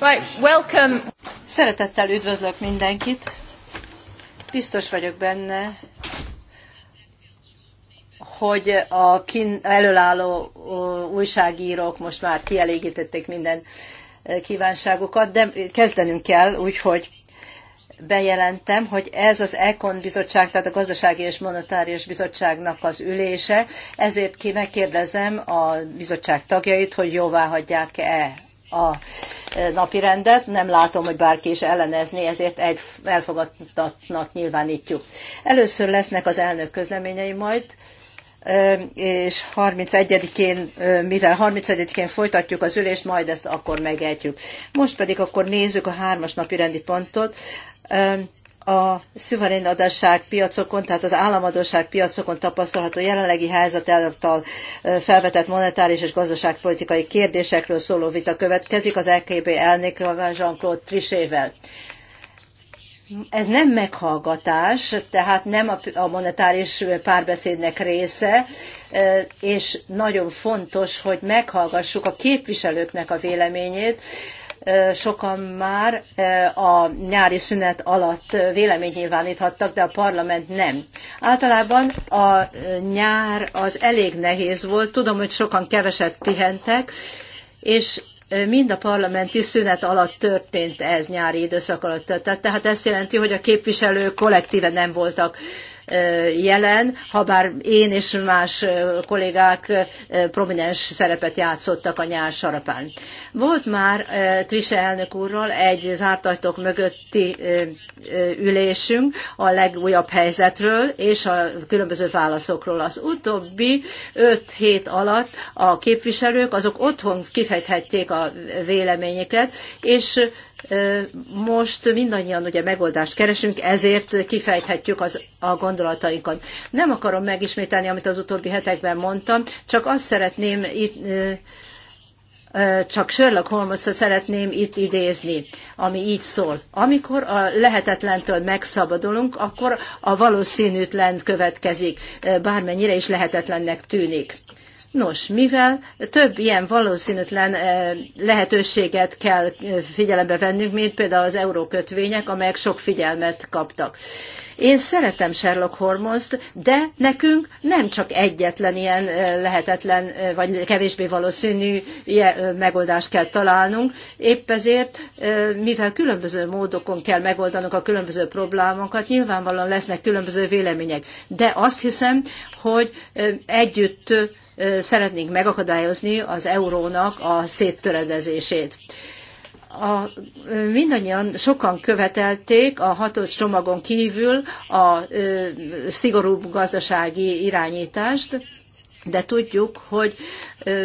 Right, welcome. Szeretettel üdvözlök mindenkit. Biztos vagyok benne, hogy a kin előálló újságírók most már kielégítették minden kívánságukat, de kezdenünk kell, úgyhogy bejelentem, hogy ez az ECON bizottság, tehát a Gazdasági és Monetáris Bizottságnak az ülése, ezért ki megkérdezem a bizottság tagjait, hogy jóvá hagyják-e a e, napi rendet. Nem látom, hogy bárki is ellenezni, ezért egy elfogadatnak nyilvánítjuk. Először lesznek az elnök közleményei majd, e, és 31-én, e, mivel 31-én folytatjuk az ülést, majd ezt akkor megejtjük. Most pedig akkor nézzük a hármas napi rendi pontot a szuverén adasság piacokon, tehát az államadóság piacokon tapasztalható jelenlegi helyzet által felvetett monetáris és gazdaságpolitikai kérdésekről szóló vita következik az LKB elnökével Jean-Claude Trichével. Ez nem meghallgatás, tehát nem a monetáris párbeszédnek része, és nagyon fontos, hogy meghallgassuk a képviselőknek a véleményét, sokan már a nyári szünet alatt nyilváníthattak, de a parlament nem. Általában a nyár az elég nehéz volt, tudom, hogy sokan keveset pihentek, és mind a parlamenti szünet alatt történt ez nyári időszak alatt. Tehát, tehát ezt jelenti, hogy a képviselők kollektíve nem voltak jelen, habár én és más kollégák prominens szerepet játszottak a nyár sarapán. Volt már Trise elnök úrral egy zárt ajtók mögötti ülésünk a legújabb helyzetről és a különböző válaszokról. Az utóbbi öt hét alatt a képviselők azok otthon kifejthették a véleményeket, és most mindannyian ugye megoldást keresünk, ezért kifejthetjük az, a gondolatainkat. Nem akarom megismételni, amit az utóbbi hetekben mondtam, csak azt szeretném itt csak Sherlock holmes szeretném itt idézni, ami így szól. Amikor a lehetetlentől megszabadulunk, akkor a valószínűtlen következik, bármennyire is lehetetlennek tűnik. Nos, mivel több ilyen valószínűtlen eh, lehetőséget kell eh, figyelembe vennünk, mint például az eurókötvények, amelyek sok figyelmet kaptak. Én szeretem Sherlock holmes de nekünk nem csak egyetlen ilyen eh, lehetetlen, vagy kevésbé valószínű megoldást kell találnunk. Épp ezért, mivel különböző módokon kell megoldanunk a különböző problémákat, nyilvánvalóan lesznek különböző vélemények. De azt hiszem, hogy együtt szeretnénk megakadályozni az eurónak a széttöredezését. A, mindannyian sokan követelték a hatott csomagon kívül a ö, szigorúbb gazdasági irányítást, de tudjuk, hogy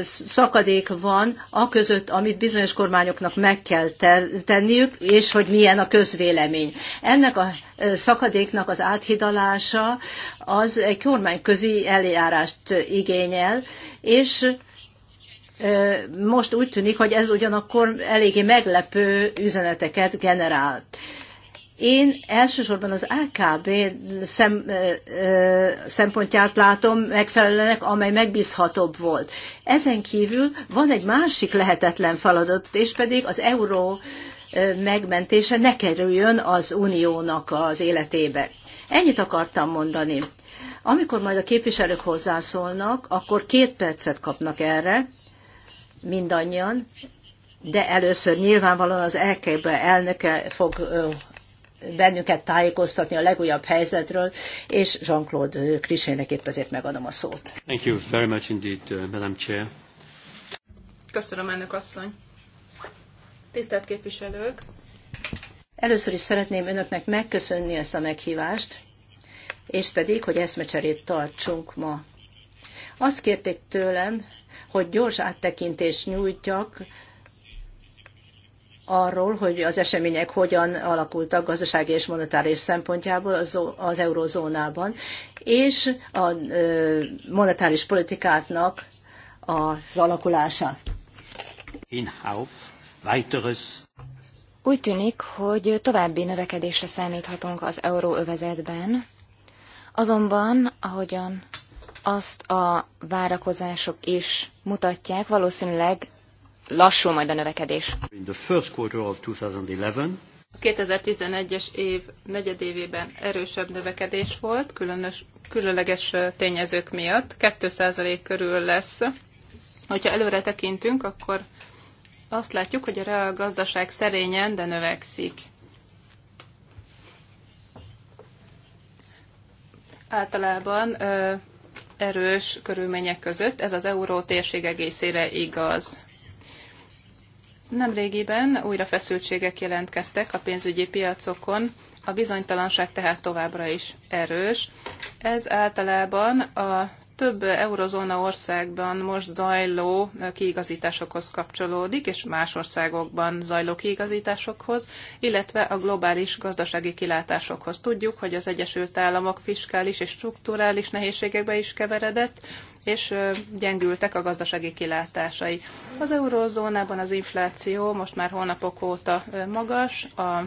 szakadék van a között, amit bizonyos kormányoknak meg kell tenniük, és hogy milyen a közvélemény. Ennek a szakadéknak az áthidalása az egy kormányközi eljárást igényel, és most úgy tűnik, hogy ez ugyanakkor eléggé meglepő üzeneteket generál. Én elsősorban az AKB szem, ö, szempontját látom megfelelőnek, amely megbízhatóbb volt. Ezen kívül van egy másik lehetetlen feladat, és pedig az euró megmentése ne kerüljön az uniónak az életébe. Ennyit akartam mondani. Amikor majd a képviselők hozzászólnak, akkor két percet kapnak erre, mindannyian, de először nyilvánvalóan az LKB e elnöke fog bennünket tájékoztatni a legújabb helyzetről, és Jean-Claude Krisének épp ezért megadom a szót. Thank you very much indeed, uh, Madam Chair. Köszönöm, elnök asszony. Tisztelt képviselők! Először is szeretném önöknek megköszönni ezt a meghívást, és pedig, hogy eszmecserét tartsunk ma. Azt kérték tőlem, hogy gyors áttekintést nyújtjak arról, hogy az események hogyan alakultak gazdasági és monetáris szempontjából az, az eurozónában, és a monetáris politikátnak az alakulása. Úgy tűnik, hogy további növekedésre számíthatunk az euróövezetben, azonban, ahogyan azt a várakozások is mutatják, valószínűleg lassul majd a növekedés. In the first quarter of 2011, a 2011-es év negyedévében erősebb növekedés volt, különös, különleges tényezők miatt. 2% körül lesz. Hogyha előre tekintünk, akkor azt látjuk, hogy a gazdaság szerényen, de növekszik. Általában erős körülmények között ez az euró térség egészére igaz. Nemrégiben újra feszültségek jelentkeztek a pénzügyi piacokon, a bizonytalanság tehát továbbra is erős. Ez általában a több eurozóna országban most zajló kiigazításokhoz kapcsolódik, és más országokban zajló kiigazításokhoz, illetve a globális gazdasági kilátásokhoz. Tudjuk, hogy az Egyesült Államok fiskális és strukturális nehézségekbe is keveredett, és gyengültek a gazdasági kilátásai. Az eurózónában az infláció most már hónapok óta magas, a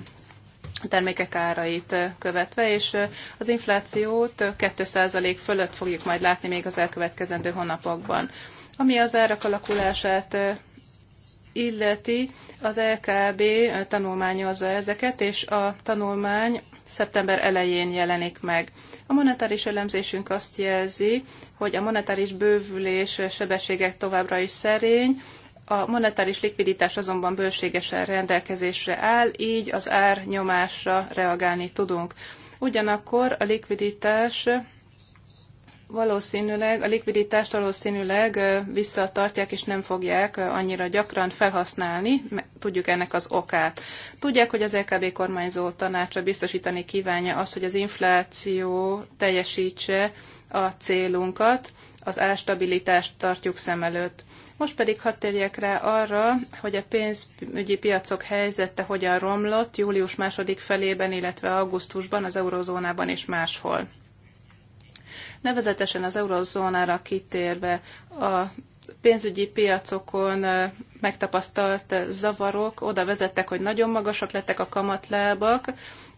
termékek árait követve, és az inflációt 2% fölött fogjuk majd látni még az elkövetkezendő hónapokban. Ami az árak alakulását illeti, az LKB tanulmányozza ezeket, és a tanulmány szeptember elején jelenik meg. A monetáris elemzésünk azt jelzi, hogy a monetáris bővülés sebességek továbbra is szerény, a monetáris likviditás azonban bőségesen rendelkezésre áll, így az árnyomásra reagálni tudunk. Ugyanakkor a likviditás valószínűleg, a likviditást valószínűleg visszatartják és nem fogják annyira gyakran felhasználni, tudjuk ennek az okát. Tudják, hogy az LKB kormányzó tanácsa biztosítani kívánja azt, hogy az infláció teljesítse a célunkat, az ástabilitást tartjuk szem előtt. Most pedig hadd térjek rá arra, hogy a pénzügyi piacok helyzete hogyan romlott július második felében, illetve augusztusban az eurozónában és máshol. Nevezetesen az eurozónára kitérve a pénzügyi piacokon megtapasztalt zavarok oda vezettek, hogy nagyon magasak lettek a kamatlábak,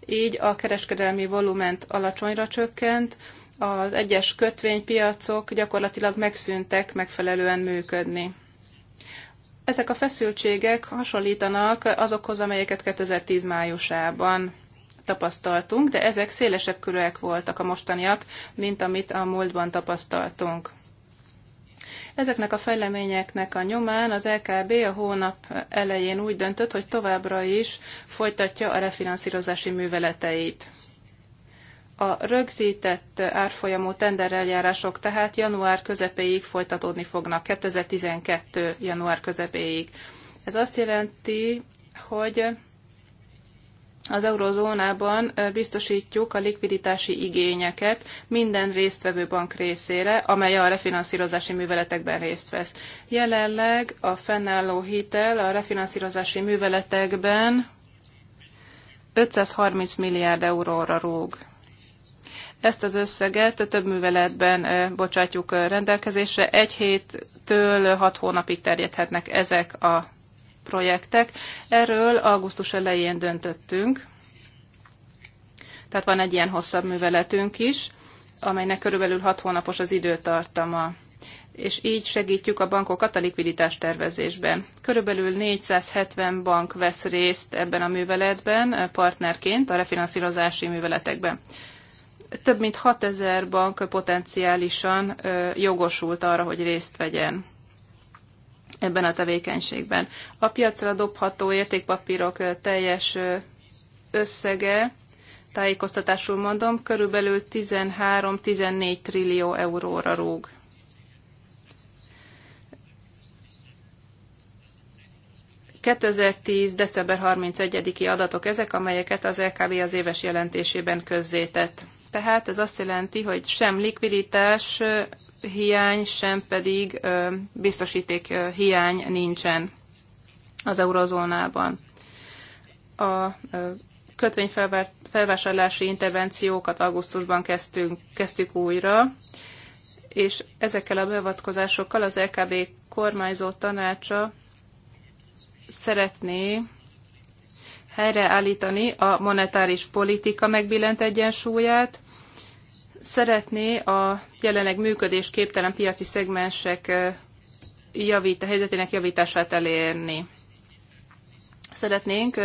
így a kereskedelmi volument alacsonyra csökkent, az egyes kötvénypiacok gyakorlatilag megszűntek megfelelően működni. Ezek a feszültségek hasonlítanak azokhoz, amelyeket 2010 májusában tapasztaltunk, de ezek szélesebb körűek voltak a mostaniak, mint amit a múltban tapasztaltunk. Ezeknek a fejleményeknek a nyomán az LKB a hónap elején úgy döntött, hogy továbbra is folytatja a refinanszírozási műveleteit. A rögzített árfolyamú tendereljárások tehát január közepéig folytatódni fognak, 2012. január közepéig. Ez azt jelenti, hogy az eurozónában biztosítjuk a likviditási igényeket minden résztvevő bank részére, amely a refinanszírozási műveletekben részt vesz. Jelenleg a fennálló hitel a refinanszírozási műveletekben 530 milliárd euróra rúg. Ezt az összeget több műveletben bocsátjuk rendelkezésre. Egy héttől hat hónapig terjedhetnek ezek a projektek. Erről augusztus elején döntöttünk. Tehát van egy ilyen hosszabb műveletünk is, amelynek körülbelül 6 hónapos az időtartama és így segítjük a bankokat a likviditás tervezésben. Körülbelül 470 bank vesz részt ebben a műveletben partnerként a refinanszírozási műveletekben. Több mint 6000 bank potenciálisan jogosult arra, hogy részt vegyen ebben a tevékenységben. A piacra dobható értékpapírok teljes összege, tájékoztatásul mondom, körülbelül 13-14 trillió euróra rúg. ...2010. december 31-i adatok ezek, amelyeket az LKB az éves jelentésében közzétett. Tehát ez azt jelenti, hogy sem likviditás hiány, sem pedig biztosíték hiány nincsen az eurozónában. A kötvényfelvásárlási intervenciókat augusztusban kezdtünk, kezdtük újra, és ezekkel a beavatkozásokkal az LKB e kormányzó tanácsa szeretné helyreállítani a monetáris politika megbillent egyensúlyát, szeretné a jelenleg működés képtelen piaci szegmensek javít, helyzetének javítását elérni. Szeretnénk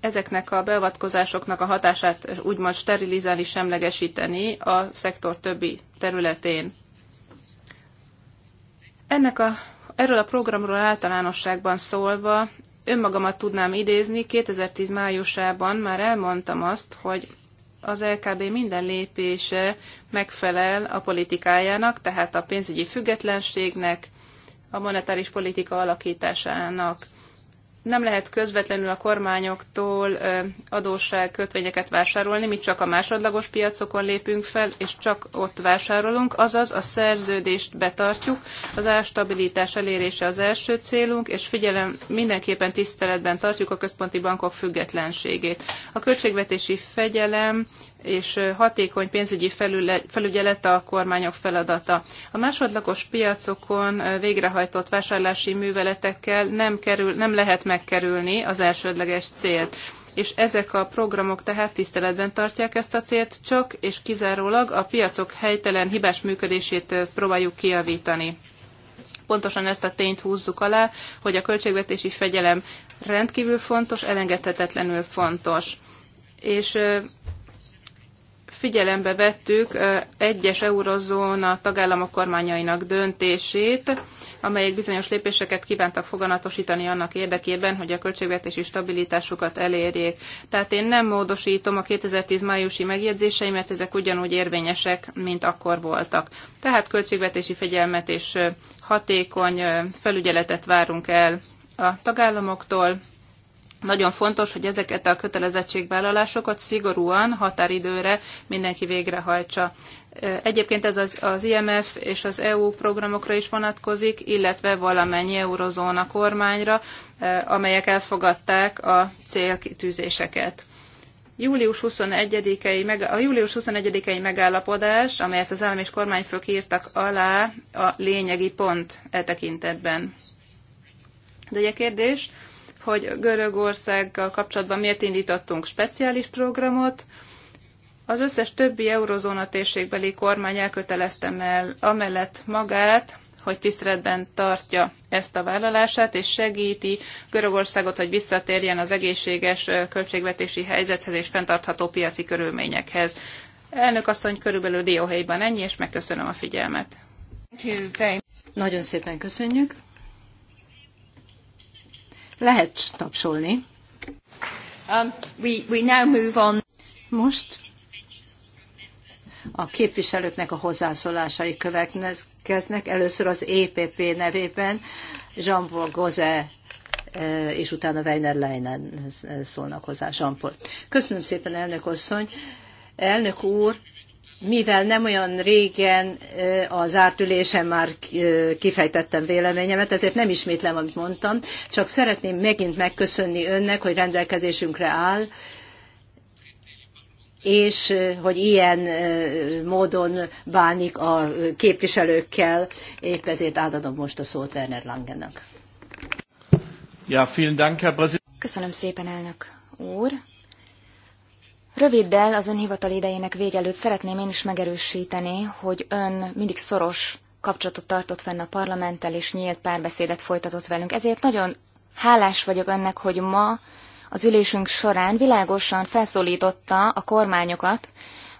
ezeknek a beavatkozásoknak a hatását úgymond sterilizálni, semlegesíteni a szektor többi területén. Ennek a, erről a programról általánosságban szólva önmagamat tudnám idézni, 2010 májusában már elmondtam azt, hogy az LKB minden lépése megfelel a politikájának, tehát a pénzügyi függetlenségnek, a monetáris politika alakításának nem lehet közvetlenül a kormányoktól adósság kötvényeket vásárolni, mi csak a másodlagos piacokon lépünk fel, és csak ott vásárolunk, azaz a szerződést betartjuk, az árstabilitás elérése az első célunk, és figyelem, mindenképpen tiszteletben tartjuk a központi bankok függetlenségét. A költségvetési fegyelem és hatékony pénzügyi felügyelet a kormányok feladata. A másodlagos piacokon végrehajtott vásárlási műveletekkel nem, kerül, nem lehet megkerülni az elsődleges célt és ezek a programok tehát tiszteletben tartják ezt a célt, csak és kizárólag a piacok helytelen hibás működését próbáljuk kiavítani. Pontosan ezt a tényt húzzuk alá, hogy a költségvetési fegyelem rendkívül fontos, elengedhetetlenül fontos. És figyelembe vettük egyes eurozóna tagállamok kormányainak döntését, amelyek bizonyos lépéseket kívántak foganatosítani annak érdekében, hogy a költségvetési stabilitásukat elérjék. Tehát én nem módosítom a 2010 májusi megjegyzéseimet, ezek ugyanúgy érvényesek, mint akkor voltak. Tehát költségvetési fegyelmet és hatékony felügyeletet várunk el a tagállamoktól, nagyon fontos, hogy ezeket a kötelezettségvállalásokat szigorúan határidőre mindenki végrehajtsa. Egyébként ez az, az IMF és az EU programokra is vonatkozik, illetve valamennyi eurozóna kormányra, amelyek elfogadták a célkitűzéseket. Július 21-i, a július 21-i megállapodás, amelyet az állam és kormányfők írtak alá, a lényegi pont e tekintetben. De egy kérdés, hogy Görögországgal kapcsolatban miért indítottunk speciális programot. Az összes többi eurozóna térségbeli kormány elkötelezte el amellett magát, hogy tiszteletben tartja ezt a vállalását, és segíti Görögországot, hogy visszatérjen az egészséges költségvetési helyzethez és fenntartható piaci körülményekhez. Elnök asszony, körülbelül Dióhelyben ennyi, és megköszönöm a figyelmet. Nagyon szépen köszönjük. Lehet tapsolni. Um, we, we now move on. Most a képviselőknek a hozzászólásai következnek. Először az EPP nevében Jean-Paul Gozet eh, és utána Weiner Leinen szólnak hozzá, Jean-Paul. Köszönöm szépen, elnök asszony. Elnök úr, mivel nem olyan régen az ártülésen már kifejtettem véleményemet, ezért nem ismétlem, amit mondtam, csak szeretném megint megköszönni önnek, hogy rendelkezésünkre áll, és hogy ilyen módon bánik a képviselőkkel, épp ezért átadom most a szót Werner Langennak. Ja, vielen Dank, Herr Köszönöm szépen, elnök úr. Röviddel az ön hivatal idejének vége előtt szeretném én is megerősíteni, hogy ön mindig szoros kapcsolatot tartott fenn a parlamenttel, és nyílt párbeszédet folytatott velünk. Ezért nagyon hálás vagyok önnek, hogy ma az ülésünk során világosan felszólította a kormányokat,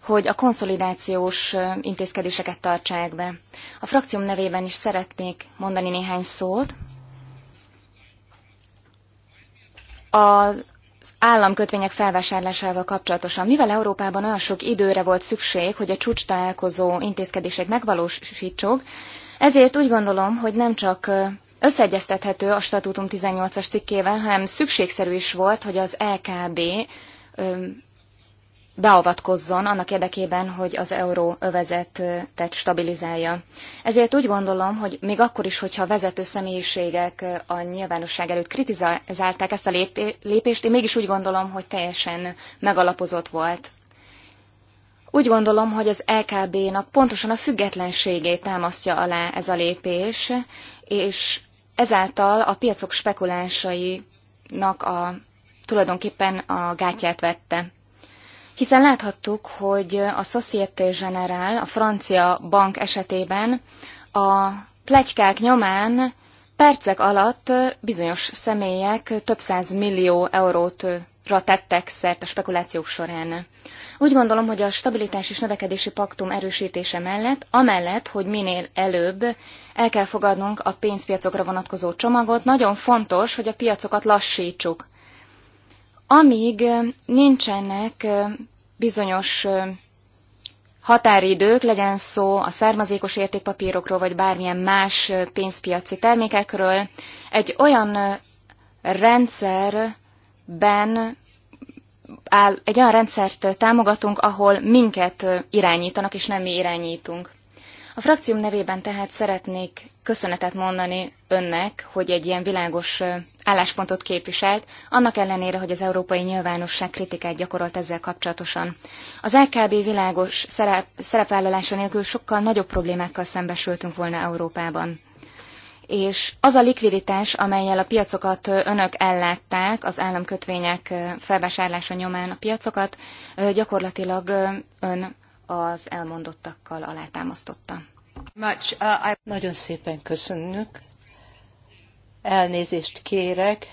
hogy a konszolidációs intézkedéseket tartsák be. A frakcióm nevében is szeretnék mondani néhány szót. Az államkötvények felvásárlásával kapcsolatosan, mivel Európában olyan sok időre volt szükség, hogy a csúcs találkozó intézkedését megvalósítsuk, ezért úgy gondolom, hogy nem csak összeegyeztethető a statútum 18-as cikkével, hanem szükségszerű is volt, hogy az LKB beavatkozzon annak érdekében, hogy az euró övezetet stabilizálja. Ezért úgy gondolom, hogy még akkor is, hogyha a vezető személyiségek a nyilvánosság előtt kritizálták ezt a lépést, én mégis úgy gondolom, hogy teljesen megalapozott volt. Úgy gondolom, hogy az LKB-nak pontosan a függetlenségét támasztja alá ez a lépés, és ezáltal a piacok spekulásainak a tulajdonképpen a gátját vette. Hiszen láthattuk, hogy a Société Générale, a francia bank esetében a plegykák nyomán percek alatt bizonyos személyek több száz millió eurót tettek szert a spekulációk során. Úgy gondolom, hogy a stabilitás és növekedési paktum erősítése mellett, amellett, hogy minél előbb el kell fogadnunk a pénzpiacokra vonatkozó csomagot, nagyon fontos, hogy a piacokat lassítsuk amíg nincsenek bizonyos határidők, legyen szó a származékos értékpapírokról, vagy bármilyen más pénzpiaci termékekről, egy olyan rendszerben áll, egy olyan rendszert támogatunk, ahol minket irányítanak, és nem mi irányítunk. A frakcióm nevében tehát szeretnék köszönetet mondani önnek, hogy egy ilyen világos álláspontot képviselt, annak ellenére, hogy az európai nyilvánosság kritikát gyakorolt ezzel kapcsolatosan. Az LKB világos szerep, szerepvállalása nélkül sokkal nagyobb problémákkal szembesültünk volna Európában és az a likviditás, amelyel a piacokat önök ellátták, az államkötvények felvásárlása nyomán a piacokat, gyakorlatilag ön az elmondottakkal alátámasztotta. Uh, Nagyon szépen köszönjük. Elnézést kérek.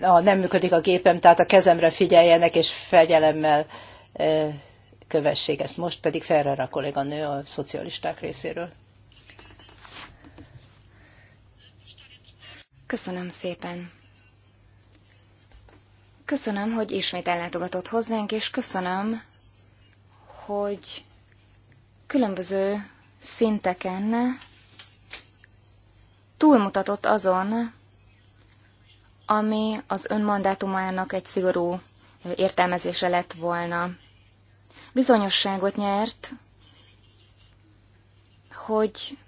A, nem működik a gépem, tehát a kezemre figyeljenek, és fegyelemmel kövessék ezt. Most pedig a kolléganő a szocialisták részéről. Köszönöm szépen. Köszönöm, hogy ismét ellátogatott hozzánk, és köszönöm, hogy különböző szinteken túlmutatott azon, ami az önmandátumának egy szigorú értelmezése lett volna. Bizonyosságot nyert, hogy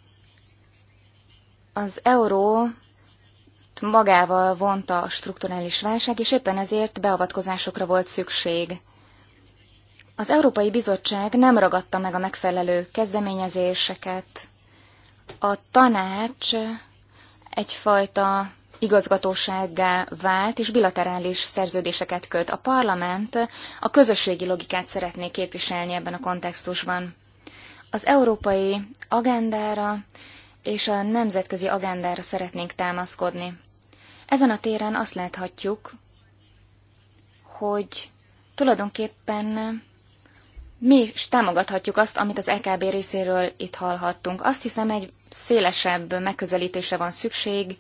az euró magával vonta a strukturális válság, és éppen ezért beavatkozásokra volt szükség. Az Európai Bizottság nem ragadta meg a megfelelő kezdeményezéseket. A tanács egyfajta igazgatósággá vált, és bilaterális szerződéseket köt. A parlament a közösségi logikát szeretné képviselni ebben a kontextusban. Az európai agendára és a nemzetközi agendára szeretnénk támaszkodni. Ezen a téren azt láthatjuk, hogy tulajdonképpen mi is támogathatjuk azt, amit az EKB részéről itt hallhattunk. Azt hiszem, egy szélesebb megközelítésre van szükség,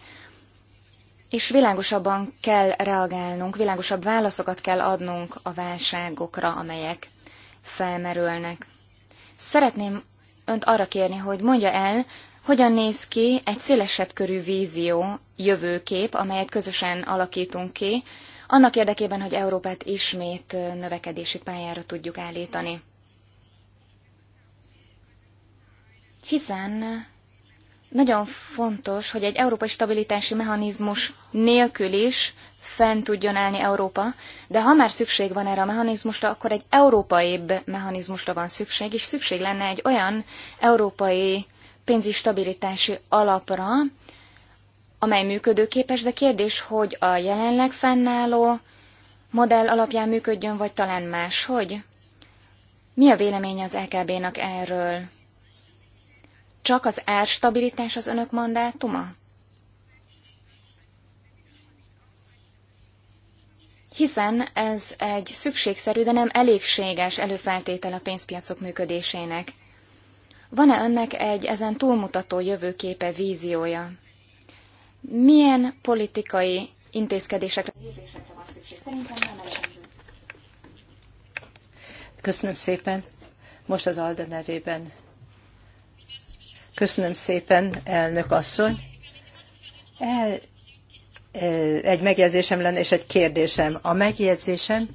és világosabban kell reagálnunk, világosabb válaszokat kell adnunk a válságokra, amelyek felmerülnek. Szeretném önt arra kérni, hogy mondja el, hogyan néz ki egy szélesebb körű vízió, jövőkép, amelyet közösen alakítunk ki, annak érdekében, hogy Európát ismét növekedési pályára tudjuk állítani? Hiszen nagyon fontos, hogy egy európai stabilitási mechanizmus nélkül is fent tudjon állni Európa, de ha már szükség van erre a mechanizmusra, akkor egy európaibb mechanizmusra van szükség, és szükség lenne egy olyan európai pénzi stabilitási alapra, amely működőképes, de kérdés, hogy a jelenleg fennálló modell alapján működjön, vagy talán máshogy? Mi a vélemény az LKB-nak erről? Csak az árstabilitás az önök mandátuma? Hiszen ez egy szükségszerű, de nem elégséges előfeltétel a pénzpiacok működésének. Van-e önnek egy ezen túlmutató jövőképe, víziója? Milyen politikai intézkedésekre, van szükség? Köszönöm szépen. Most az Alda nevében. Köszönöm szépen, elnök asszony. El, eh, egy megjegyzésem lenne, és egy kérdésem. A megjegyzésem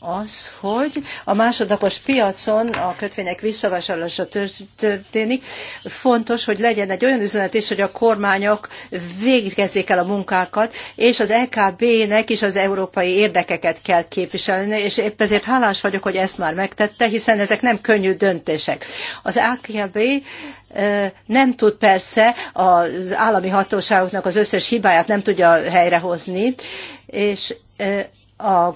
az, hogy a másodlagos piacon a kötvények visszavásárlása történik. Fontos, hogy legyen egy olyan üzenet is, hogy a kormányok végezzék el a munkákat, és az EKB-nek is az európai érdekeket kell képviselni, és épp ezért hálás vagyok, hogy ezt már megtette, hiszen ezek nem könnyű döntések. Az EKB nem tud persze az állami hatóságoknak az összes hibáját nem tudja helyrehozni, és a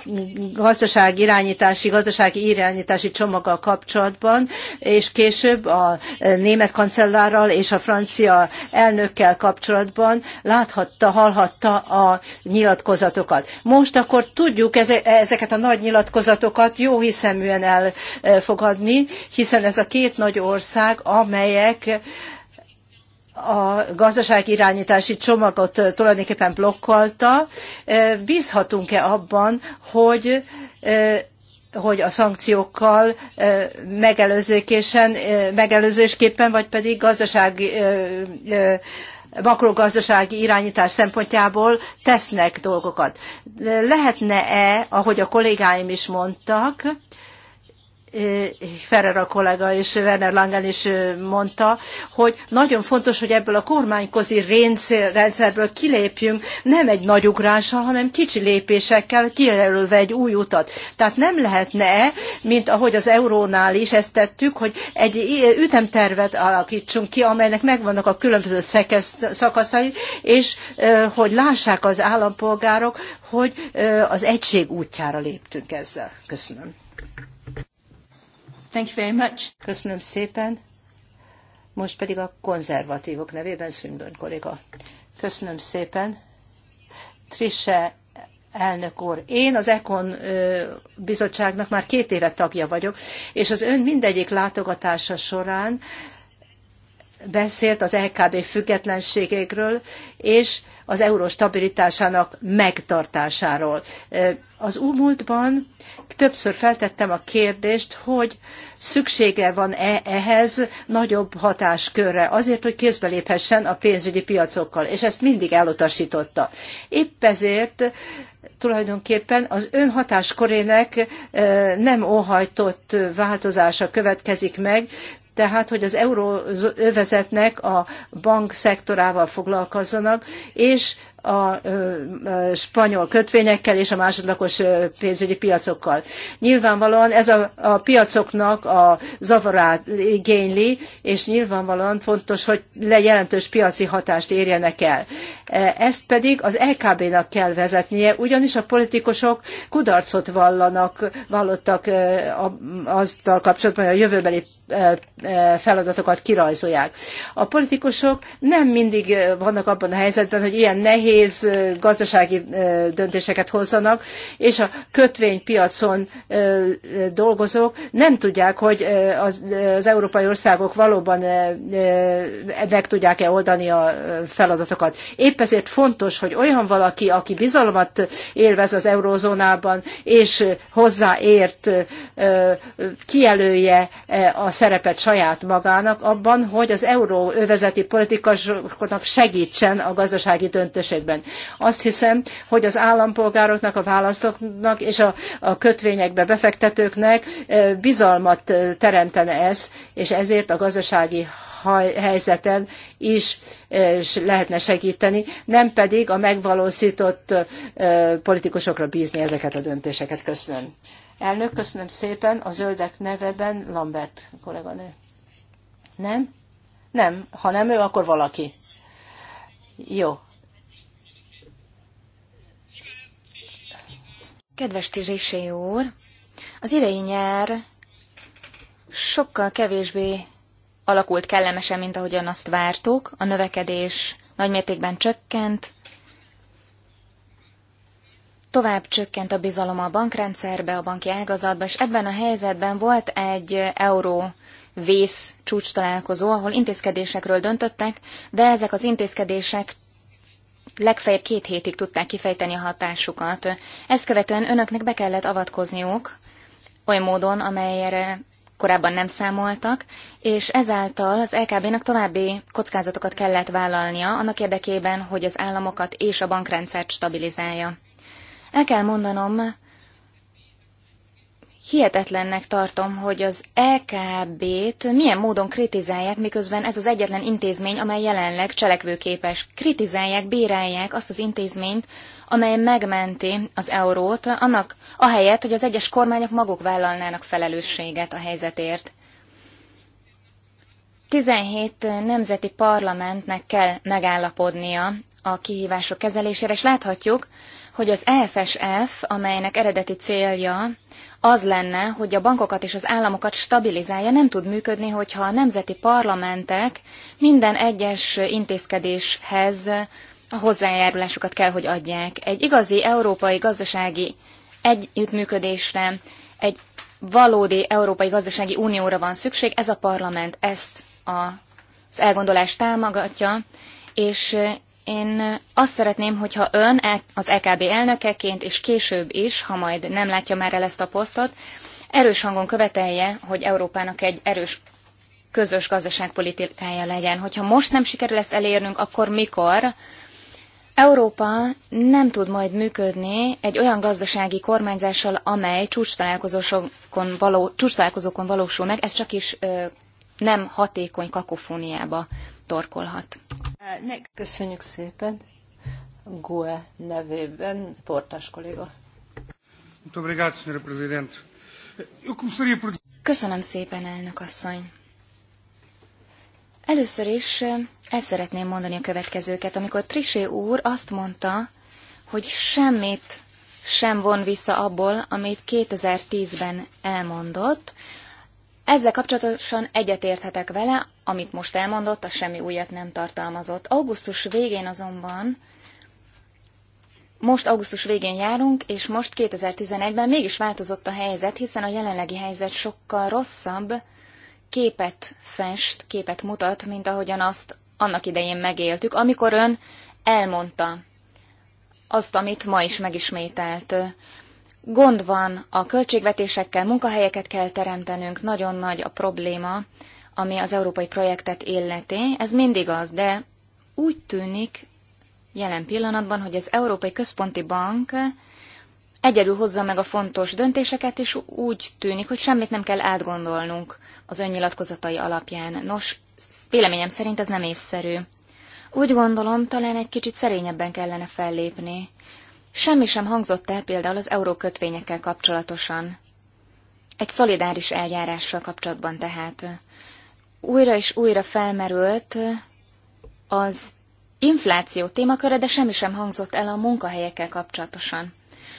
gazdaság irányítási, gazdasági irányítási csomaggal kapcsolatban, és később a német kancellárral és a francia elnökkel kapcsolatban láthatta, hallhatta a nyilatkozatokat. Most akkor tudjuk ezeket a nagy nyilatkozatokat jó hiszeműen elfogadni, hiszen ez a két nagy ország, amelyek a gazdaságirányítási csomagot tulajdonképpen blokkolta. Bízhatunk-e abban, hogy hogy a szankciókkal megelőzőkésen, megelőzősképpen, vagy pedig gazdasági, makrogazdasági irányítás szempontjából tesznek dolgokat. Lehetne-e, ahogy a kollégáim is mondtak, Ferrer a kollega és Werner Langen is mondta, hogy nagyon fontos, hogy ebből a kormányközi rendszerből kilépjünk, nem egy nagy ugrással, hanem kicsi lépésekkel kijelölve egy új utat. Tehát nem lehetne, mint ahogy az eurónál is ezt tettük, hogy egy ütemtervet alakítsunk ki, amelynek megvannak a különböző szakaszai, és hogy lássák az állampolgárok, hogy az egység útjára léptünk ezzel. Köszönöm. Thank you very much. Köszönöm szépen. Most pedig a konzervatívok nevében Swinburne kolléga. Köszönöm szépen. Trisse elnök úr, én az Ekon bizottságnak már két éve tagja vagyok, és az ön mindegyik látogatása során beszélt az LKB függetlenségéről, és az euró stabilitásának megtartásáról. Az múltban többször feltettem a kérdést, hogy szüksége van -e ehhez nagyobb hatáskörre, azért, hogy közbeléphessen a pénzügyi piacokkal, és ezt mindig elutasította. Épp ezért tulajdonképpen az önhatáskörének nem óhajtott változása következik meg, tehát hogy az euróövezetnek a bankszektorával foglalkozzanak, és a spanyol kötvényekkel és a másodlagos pénzügyi piacokkal. Nyilvánvalóan ez a, a piacoknak a zavarát igényli, és nyilvánvalóan fontos, hogy jelentős piaci hatást érjenek el. E, ezt pedig az LKB-nak kell vezetnie, ugyanis a politikusok kudarcot vallanak, vallottak azzal kapcsolatban, hogy a jövőbeli feladatokat kirajzolják. A politikusok nem mindig vannak abban a helyzetben, hogy ilyen nehéz nehéz gazdasági döntéseket hozzanak, és a kötvénypiacon dolgozók nem tudják, hogy az, az európai országok valóban meg tudják-e oldani a feladatokat. Épp ezért fontos, hogy olyan valaki, aki bizalmat élvez az eurózónában, és hozzáért kijelölje a szerepet saját magának abban, hogy az euróövezeti politikusoknak segítsen a gazdasági döntéseket esetben. Azt hiszem, hogy az állampolgároknak, a választóknak és a, a kötvényekbe befektetőknek bizalmat teremtene ez, és ezért a gazdasági helyzeten is lehetne segíteni, nem pedig a megvalósított politikusokra bízni ezeket a döntéseket. Köszönöm. Elnök, köszönöm szépen. A zöldek neveben Lambert kolléganő. Nem? Nem. Ha nem ő, akkor valaki. Jó. Kedves Tizsé úr, az idei nyár sokkal kevésbé alakult kellemesen, mint ahogyan azt vártuk. A növekedés nagymértékben csökkent, Tovább csökkent a bizalom a bankrendszerbe, a banki ágazatba, és ebben a helyzetben volt egy euró vész csúcs találkozó, ahol intézkedésekről döntöttek, de ezek az intézkedések legfeljebb két hétig tudták kifejteni a hatásukat. Ezt követően önöknek be kellett avatkozniuk olyan módon, amelyre korábban nem számoltak, és ezáltal az LKB-nak további kockázatokat kellett vállalnia annak érdekében, hogy az államokat és a bankrendszert stabilizálja. El kell mondanom, Hihetetlennek tartom, hogy az EKB-t milyen módon kritizálják, miközben ez az egyetlen intézmény, amely jelenleg cselekvőképes. Kritizálják, bírálják azt az intézményt, amely megmenti az eurót, annak ahelyett, hogy az egyes kormányok maguk vállalnának felelősséget a helyzetért. 17 nemzeti parlamentnek kell megállapodnia a kihívások kezelésére, és láthatjuk, hogy az EFSF, amelynek eredeti célja az lenne, hogy a bankokat és az államokat stabilizálja, nem tud működni, hogyha a nemzeti parlamentek minden egyes intézkedéshez a hozzájárulásukat kell, hogy adják. Egy igazi európai gazdasági együttműködésre, egy valódi európai gazdasági unióra van szükség, ez a parlament ezt a, az elgondolást támogatja, és én azt szeretném, hogyha ön e, az EKB elnökeként, és később is, ha majd nem látja már el ezt a posztot, erős hangon követelje, hogy Európának egy erős közös gazdaságpolitikája legyen. Hogyha most nem sikerül ezt elérnünk, akkor mikor? Európa nem tud majd működni egy olyan gazdasági kormányzással, amely csúcstalálkozókon, való, csúcstalálkozókon valósul meg, ez csak is ö, nem hatékony kakofóniába torkolhat. Köszönjük szépen. GUE nevében Portás kolléga. Köszönöm szépen, elnök asszony. Először is eh, el szeretném mondani a következőket. Amikor Trisé úr azt mondta, hogy semmit sem von vissza abból, amit 2010-ben elmondott, ezzel kapcsolatosan egyetérthetek vele, amit most elmondott, a semmi újat nem tartalmazott. Augusztus végén azonban, most augusztus végén járunk, és most 2011-ben mégis változott a helyzet, hiszen a jelenlegi helyzet sokkal rosszabb képet fest, képet mutat, mint ahogyan azt annak idején megéltük, amikor ön elmondta azt, amit ma is megismételt. Gond van a költségvetésekkel, munkahelyeket kell teremtenünk, nagyon nagy a probléma, ami az európai projektet illeti. Ez mindig az, de úgy tűnik jelen pillanatban, hogy az Európai Központi Bank egyedül hozza meg a fontos döntéseket, és úgy tűnik, hogy semmit nem kell átgondolnunk az önnyilatkozatai alapján. Nos, véleményem szerint ez nem észszerű. Úgy gondolom, talán egy kicsit szerényebben kellene fellépni Semmi sem hangzott el például az eurókötvényekkel kapcsolatosan. Egy szolidáris eljárással kapcsolatban tehát. Újra és újra felmerült az infláció témaköre, de semmi sem hangzott el a munkahelyekkel kapcsolatosan.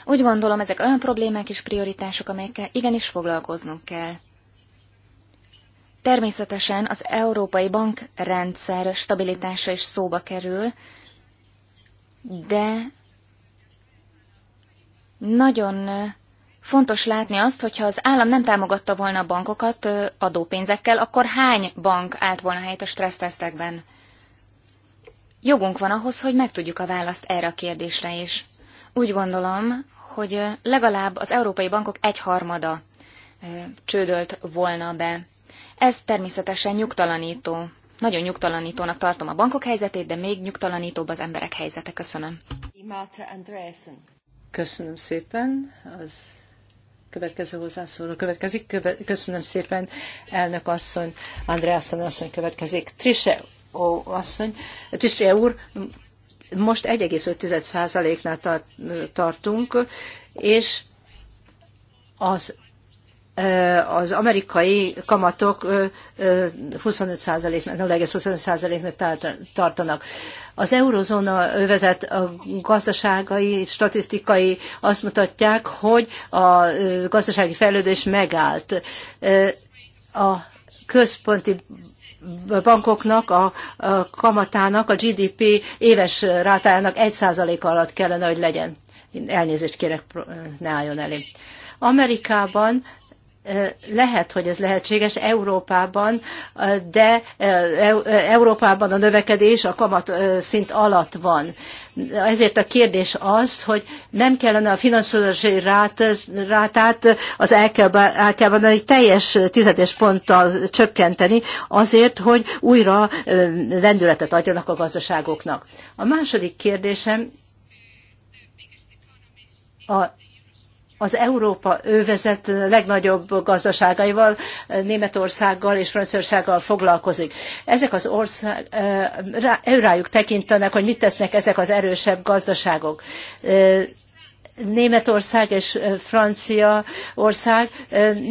Úgy gondolom, ezek olyan problémák és prioritások, amelyekkel igenis foglalkoznunk kell. Természetesen az európai bankrendszer stabilitása is szóba kerül, de nagyon fontos látni azt, hogyha az állam nem támogatta volna a bankokat adópénzekkel, akkor hány bank állt volna helyet a stressztesztekben? Jogunk van ahhoz, hogy megtudjuk a választ erre a kérdésre is. Úgy gondolom, hogy legalább az európai bankok egyharmada csődölt volna be. Ez természetesen nyugtalanító. Nagyon nyugtalanítónak tartom a bankok helyzetét, de még nyugtalanítóbb az emberek helyzete. Köszönöm. Köszönöm szépen. Az következő hozzászóló következik. Köve köszönöm szépen, elnök asszony, Andreasszony asszony következik. Trise ó, asszony, Trise úr, most 1,5%-nál tartunk, és az az amerikai kamatok 25%-nak, 0,25%-nak tartanak. Az eurozóna övezet a gazdaságai, statisztikai azt mutatják, hogy a gazdasági fejlődés megállt. A központi bankoknak, a, kamatának, a GDP éves rátájának 1% alatt kellene, hogy legyen. Elnézést kérek, ne álljon elé. Amerikában lehet, hogy ez lehetséges Európában, de Európában a növekedés a kamat szint alatt van. Ezért a kérdés az, hogy nem kellene a finanszírozási rát, rátát az elkelben egy teljes tizedes ponttal csökkenteni, azért, hogy újra lendületet adjanak a gazdaságoknak. A második kérdésem a az Európa övezet legnagyobb gazdaságaival, Németországgal és Franciaországgal foglalkozik. Ezek az ország, rájuk tekintenek, hogy mit tesznek ezek az erősebb gazdaságok. Németország és Franciaország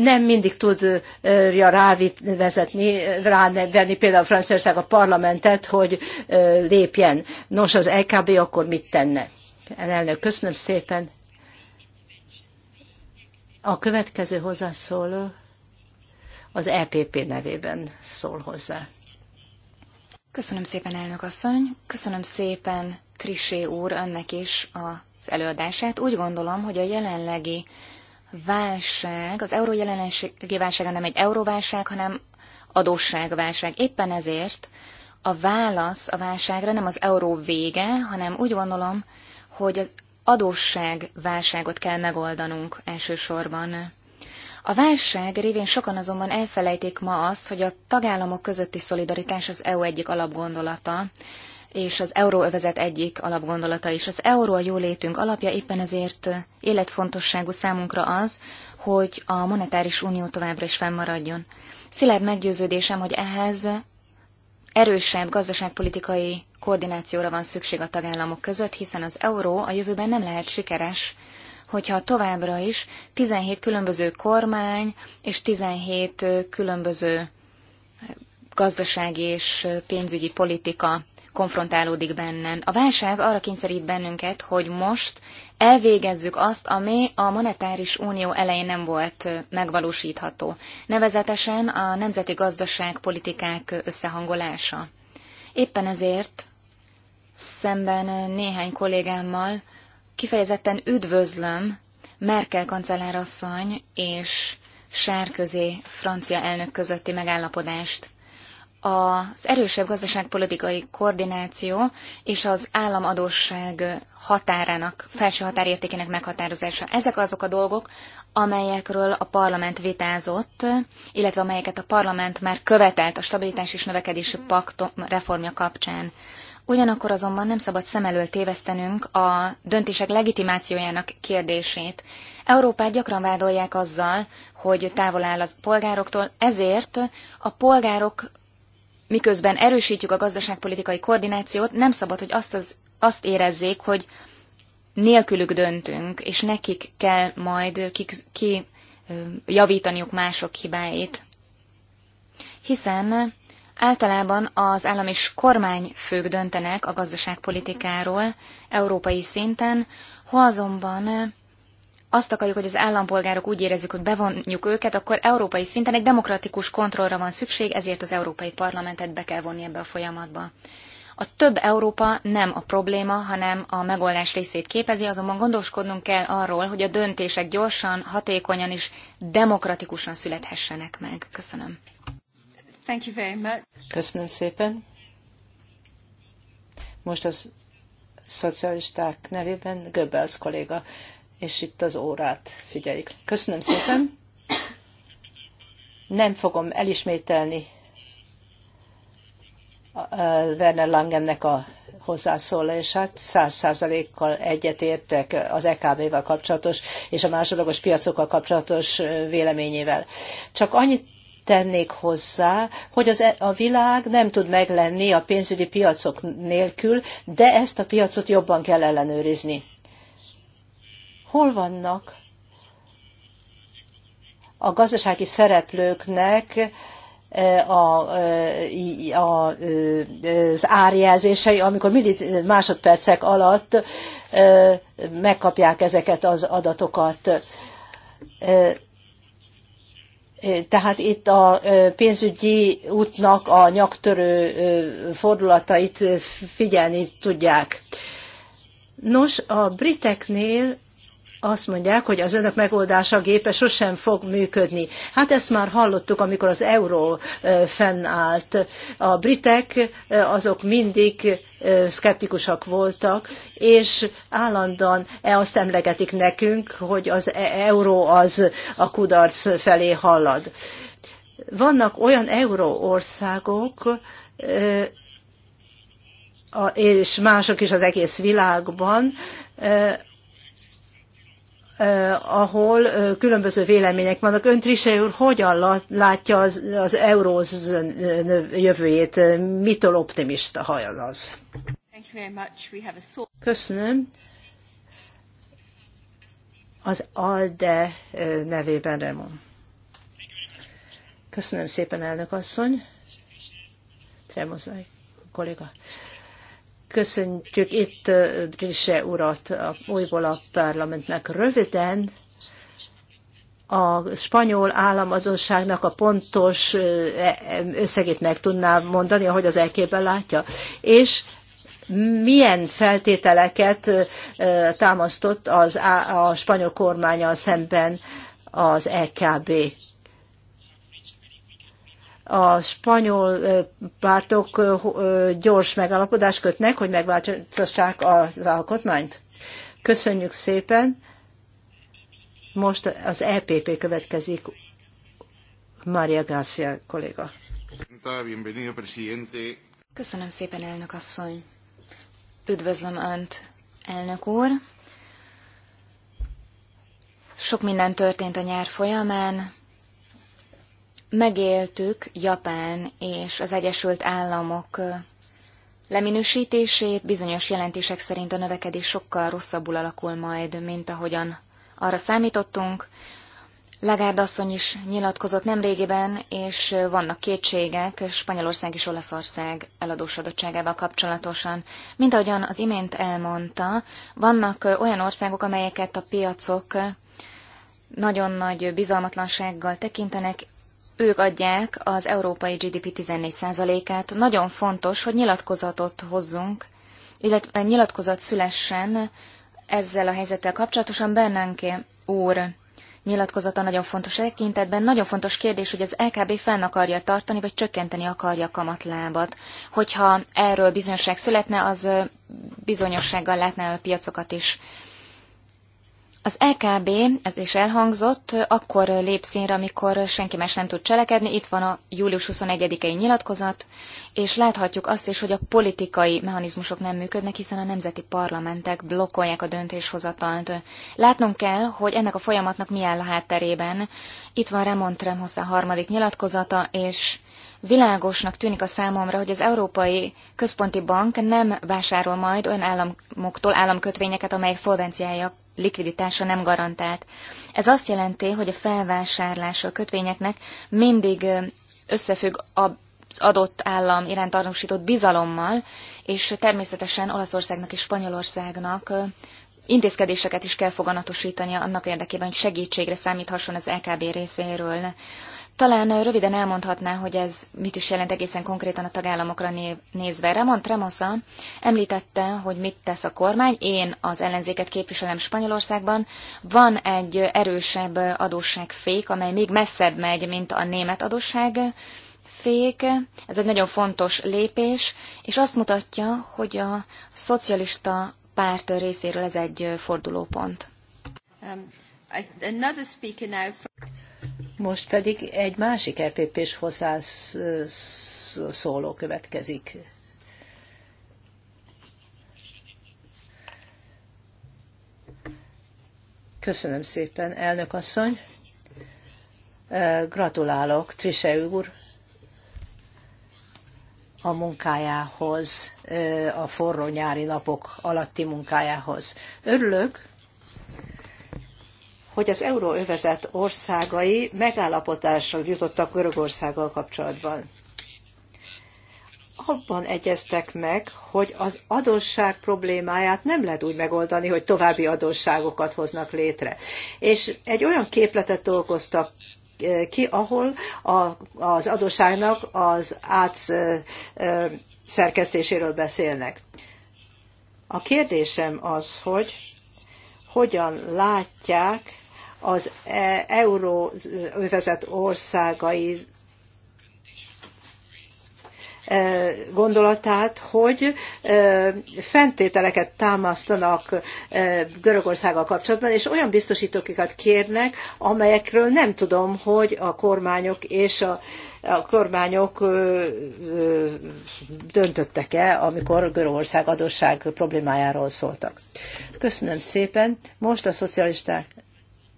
nem mindig tudja rávezetni, rávenni például Franciaország a parlamentet, hogy lépjen. Nos, az EKB akkor mit tenne? Elnök, köszönöm szépen. A következő hozzászóló az EPP nevében szól hozzá. Köszönöm szépen, elnök asszony. Köszönöm szépen, Trisé úr, önnek is az előadását. Úgy gondolom, hogy a jelenlegi válság, az euró jelenlegi válsága nem egy euróválság, hanem adósságválság. Éppen ezért a válasz a válságra nem az euró vége, hanem úgy gondolom, hogy az adósságválságot kell megoldanunk elsősorban. A válság révén sokan azonban elfelejtik ma azt, hogy a tagállamok közötti szolidaritás az EU egyik alapgondolata, és az euróövezet egyik alapgondolata is. Az euró a jólétünk alapja, éppen ezért életfontosságú számunkra az, hogy a monetáris unió továbbra is fennmaradjon. Szilárd meggyőződésem, hogy ehhez erősebb gazdaságpolitikai koordinációra van szükség a tagállamok között, hiszen az euró a jövőben nem lehet sikeres, hogyha továbbra is 17 különböző kormány és 17 különböző gazdasági és pénzügyi politika konfrontálódik bennem. A válság arra kényszerít bennünket, hogy most elvégezzük azt, ami a monetáris unió elején nem volt megvalósítható. Nevezetesen a nemzeti gazdaságpolitikák összehangolása. Éppen ezért szemben néhány kollégámmal kifejezetten üdvözlöm Merkel kancellárasszony és Sárközi francia elnök közötti megállapodást. Az erősebb gazdaságpolitikai koordináció és az államadóság határának, felső határértékének meghatározása. Ezek azok a dolgok, amelyekről a parlament vitázott, illetve amelyeket a parlament már követelt a stabilitás és növekedési paktum reformja kapcsán. Ugyanakkor azonban nem szabad szem elől tévesztenünk a döntések legitimációjának kérdését. Európát gyakran vádolják azzal, hogy távol áll az polgároktól, ezért a polgárok, miközben erősítjük a gazdaságpolitikai koordinációt, nem szabad, hogy azt, az, azt érezzék, hogy nélkülük döntünk, és nekik kell majd ki, ki javítaniuk mások hibáit. Hiszen Általában az állam és kormányfők döntenek a gazdaságpolitikáról európai szinten, ha azonban azt akarjuk, hogy az állampolgárok úgy érezzük, hogy bevonjuk őket, akkor európai szinten egy demokratikus kontrollra van szükség, ezért az Európai Parlamentet be kell vonni ebbe a folyamatba. A több Európa nem a probléma, hanem a megoldás részét képezi, azonban gondoskodnunk kell arról, hogy a döntések gyorsan, hatékonyan és demokratikusan születhessenek meg. Köszönöm. Thank you very much. Köszönöm szépen. Most az szocialisták nevében Göbbels kolléga, és itt az órát figyeljük. Köszönöm szépen. Nem fogom elismételni Werner Langennek a hozzászólását. Száz százalékkal egyetértek az EKB-vel kapcsolatos és a másodlagos piacokkal kapcsolatos véleményével. Csak annyit tennék hozzá, hogy az, e- a világ nem tud meglenni a pénzügyi piacok nélkül, de ezt a piacot jobban kell ellenőrizni. Hol vannak a gazdasági szereplőknek e, a, e, a, az árjelzései, amikor millit, másodpercek alatt megkapják ezeket az adatokat tehát itt a pénzügyi útnak a nyaktörő fordulatait figyelni tudják. Nos, a briteknél azt mondják, hogy az önök megoldása gépe sosem fog működni. Hát ezt már hallottuk, amikor az euró fennállt. A britek azok mindig szkeptikusak voltak, és állandóan e azt emlegetik nekünk, hogy az e-, euró az a kudarc felé halad. Vannak olyan euró országok, és mások is az egész világban, ahol különböző vélemények vannak. Ön Trise úr hogyan látja az, az euróz jövőjét? Mitől optimista hajad az? Köszönöm. Az ALDE nevében Remon. Köszönöm szépen, elnök asszony. Tremozai kolléga. Köszöntjük itt Grise urat újból a parlamentnek. Röviden a spanyol államadóságnak a pontos e, összegét meg tudná mondani, ahogy az elképben látja, és milyen feltételeket támasztott az, a spanyol kormányal szemben az EKB a spanyol pártok gyors megállapodást kötnek, hogy megváltoztassák az alkotmányt. Köszönjük szépen. Most az EPP következik. Maria Garcia kolléga. Köszönöm szépen, elnök asszony. Üdvözlöm Önt, elnök úr. Sok minden történt a nyár folyamán, megéltük Japán és az Egyesült Államok leminősítését, bizonyos jelentések szerint a növekedés sokkal rosszabbul alakul majd, mint ahogyan arra számítottunk. Lagarde asszony is nyilatkozott nemrégiben, és vannak kétségek Spanyolország és Olaszország eladósodottságával kapcsolatosan. Mint ahogyan az imént elmondta, vannak olyan országok, amelyeket a piacok nagyon nagy bizalmatlansággal tekintenek, ők adják az európai GDP 14%-át. Nagyon fontos, hogy nyilatkozatot hozzunk, illetve nyilatkozat szülessen ezzel a helyzettel kapcsolatosan. Bernanke úr nyilatkozata nagyon fontos e tekintetben. Nagyon fontos kérdés, hogy az LKB fenn akarja tartani, vagy csökkenteni akarja a kamatlábat. Hogyha erről bizonyosság születne, az bizonyossággal látná a piacokat is. Az LKB, e ez is elhangzott, akkor lép színre, amikor senki más nem tud cselekedni. Itt van a július 21-i nyilatkozat, és láthatjuk azt is, hogy a politikai mechanizmusok nem működnek, hiszen a nemzeti parlamentek blokkolják a döntéshozatalt. Látnunk kell, hogy ennek a folyamatnak mi áll a hátterében. Itt van Ramon a harmadik nyilatkozata, és Világosnak tűnik a számomra, hogy az Európai Központi Bank nem vásárol majd olyan államoktól államkötvényeket, amelyek szolvenciája likviditása nem garantált. Ez azt jelenti, hogy a felvásárlása a kötvényeknek mindig összefügg a az adott állam iránt tanúsított bizalommal, és természetesen Olaszországnak és Spanyolországnak intézkedéseket is kell foganatosítania annak érdekében, hogy segítségre számíthasson az LKB részéről. Talán röviden elmondhatná, hogy ez mit is jelent egészen konkrétan a tagállamokra nézve. Ramon Tremosa említette, hogy mit tesz a kormány. Én az ellenzéket képviselem Spanyolországban. Van egy erősebb adósságfék, amely még messzebb megy, mint a német adósság fék, ez egy nagyon fontos lépés, és azt mutatja, hogy a szocialista párt részéről ez egy fordulópont. Um, I, most pedig egy másik EPP-s hozzászóló következik. Köszönöm szépen, elnök asszony. Gratulálok, Trise úr, a munkájához, a forró nyári napok alatti munkájához. Örülök, hogy az euróövezet országai megállapodásra jutottak Görögországgal kapcsolatban. Abban egyeztek meg, hogy az adósság problémáját nem lehet úgy megoldani, hogy további adósságokat hoznak létre. És egy olyan képletet dolgoztak eh, ki, ahol a, az adósságnak az átszerkesztéséről eh, eh, beszélnek. A kérdésem az, hogy hogyan látják az e- euróövezet országait gondolatát, hogy fentételeket támasztanak Görögországgal kapcsolatban, és olyan biztosítókikat kérnek, amelyekről nem tudom, hogy a kormányok és a, a kormányok döntöttek-e, amikor Görögország adósság problémájáról szóltak. Köszönöm szépen. Most a szocialisták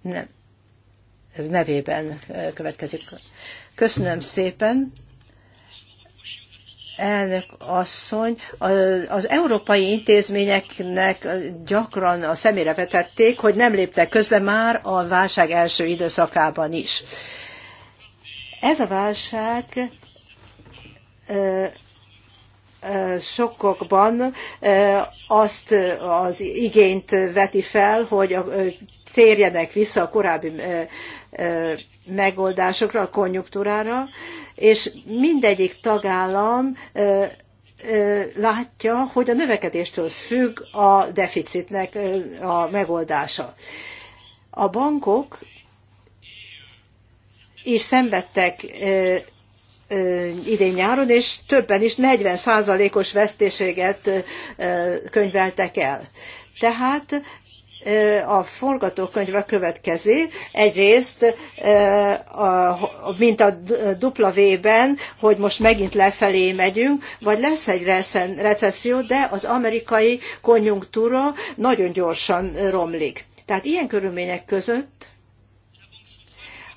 nem, nevében következik. Köszönöm szépen elnök asszony, az európai intézményeknek gyakran a szemére vetették, hogy nem léptek közbe már a válság első időszakában is. Ez a válság sokkokban azt az igényt veti fel, hogy térjenek vissza a korábbi megoldásokra, a konjunktúrára, és mindegyik tagállam látja, hogy a növekedéstől függ a deficitnek a megoldása. A bankok is szenvedtek idén nyáron, és többen is 40 os veszteséget könyveltek el. Tehát a forgatókönyve következő. Egyrészt, eh, mint a v ben hogy most megint lefelé megyünk, vagy lesz egy recesszió, de az amerikai konjunktúra nagyon gyorsan romlik. Tehát ilyen körülmények között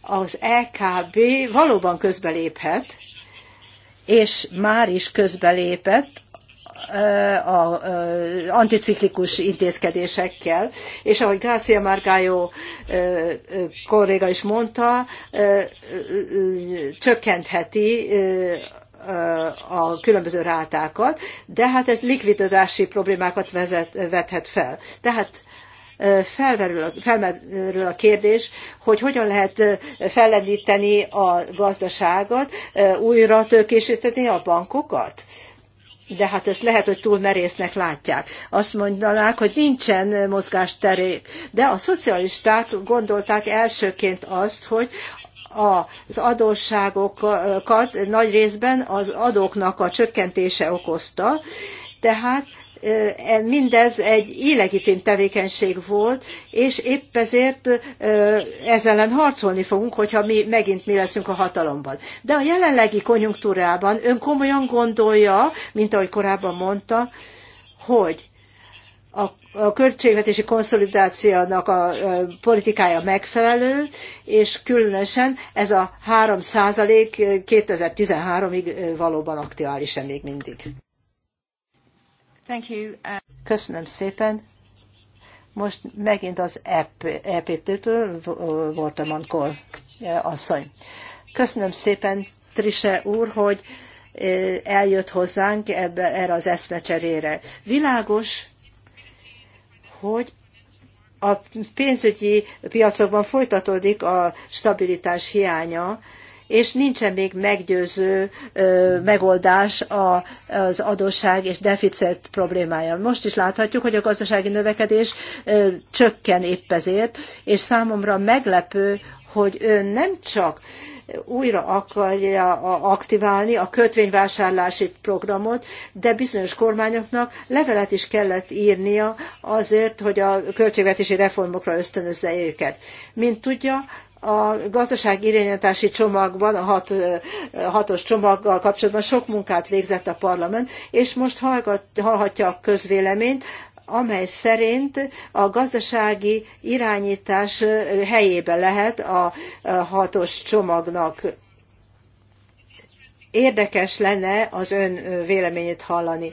az EKB valóban közbeléphet, és már is közbelépett, az anticiklikus intézkedésekkel, és ahogy Garcia Margallo kolléga is mondta, csökkentheti a különböző rátákat, de hát ez likviditási problémákat vezet, vethet fel. Tehát felmerül a, felmerül a kérdés, hogy hogyan lehet fellendíteni a gazdaságot, újra tőkésíteni a bankokat de hát ezt lehet, hogy túl merésznek látják. Azt mondanák, hogy nincsen mozgásterék. De a szocialisták gondolták elsőként azt, hogy az adósságokat nagy részben az adóknak a csökkentése okozta, tehát mindez egy illegitim tevékenység volt, és épp ezért ezzel ellen harcolni fogunk, hogyha mi megint mi leszünk a hatalomban. De a jelenlegi konjunktúrában ön komolyan gondolja, mint ahogy korábban mondta, hogy a költségvetési konszolidációnak a politikája megfelelő, és különösen ez a 3 százalék 2013-ig valóban aktuális -e még mindig. Uh, Köszönöm szépen. Most megint az EPP-től e voltam ankor e, asszony. Köszönöm szépen, Trise úr, hogy e, eljött hozzánk ebbe, erre az eszmecserére. Világos, hogy a pénzügyi piacokban folytatódik a stabilitás hiánya, és nincsen még meggyőző megoldás a az adósság és deficit problémája. Most is láthatjuk, hogy a gazdasági növekedés csökken épp ezért, és számomra meglepő, hogy ő nem csak újra akarja aktiválni a kötvényvásárlási programot, de bizonyos kormányoknak levelet is kellett írnia azért, hogy a költségvetési reformokra ösztönözze őket. Mint tudja, a gazdaság irányítási csomagban, a hat, hatos csomaggal kapcsolatban sok munkát végzett a parlament, és most hallgat, hallhatja a közvéleményt, amely szerint a gazdasági irányítás helyébe lehet a hatos csomagnak. Érdekes lenne az ön véleményét hallani.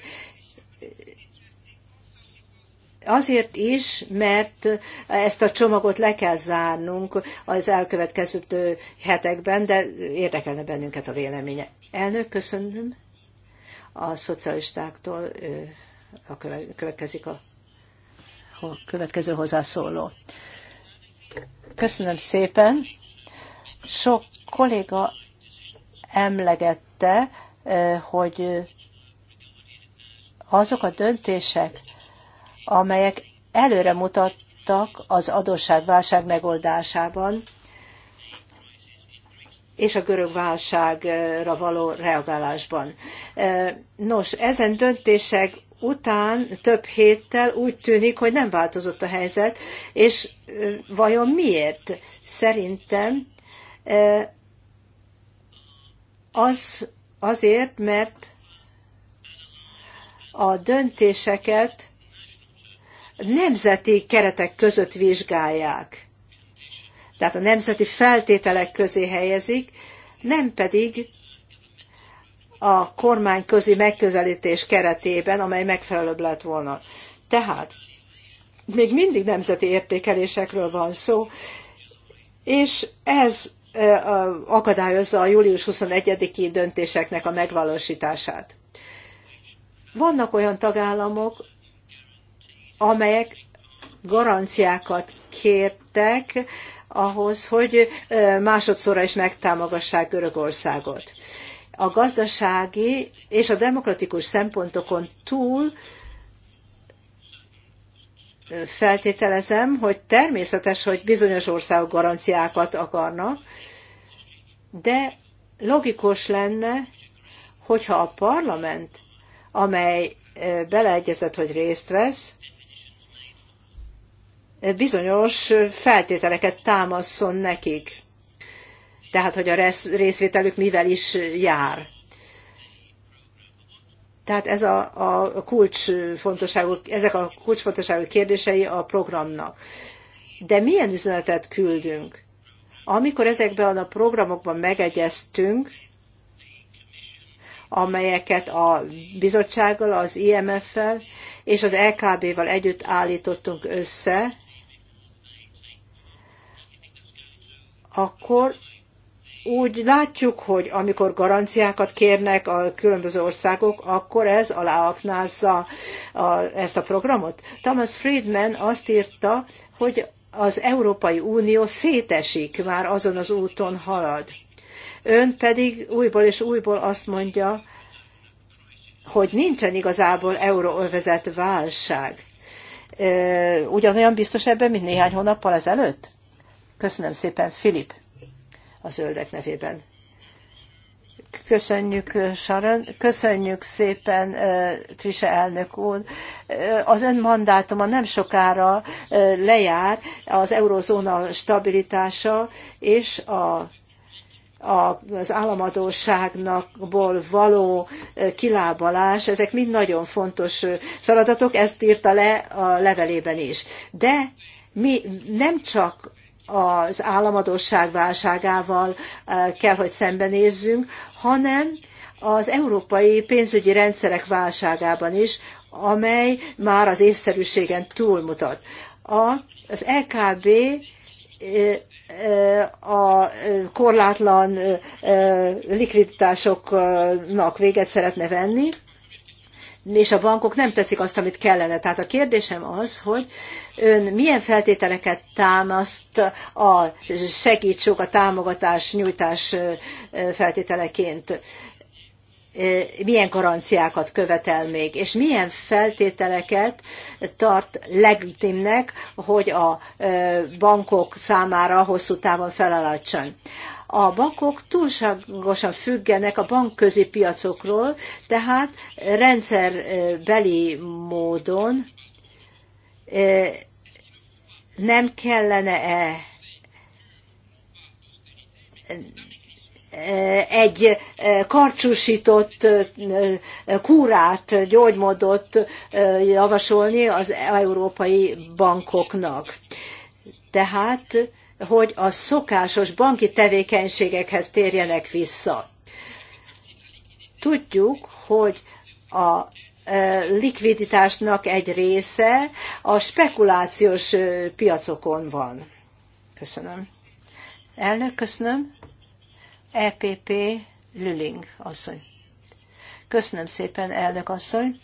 Azért is, mert ezt a csomagot le kell zárnunk az elkövetkező hetekben, de érdekelne bennünket a véleménye. Elnök, köszönöm. A szocialistáktól a következik a, a következő hozzászóló. Köszönöm szépen. Sok kolléga emlegette, hogy azok a döntések, amelyek előre mutattak az adósságválság megoldásában és a görög válságra való reagálásban. E, nos, ezen döntések után több héttel úgy tűnik, hogy nem változott a helyzet, és e, vajon miért? Szerintem e, az azért, mert a döntéseket nemzeti keretek között vizsgálják. Tehát a nemzeti feltételek közé helyezik, nem pedig a közi megközelítés keretében, amely megfelelőbb lett volna. Tehát még mindig nemzeti értékelésekről van szó, és ez akadályozza a július 21-i döntéseknek a megvalósítását. Vannak olyan tagállamok, amelyek garanciákat kértek ahhoz, hogy másodszorra is megtámogassák Görögországot. A gazdasági és a demokratikus szempontokon túl feltételezem, hogy természetes, hogy bizonyos országok garanciákat akarnak, de logikus lenne, hogyha a parlament, amely beleegyezett, hogy részt vesz, bizonyos feltételeket támaszon nekik. Tehát, hogy a részvételük mivel is jár. Tehát ez a, a kulcsfontosságú, ezek a kulcsfontosságú kérdései a programnak. De milyen üzenetet küldünk? Amikor ezekben a programokban megegyeztünk, amelyeket a bizottsággal, az IMF-fel és az LKB-val e együtt állítottunk össze, akkor úgy látjuk, hogy amikor garanciákat kérnek a különböző országok, akkor ez aláaknázza a, ezt a programot. Thomas Friedman azt írta, hogy az Európai Unió szétesik, már azon az úton halad. Ön pedig újból és újból azt mondja, hogy nincsen igazából euróövezet válság. Ugyanolyan biztos ebben, mint néhány hónappal ezelőtt? Köszönöm szépen, Filip, a zöldek nevében. Köszönjük, Sharon. Köszönjük szépen, eh, Trise elnök úr. Eh, az ön mandátuma nem sokára eh, lejár az eurozóna stabilitása és a az államadóságnakból való kilábalás, ezek mind nagyon fontos feladatok, ezt írta le a levelében is. De mi nem csak az államadóság válságával eh, kell, hogy szembenézzünk, hanem az európai pénzügyi rendszerek válságában is, amely már az észszerűségen túlmutat. Az EKB eh, eh, a korlátlan likviditásoknak véget szeretne venni, és a bankok nem teszik azt, amit kellene. Tehát a kérdésem az, hogy ön milyen feltételeket támaszt a segítség, a támogatás, nyújtás feltételeként milyen garanciákat követel még, és milyen feltételeket tart legitimnek, hogy a bankok számára hosszú távon felállítson. A bankok túlságosan függenek a bankközi piacokról, tehát rendszerbeli módon e, nem kellene-e e, egy e, karcsúsított kúrát, gyógymódot javasolni az európai bankoknak. Tehát hogy a szokásos banki tevékenységekhez térjenek vissza. Tudjuk, hogy a e, likviditásnak egy része a spekulációs e, piacokon van. Köszönöm. Elnök, köszönöm. EPP Lüling asszony. Köszönöm szépen, elnök asszony.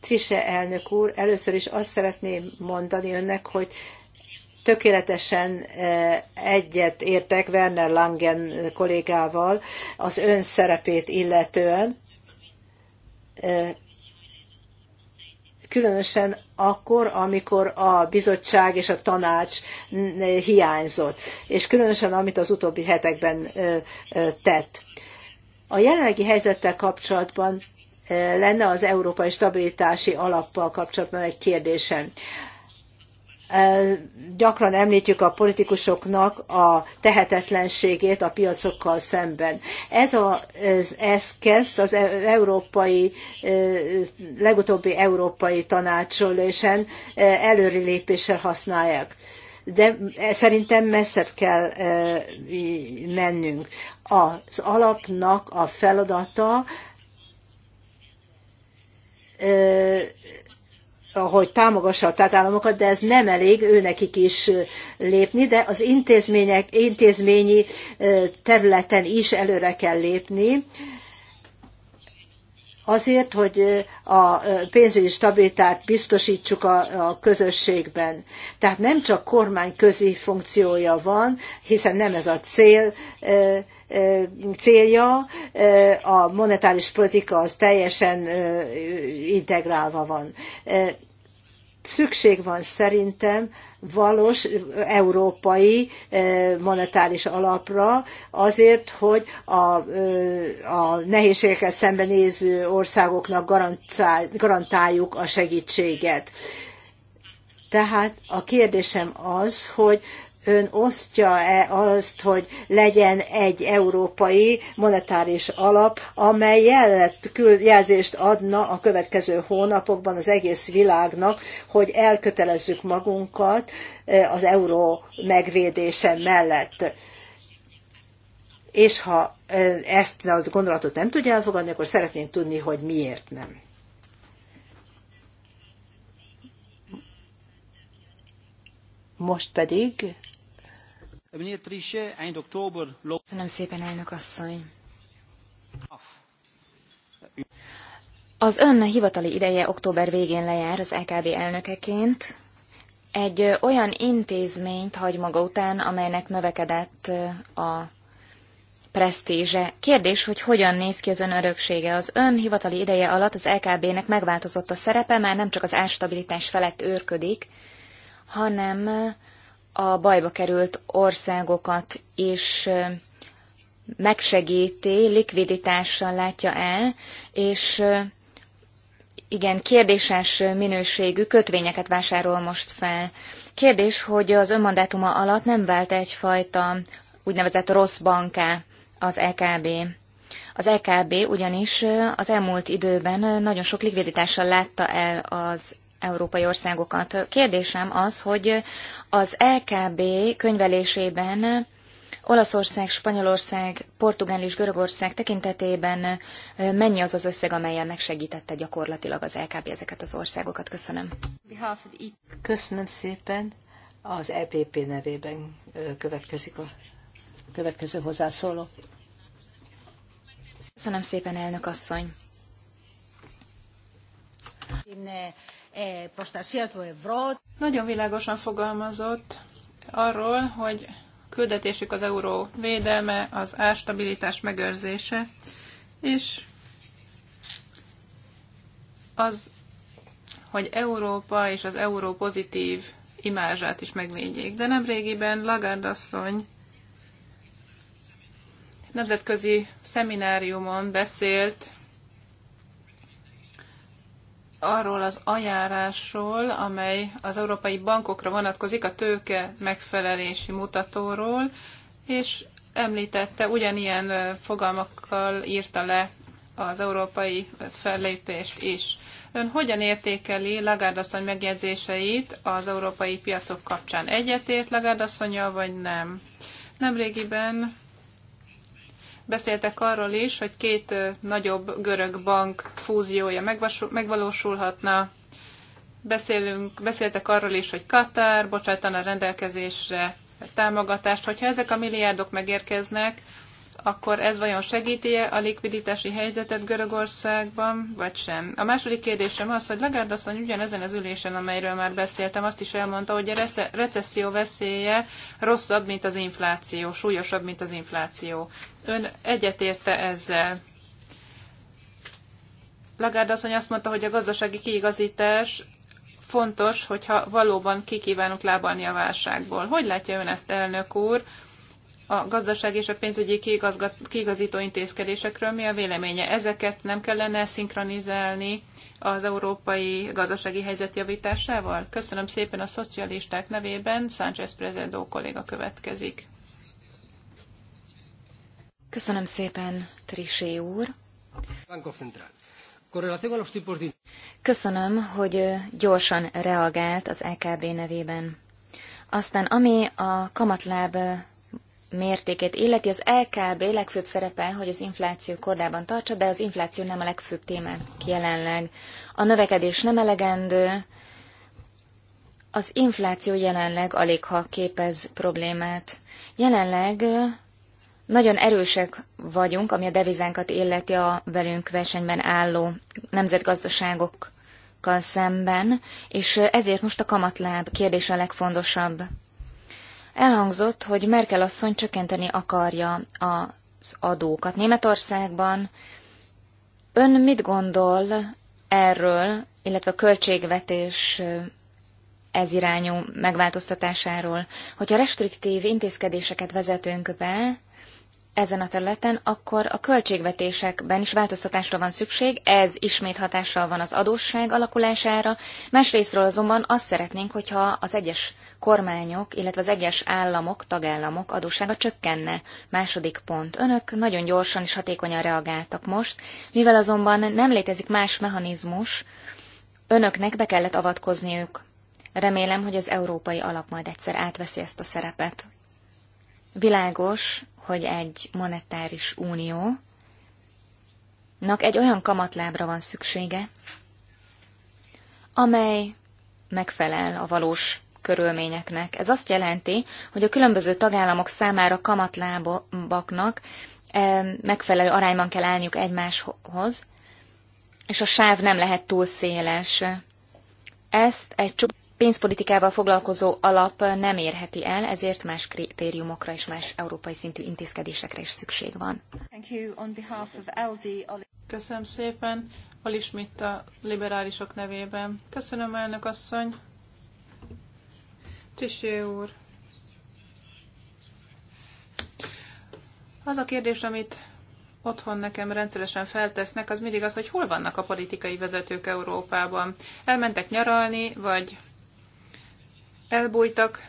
Trise elnök úr, először is azt szeretném mondani önnek, hogy Tökéletesen e, egyet értek Werner Langen kollégával az ön szerepét illetően, e, különösen akkor, amikor a bizottság és a tanács hiányzott, és különösen amit az utóbbi hetekben e, tett. A jelenlegi helyzettel kapcsolatban lenne az európai stabilitási alappal kapcsolatban egy kérdésem gyakran említjük a politikusoknak a tehetetlenségét a piacokkal szemben. Ez az eszközt az európai, legutóbbi európai tanácsolésen előrelépéssel használják de szerintem messzebb kell mennünk. Az alapnak a feladata hogy támogassa a tagállamokat, de ez nem elég őnekik is lépni, de az intézmények, intézményi területen is előre kell lépni azért, hogy a pénzügyi stabilitást biztosítsuk a, a közösségben. Tehát nem csak kormányközi funkciója van, hiszen nem ez a cél, célja, a monetáris politika az teljesen integrálva van. Szükség van szerintem valós európai monetáris alapra azért, hogy a, a nehézségekkel szembenéző országoknak garantáljuk a segítséget. Tehát a kérdésem az, hogy ön osztja-e azt, hogy legyen egy európai monetáris alap, amely jelzést adna a következő hónapokban az egész világnak, hogy elkötelezzük magunkat e, az euró megvédése mellett. És ha e, ezt a gondolatot nem tudja elfogadni, akkor szeretném tudni, hogy miért nem. Most pedig Köszönöm szépen, elnök asszony. Az ön hivatali ideje október végén lejár az EKB elnökeként. Egy olyan intézményt hagy maga után, amelynek növekedett a presztízse. Kérdés, hogy hogyan néz ki az ön öröksége. Az ön hivatali ideje alatt az LKB-nek megváltozott a szerepe, már nem csak az árstabilitás felett őrködik, hanem a bajba került országokat is megsegíti, likviditással látja el, és igen, kérdéses minőségű kötvényeket vásárol most fel. Kérdés, hogy az önmandátuma alatt nem vált egyfajta úgynevezett rossz banká az EKB. Az EKB ugyanis az elmúlt időben nagyon sok likviditással látta el az európai országokat. Kérdésem az, hogy az LKB könyvelésében Olaszország, Spanyolország, Portugál és Görögország tekintetében mennyi az az összeg, amelyel megsegítette gyakorlatilag az LKB ezeket az országokat? Köszönöm. Köszönöm szépen. Az EPP nevében következik a következő hozzászóló. Köszönöm szépen, elnök asszony. Nagyon világosan fogalmazott arról, hogy küldetésük az euró védelme, az árstabilitás megőrzése, és az, hogy Európa és az euró pozitív imázsát is megvédjék. De nemrégiben Lagarde asszony nemzetközi szemináriumon beszélt arról az ajárásról, amely az európai bankokra vonatkozik, a tőke megfelelési mutatóról, és említette, ugyanilyen fogalmakkal írta le az európai fellépést is. Ön hogyan értékeli Lagárdasszony megjegyzéseit az európai piacok kapcsán? Egyetért Lagárdasszonyjal, vagy nem? Nemrégiben Beszéltek arról is, hogy két nagyobb görög bank fúziója megvalósulhatna. Beszélünk, beszéltek arról is, hogy Katár bocsátana rendelkezésre támogatást. Hogyha ezek a milliárdok megérkeznek, akkor ez vajon segíti-e a likviditási helyzetet Görögországban, vagy sem? A második kérdésem az, hogy Lagarde asszony ugyanezen az ülésen, amelyről már beszéltem, azt is elmondta, hogy a recesszió veszélye rosszabb, mint az infláció, súlyosabb, mint az infláció. Ön egyetérte ezzel? Lagarde asszony azt mondta, hogy a gazdasági kiigazítás fontos, hogyha valóban kikívánunk lábalni a válságból. Hogy látja ön ezt, elnök úr? a gazdaság és a pénzügyi kiigazító intézkedésekről mi a véleménye? Ezeket nem kellene szinkronizálni az európai gazdasági helyzet javításával? Köszönöm szépen a szocialisták nevében, Sánchez Prezedó kolléga következik. Köszönöm szépen, Trisé úr. Köszönöm, hogy gyorsan reagált az EKB nevében. Aztán ami a kamatláb mértékét illeti, az LKB legfőbb szerepe, hogy az infláció kordában tartsa, de az infláció nem a legfőbb téma jelenleg. A növekedés nem elegendő, az infláció jelenleg alig ha képez problémát. Jelenleg nagyon erősek vagyunk, ami a devizánkat illeti a velünk versenyben álló nemzetgazdaságokkal szemben, és ezért most a kamatláb kérdése a legfontosabb. Elhangzott, hogy Merkel asszony csökkenteni akarja az adókat Németországban. Ön mit gondol erről, illetve a költségvetés ez irányú megváltoztatásáról? Hogyha restriktív intézkedéseket vezetünk be, ezen a területen, akkor a költségvetésekben is változtatásra van szükség, ez ismét hatással van az adósság alakulására, másrésztről azonban azt szeretnénk, hogyha az egyes kormányok, illetve az egyes államok, tagállamok adóssága csökkenne. Második pont. Önök nagyon gyorsan és hatékonyan reagáltak most, mivel azonban nem létezik más mechanizmus, önöknek be kellett avatkozniuk. Remélem, hogy az európai alap majd egyszer átveszi ezt a szerepet. Világos, hogy egy monetáris unió, egy olyan kamatlábra van szüksége, amely megfelel a valós körülményeknek. Ez azt jelenti, hogy a különböző tagállamok számára kamatlábaknak megfelelő arányban kell állniuk egymáshoz, és a sáv nem lehet túl széles. Ezt egy csupa pénzpolitikával foglalkozó alap nem érheti el, ezért más kritériumokra és más európai szintű intézkedésekre is szükség van. Köszönöm szépen, Oli Schmidt a liberálisok nevében. Köszönöm, elnök asszony. Tisé úr. Az a kérdés, amit otthon nekem rendszeresen feltesznek, az mindig az, hogy hol vannak a politikai vezetők Európában. Elmentek nyaralni, vagy elbújtak,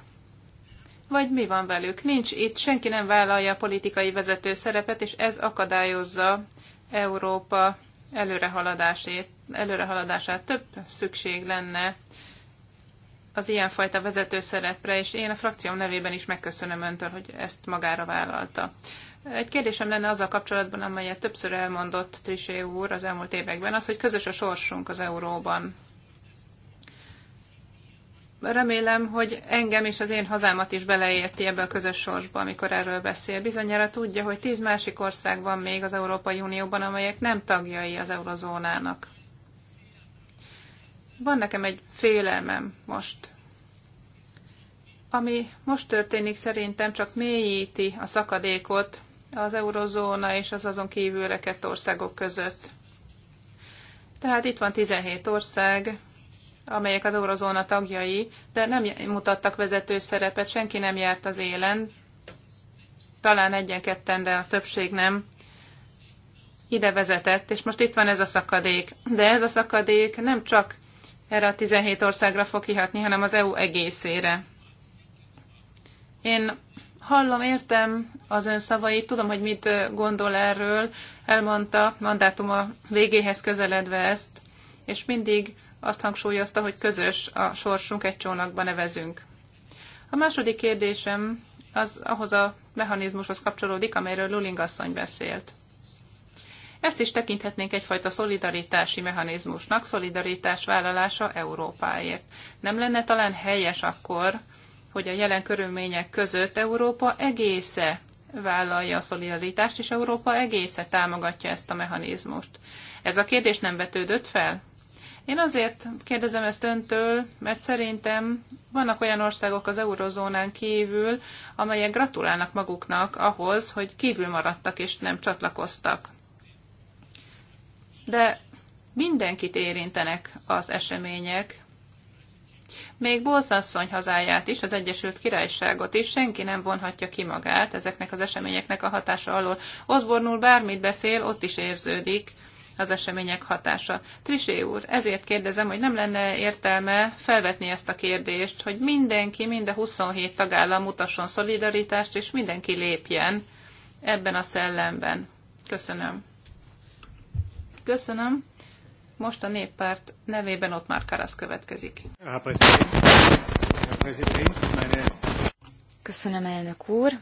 vagy mi van velük? Nincs itt, senki nem vállalja a politikai vezető szerepet, és ez akadályozza Európa előrehaladását. Előrehaladását több szükség lenne az ilyenfajta vezető szerepre, és én a frakcióm nevében is megköszönöm öntől, hogy ezt magára vállalta. Egy kérdésem lenne azzal kapcsolatban, amelyet többször elmondott Trisé úr az elmúlt években, az, hogy közös a sorsunk az euróban. Remélem, hogy engem és az én hazámat is beleérti ebbe a közös sorsba, amikor erről beszél. Bizonyára tudja, hogy tíz másik ország van még az Európai Unióban, amelyek nem tagjai az eurozónának. Van nekem egy félelmem most. Ami most történik, szerintem csak mélyíti a szakadékot az eurozóna és az azon kívül rekett országok között. Tehát itt van 17 ország, amelyek az eurozóna tagjai, de nem mutattak vezető szerepet, senki nem járt az élen, talán egyen-ketten, de a többség nem ide vezetett, és most itt van ez a szakadék. De ez a szakadék nem csak erre a 17 országra fog kihatni, hanem az EU egészére. Én hallom, értem az ön szavait, tudom, hogy mit gondol erről, elmondta a végéhez közeledve ezt, és mindig azt hangsúlyozta, hogy közös a sorsunk, egy csónakba nevezünk. A második kérdésem az ahhoz a mechanizmushoz kapcsolódik, amelyről Luling asszony beszélt. Ezt is tekinthetnénk egyfajta szolidaritási mechanizmusnak, szolidaritás vállalása Európáért. Nem lenne talán helyes akkor, hogy a jelen körülmények között Európa egésze vállalja a szolidaritást, és Európa egésze támogatja ezt a mechanizmust. Ez a kérdés nem vetődött fel? Én azért kérdezem ezt öntől, mert szerintem vannak olyan országok az eurozónán kívül, amelyek gratulálnak maguknak ahhoz, hogy kívül maradtak és nem csatlakoztak de mindenkit érintenek az események, még Bolszasszony hazáját is, az Egyesült Királyságot is senki nem vonhatja ki magát ezeknek az eseményeknek a hatása alól. Osbornul bármit beszél, ott is érződik az események hatása. Trisé úr, ezért kérdezem, hogy nem lenne értelme felvetni ezt a kérdést, hogy mindenki, mind a 27 tagállam mutasson szolidaritást, és mindenki lépjen ebben a szellemben. Köszönöm. Köszönöm. Most a néppárt nevében ott már Karasz következik. Köszönöm, elnök úr.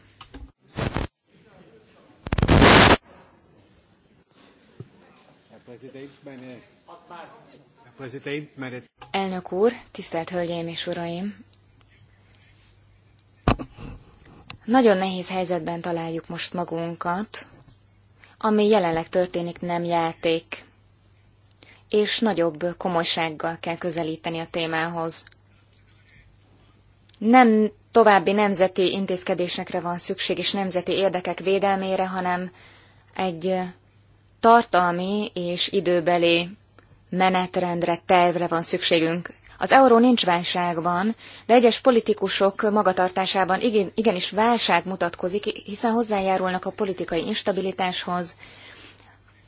Elnök úr, tisztelt Hölgyeim és Uraim! Nagyon nehéz helyzetben találjuk most magunkat, ami jelenleg történik, nem játék, és nagyobb komolysággal kell közelíteni a témához. Nem további nemzeti intézkedésekre van szükség, és nemzeti érdekek védelmére, hanem egy tartalmi és időbeli menetrendre, tervre van szükségünk az euró nincs válságban, de egyes politikusok magatartásában igen, igenis válság mutatkozik, hiszen hozzájárulnak a politikai instabilitáshoz,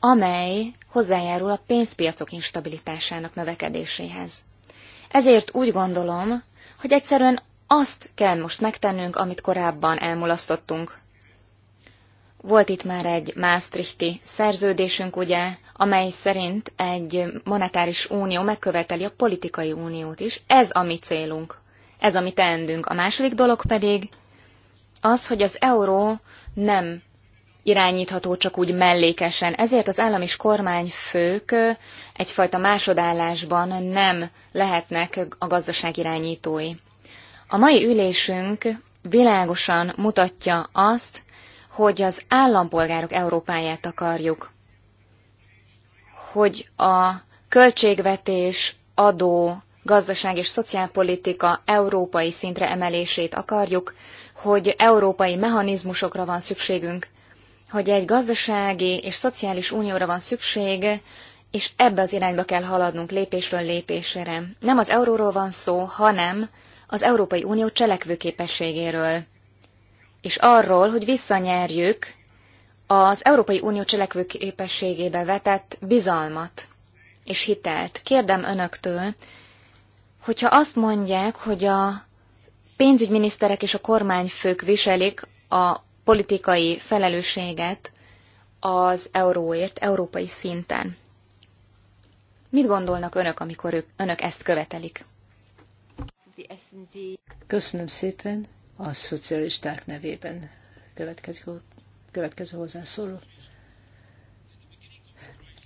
amely hozzájárul a pénzpiacok instabilitásának növekedéséhez. Ezért úgy gondolom, hogy egyszerűen azt kell most megtennünk, amit korábban elmulasztottunk. Volt itt már egy Maastrichti szerződésünk, ugye, amely szerint egy monetáris unió megköveteli a politikai uniót is. Ez a mi célunk, ez a mi teendünk. A második dolog pedig az, hogy az euró nem irányítható csak úgy mellékesen. Ezért az állam és kormányfők egyfajta másodállásban nem lehetnek a gazdaság irányítói. A mai ülésünk világosan mutatja azt, hogy az állampolgárok Európáját akarjuk hogy a költségvetés, adó, gazdaság és szociálpolitika európai szintre emelését akarjuk, hogy európai mechanizmusokra van szükségünk, hogy egy gazdasági és szociális unióra van szükség, és ebbe az irányba kell haladnunk lépésről lépésre. Nem az euróról van szó, hanem az Európai Unió cselekvőképességéről, és arról, hogy visszanyerjük az Európai Unió cselekvőképességébe vetett bizalmat és hitelt. Kérdem önöktől, hogyha azt mondják, hogy a pénzügyminiszterek és a kormányfők viselik a politikai felelősséget az euróért európai szinten. Mit gondolnak önök, amikor ők, önök ezt követelik? Köszönöm szépen. A szocialisták nevében következik a következő hozzászóló.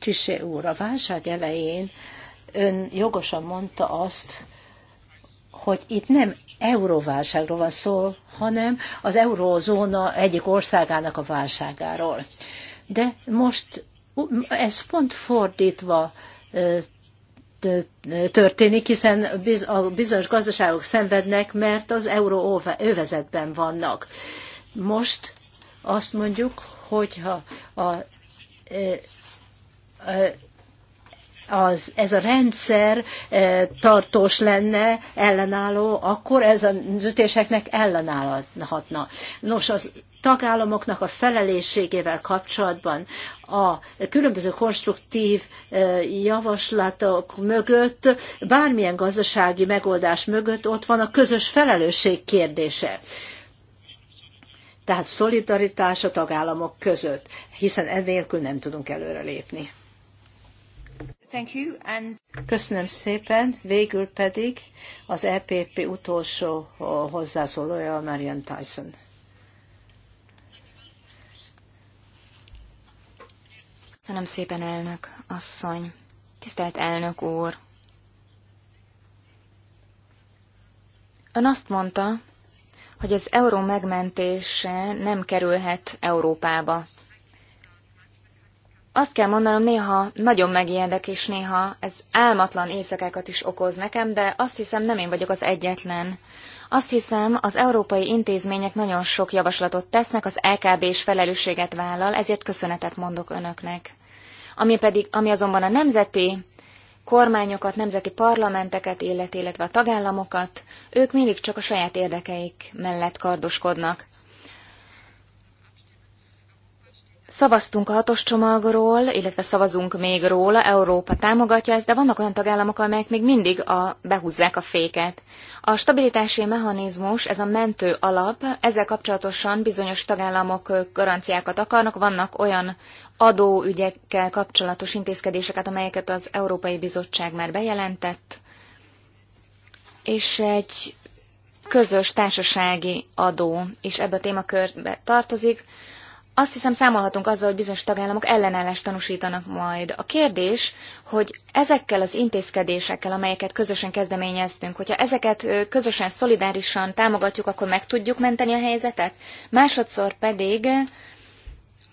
Tüssé úr, a válság elején ön jogosan mondta azt, hogy itt nem euróválságról van szó, hanem az eurózóna egyik országának a válságáról. De most ez pont fordítva történik, hiszen a bizonyos gazdaságok szenvednek, mert az euróövezetben vannak. Most azt mondjuk, hogyha a, e, e, az, ez a rendszer e, tartós lenne, ellenálló, akkor ez az ütéseknek ellenállhatna. Nos, az tagállamoknak a felelősségével kapcsolatban a különböző konstruktív javaslatok mögött, bármilyen gazdasági megoldás mögött ott van a közös felelősség kérdése. Tehát szolidaritás a tagállamok között, hiszen ennélkül nem tudunk előrelépni. Thank you, and... Köszönöm szépen, végül pedig az EPP utolsó hozzászólója, Marian Tyson. Köszönöm szépen, elnök asszony. Tisztelt elnök úr! Ön azt mondta, hogy az euró megmentése nem kerülhet Európába. Azt kell mondanom, néha nagyon megijedek, és néha ez álmatlan éjszakákat is okoz nekem, de azt hiszem nem én vagyok az egyetlen. Azt hiszem, az európai intézmények nagyon sok javaslatot tesznek, az LKB is felelősséget vállal, ezért köszönetet mondok önöknek. Ami, pedig, ami azonban a nemzeti kormányokat, nemzeti parlamenteket illeti, illetve a tagállamokat, ők mindig csak a saját érdekeik mellett kardoskodnak. Szavaztunk a hatos csomagról, illetve szavazunk még róla, Európa támogatja ezt, de vannak olyan tagállamok, amelyek még mindig a, behúzzák a féket. A stabilitási mechanizmus, ez a mentő alap, ezzel kapcsolatosan bizonyos tagállamok garanciákat akarnak, vannak olyan adóügyekkel kapcsolatos intézkedéseket, amelyeket az Európai Bizottság már bejelentett, és egy közös társasági adó is ebbe a témakörbe tartozik. Azt hiszem számolhatunk azzal, hogy bizonyos tagállamok ellenállást tanúsítanak majd. A kérdés, hogy ezekkel az intézkedésekkel, amelyeket közösen kezdeményeztünk, hogyha ezeket közösen, szolidárisan támogatjuk, akkor meg tudjuk menteni a helyzetet? Másodszor pedig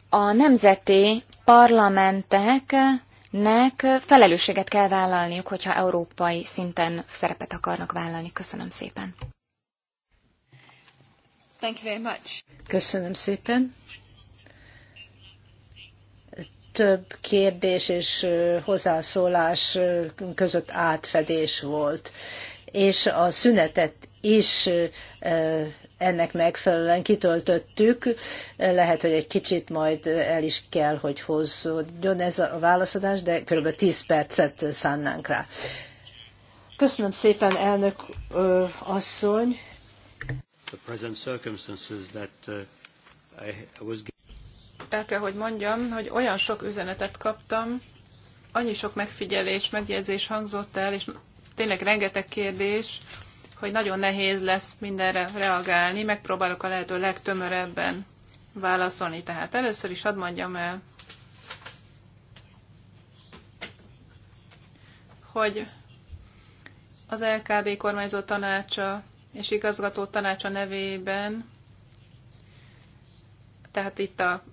a nemzeti parlamenteknek felelősséget kell vállalniuk, hogyha európai szinten szerepet akarnak vállalni. Köszönöm szépen. Thank you very much. Köszönöm szépen. Több kérdés és hozzászólás között átfedés volt, és a szünetet is ennek megfelelően kitöltöttük, lehet, hogy egy kicsit majd el is kell, hogy hozzon ez a válaszadás, de kb. 10 percet szánnánk rá. Köszönöm szépen, elnök ö, asszony. Uh, el kell, hogy mondjam, hogy olyan sok üzenetet kaptam, annyi sok megfigyelés, megjegyzés hangzott el, és tényleg rengeteg kérdés, hogy nagyon nehéz lesz mindenre reagálni, megpróbálok a lehető legtömörebben válaszolni. Tehát először is hadd mondjam el, hogy az LKB kormányzó tanácsa és igazgató tanácsa nevében, tehát itt a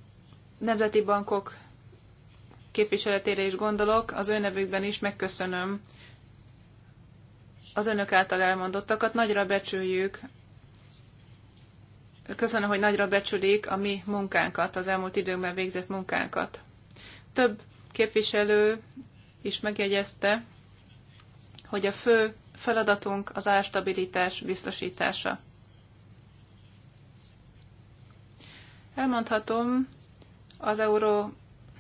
nemzeti bankok képviseletére is gondolok, az ő nevükben is megköszönöm az önök által elmondottakat. Nagyra becsüljük, köszönöm, hogy nagyra becsülik a mi munkánkat, az elmúlt időkben végzett munkánkat. Több képviselő is megjegyezte, hogy a fő feladatunk az árstabilitás biztosítása. Elmondhatom, az euró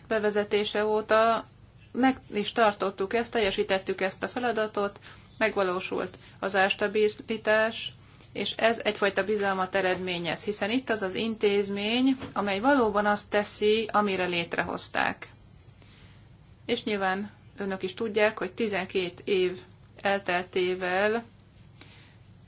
bevezetése óta meg is tartottuk ezt, teljesítettük ezt a feladatot, megvalósult az árstabilitás, és ez egyfajta bizalmat eredményez, hiszen itt az az intézmény, amely valóban azt teszi, amire létrehozták. És nyilván önök is tudják, hogy 12 év elteltével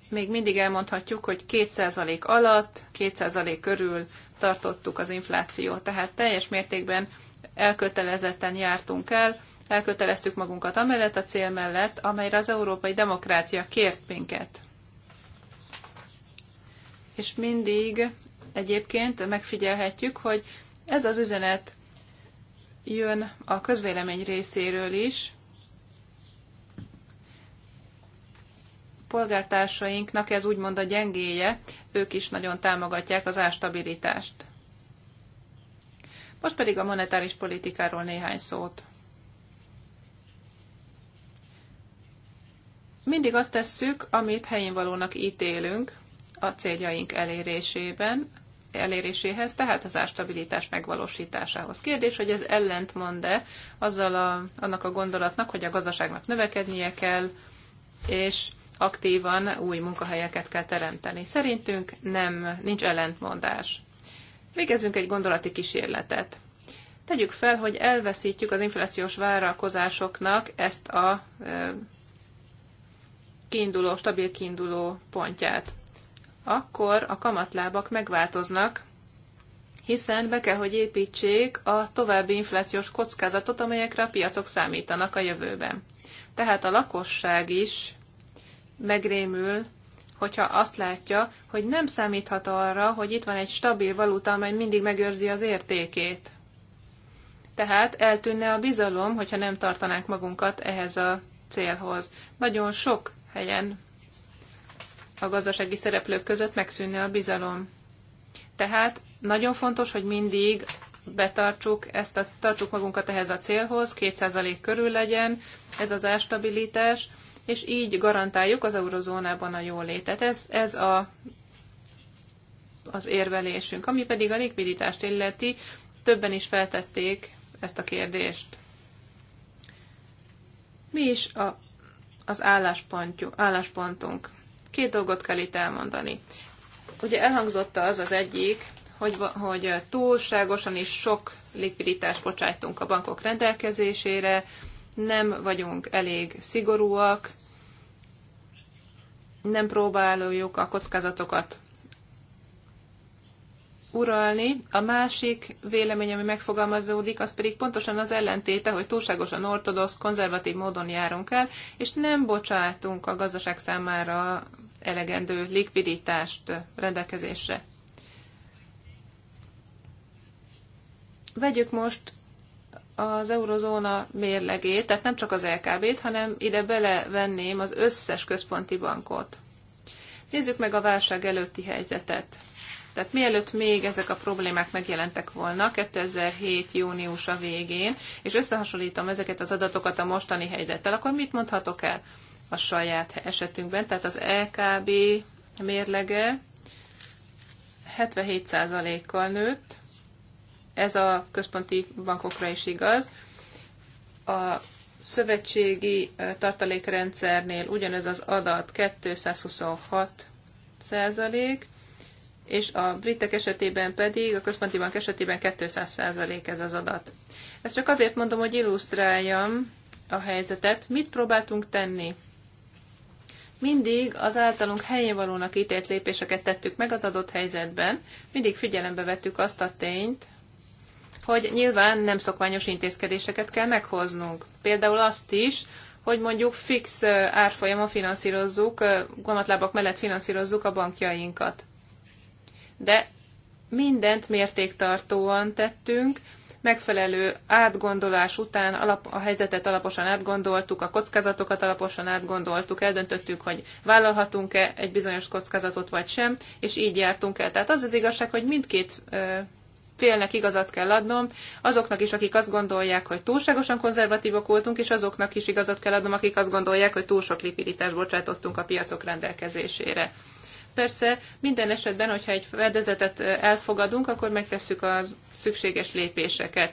még mindig elmondhatjuk, hogy 2% alatt, 2% körül tartottuk az inflációt. Tehát teljes mértékben elkötelezetten jártunk el, elköteleztük magunkat amellett a cél mellett, amelyre az európai demokrácia kért minket. És mindig egyébként megfigyelhetjük, hogy ez az üzenet jön a közvélemény részéről is, polgártársainknak ez úgymond a gyengéje, ők is nagyon támogatják az ástabilitást. Most pedig a monetáris politikáról néhány szót. Mindig azt tesszük, amit helyén valónak ítélünk a céljaink elérésében, eléréséhez, tehát az árstabilitás megvalósításához. Kérdés, hogy ez ellentmond-e azzal a, annak a gondolatnak, hogy a gazdaságnak növekednie kell, és aktívan új munkahelyeket kell teremteni. Szerintünk nem, nincs ellentmondás. Végezzünk egy gondolati kísérletet. Tegyük fel, hogy elveszítjük az inflációs várakozásoknak ezt a kiinduló, stabil kiinduló pontját, akkor a kamatlábak megváltoznak, hiszen be kell, hogy építsék a további inflációs kockázatot, amelyekre a piacok számítanak a jövőben. Tehát a lakosság is megrémül, hogyha azt látja, hogy nem számíthat arra, hogy itt van egy stabil valuta, amely mindig megőrzi az értékét. Tehát eltűnne a bizalom, hogyha nem tartanánk magunkat ehhez a célhoz. Nagyon sok helyen a gazdasági szereplők között megszűnne a bizalom. Tehát nagyon fontos, hogy mindig betartsuk ezt a, tartsuk magunkat ehhez a célhoz, 2% körül legyen ez az ástabilitás, és így garantáljuk az eurozónában a jólétet. Ez, ez a, az érvelésünk. Ami pedig a likviditást illeti, többen is feltették ezt a kérdést. Mi is a az álláspontunk. Két dolgot kell itt elmondani. Ugye elhangzotta az az egyik, hogy, hogy túlságosan is sok likviditást bocsájtunk a bankok rendelkezésére, nem vagyunk elég szigorúak, nem próbáljuk a kockázatokat uralni, a másik vélemény, ami megfogalmazódik, az pedig pontosan az ellentéte, hogy túlságosan ortodox, konzervatív módon járunk el, és nem bocsátunk a gazdaság számára elegendő likviditást rendelkezésre. Vegyük most az eurozóna mérlegét, tehát nem csak az LKB-t, hanem ide belevenném az összes központi bankot. Nézzük meg a válság előtti helyzetet. Tehát mielőtt még ezek a problémák megjelentek volna 2007. júniusa végén, és összehasonlítom ezeket az adatokat a mostani helyzettel, akkor mit mondhatok el a saját esetünkben? Tehát az LKB mérlege 77%-kal nőtt, ez a központi bankokra is igaz. A szövetségi tartalékrendszernél ugyanez az adat 226 százalék, és a britek esetében pedig, a központi bank esetében 200% ez az adat. Ezt csak azért mondom, hogy illusztráljam a helyzetet, mit próbáltunk tenni. Mindig az általunk helyén valónak ítélt lépéseket tettük meg az adott helyzetben, mindig figyelembe vettük azt a tényt, hogy nyilván nem szokványos intézkedéseket kell meghoznunk. Például azt is, hogy mondjuk fix árfolyamon finanszírozzuk, gomatlábak mellett finanszírozzuk a bankjainkat de mindent mértéktartóan tettünk, megfelelő átgondolás után alap, a helyzetet alaposan átgondoltuk, a kockázatokat alaposan átgondoltuk, eldöntöttük, hogy vállalhatunk-e egy bizonyos kockázatot vagy sem, és így jártunk el. Tehát az az igazság, hogy mindkét félnek igazat kell adnom, azoknak is, akik azt gondolják, hogy túlságosan konzervatívok voltunk, és azoknak is igazat kell adnom, akik azt gondolják, hogy túl sok likviditást bocsátottunk a piacok rendelkezésére. Persze minden esetben, hogyha egy fedezetet elfogadunk, akkor megtesszük a szükséges lépéseket.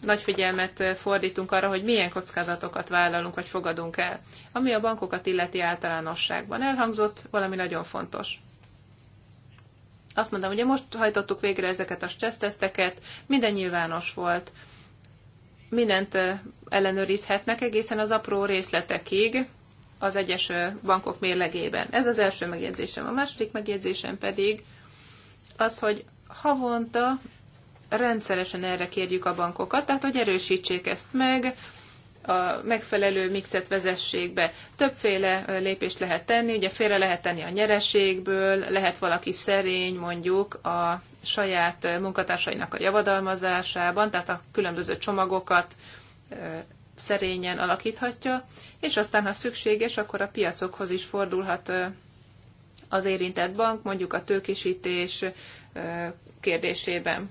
Nagy figyelmet fordítunk arra, hogy milyen kockázatokat vállalunk vagy fogadunk el. Ami a bankokat illeti általánosságban elhangzott, valami nagyon fontos azt mondom, ugye most hajtottuk végre ezeket a stresszteszteket, minden nyilvános volt, mindent ellenőrizhetnek egészen az apró részletekig, az egyes bankok mérlegében. Ez az első megjegyzésem. A második megjegyzésem pedig az, hogy havonta rendszeresen erre kérjük a bankokat, tehát hogy erősítsék ezt meg, a megfelelő mixet vezessék be. Többféle lépést lehet tenni, ugye félre lehet tenni a nyereségből, lehet valaki szerény mondjuk a saját munkatársainak a javadalmazásában, tehát a különböző csomagokat szerényen alakíthatja, és aztán, ha szükséges, akkor a piacokhoz is fordulhat az érintett bank, mondjuk a tőkisítés kérdésében.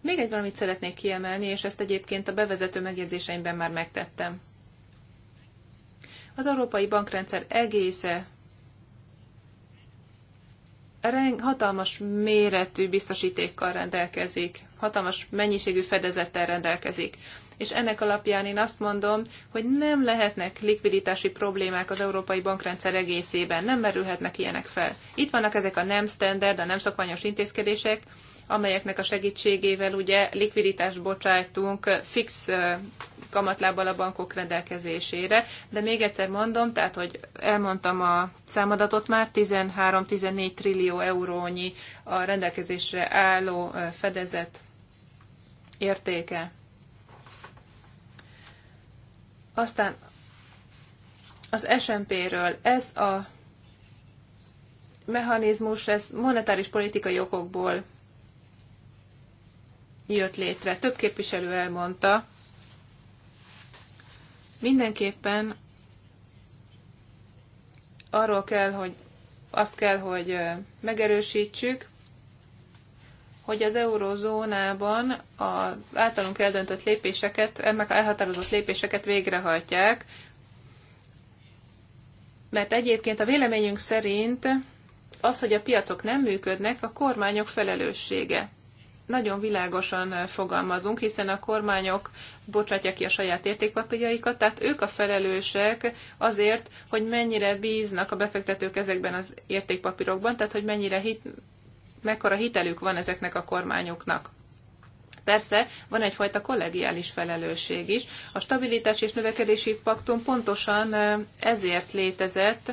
Még egy valamit szeretnék kiemelni, és ezt egyébként a bevezető megjegyzéseimben már megtettem. Az európai bankrendszer egésze hatalmas méretű biztosítékkal rendelkezik, hatalmas mennyiségű fedezettel rendelkezik. És ennek alapján én azt mondom, hogy nem lehetnek likviditási problémák az európai bankrendszer egészében, nem merülhetnek ilyenek fel. Itt vannak ezek a nem standard, a nem szokványos intézkedések, amelyeknek a segítségével ugye likviditást bocsájtunk eh, fix eh, kamatlábbal a bankok rendelkezésére. De még egyszer mondom, tehát, hogy elmondtam a számadatot már, 13-14 trillió eurónyi a rendelkezésre álló eh, fedezet értéke. Aztán az SMP-ről. Ez a mechanizmus, ez monetáris politikai okokból jött létre. Több képviselő elmondta. Mindenképpen arról kell, hogy azt kell, hogy megerősítsük, hogy az eurozónában az általunk eldöntött lépéseket, ennek elhatározott lépéseket végrehajtják, mert egyébként a véleményünk szerint az, hogy a piacok nem működnek, a kormányok felelőssége nagyon világosan fogalmazunk, hiszen a kormányok bocsátják ki a saját értékpapírjaikat, tehát ők a felelősek azért, hogy mennyire bíznak a befektetők ezekben az értékpapírokban, tehát hogy mennyire hit, mekkora hitelük van ezeknek a kormányoknak. Persze van egyfajta kollegiális felelősség is. A stabilitás és növekedési paktum pontosan ezért létezett,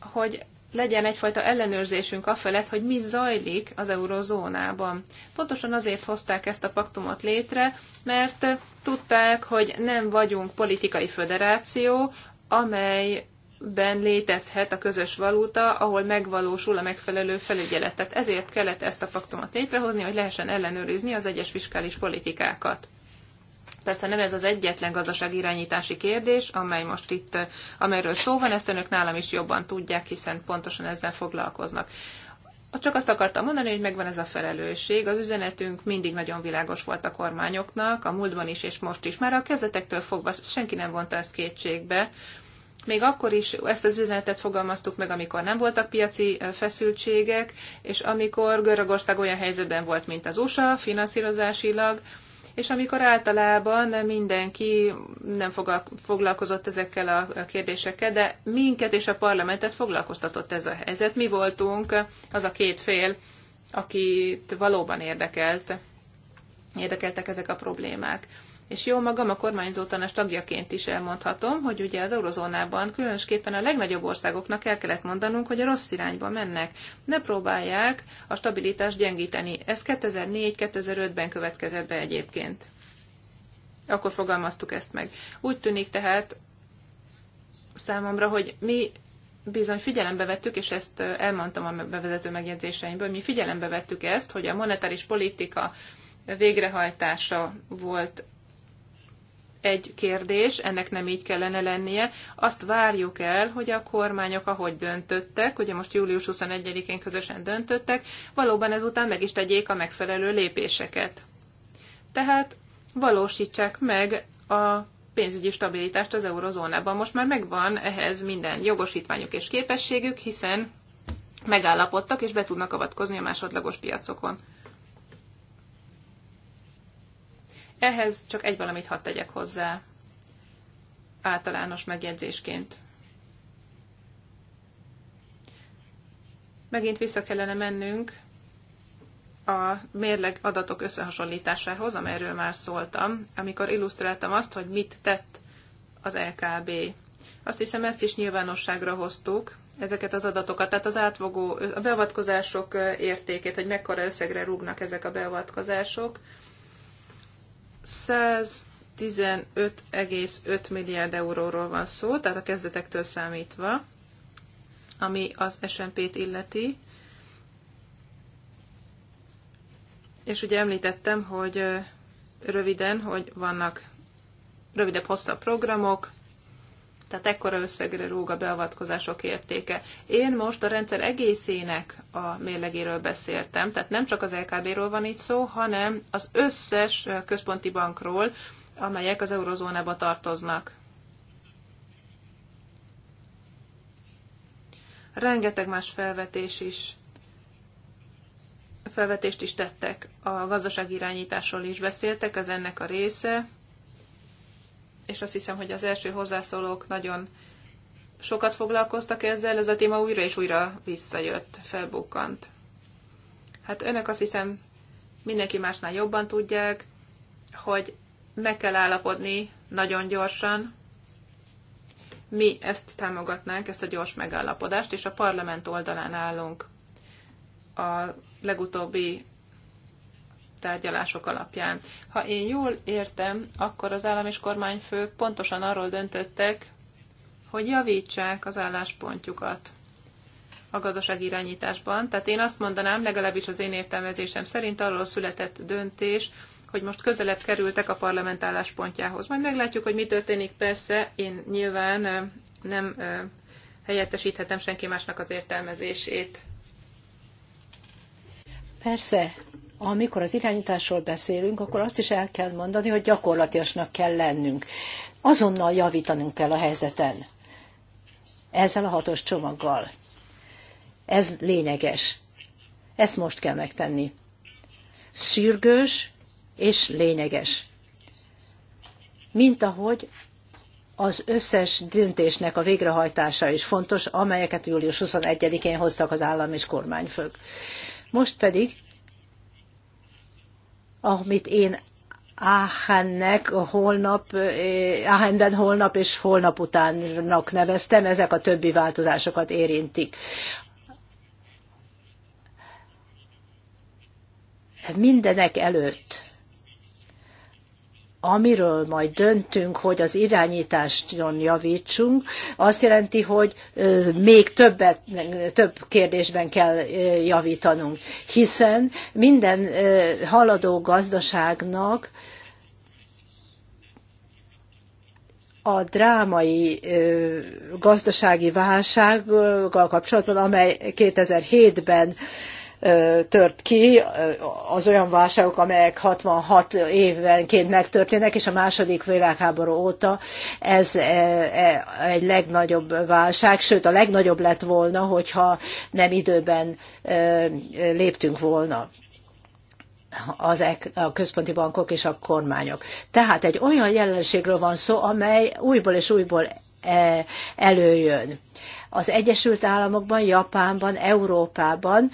hogy legyen egyfajta ellenőrzésünk afelett, hogy mi zajlik az eurozónában. Pontosan azért hozták ezt a paktumot létre, mert tudták, hogy nem vagyunk politikai föderáció, amelyben létezhet a közös valuta, ahol megvalósul a megfelelő felügyelet. Tehát ezért kellett ezt a paktumot létrehozni, hogy lehessen ellenőrizni az egyes fiskális politikákat. Persze nem ez az egyetlen gazdaságirányítási kérdés, amely most itt, eh, amelyről szó van, ezt önök nálam is jobban tudják, hiszen pontosan ezzel foglalkoznak. Csak azt akartam mondani, hogy megvan ez a felelősség. Az üzenetünk mindig nagyon világos volt a kormányoknak, a múltban is és most is. Már a kezdetektől fogva senki nem vonta ezt kétségbe. Még akkor is ezt az üzenetet fogalmaztuk meg, amikor nem voltak piaci eh, feszültségek, és amikor Görögország olyan helyzetben volt, mint az USA finanszírozásilag, és amikor általában mindenki nem foglalkozott ezekkel a kérdésekkel, de minket és a parlamentet foglalkoztatott ez a helyzet. Mi voltunk az a két fél, akit valóban érdekelt, érdekeltek ezek a problémák és jó magam a kormányzó tanás tagjaként is elmondhatom, hogy ugye az eurozónában különösképpen a legnagyobb országoknak el kellett mondanunk, hogy a rossz irányba mennek. Ne próbálják a stabilitást gyengíteni. Ez 2004-2005-ben következett be egyébként. Akkor fogalmaztuk ezt meg. Úgy tűnik tehát számomra, hogy mi bizony figyelembe vettük, és ezt elmondtam a bevezető megjegyzéseimből, mi figyelembe vettük ezt, hogy a monetáris politika végrehajtása volt egy kérdés, ennek nem így kellene lennie. Azt várjuk el, hogy a kormányok, ahogy döntöttek, ugye most július 21-én közösen döntöttek, valóban ezután meg is tegyék a megfelelő lépéseket. Tehát valósítsák meg a pénzügyi stabilitást az eurozónában. Most már megvan ehhez minden jogosítványuk és képességük, hiszen megállapodtak és be tudnak avatkozni a másodlagos piacokon. Ehhez csak egy valamit hadd tegyek hozzá általános megjegyzésként. Megint vissza kellene mennünk a mérleg adatok összehasonlításához, amelyről már szóltam, amikor illusztráltam azt, hogy mit tett az LKB. Azt hiszem, ezt is nyilvánosságra hoztuk, ezeket az adatokat, tehát az átvogó, a beavatkozások értékét, hogy mekkora összegre rúgnak ezek a beavatkozások, 115,5 milliárd euróról van szó, tehát a kezdetektől számítva, ami az SMP-t illeti. És ugye említettem, hogy röviden, hogy vannak rövidebb, hosszabb programok, tehát ekkora összegre rúg a beavatkozások értéke. Én most a rendszer egészének a mérlegéről beszéltem, tehát nem csak az LKB-ról van itt szó, hanem az összes központi bankról, amelyek az eurozónába tartoznak. Rengeteg más felvetés is felvetést is tettek. A gazdaság irányításról is beszéltek, ez ennek a része és azt hiszem, hogy az első hozzászólók nagyon sokat foglalkoztak ezzel, ez a téma újra és újra visszajött, felbukkant. Hát önök azt hiszem mindenki másnál jobban tudják, hogy meg kell állapodni nagyon gyorsan. Mi ezt támogatnánk, ezt a gyors megállapodást, és a parlament oldalán állunk. A legutóbbi tárgyalások alapján. Ha én jól értem, akkor az állam és kormányfők pontosan arról döntöttek, hogy javítsák az álláspontjukat a gazdaság irányításban. Tehát én azt mondanám, legalábbis az én értelmezésem szerint arról született döntés, hogy most közelebb kerültek a parlament álláspontjához. Majd meglátjuk, hogy mi történik. Persze én nyilván nem helyettesíthetem senki másnak az értelmezését. Persze, amikor az irányításról beszélünk, akkor azt is el kell mondani, hogy gyakorlatiasnak kell lennünk. Azonnal javítanunk kell a helyzeten. Ezzel a hatos csomaggal. Ez lényeges. Ezt most kell megtenni. Szürgős és lényeges. Mint ahogy az összes döntésnek a végrehajtása is fontos, amelyeket július 21-én hoztak az állam és kormányfők. Most pedig amit én Aachennek holnap, eh, Aachenben holnap és holnap utánnak neveztem, ezek a többi változásokat érintik. Mindenek előtt amiről majd döntünk, hogy az irányítást javítsunk, azt jelenti, hogy még többet, több kérdésben kell javítanunk, hiszen minden haladó gazdaságnak a drámai gazdasági válsággal kapcsolatban, amely 2007-ben tört ki, az olyan válságok, amelyek 66 évenként megtörténnek, és a második világháború óta ez e, e, egy legnagyobb válság, sőt a legnagyobb lett volna, hogyha nem időben léptünk volna az, a központi bankok és a kormányok. Tehát egy olyan jelenségről van szó, amely újból és újból e, előjön. Az Egyesült Államokban, Japánban, Európában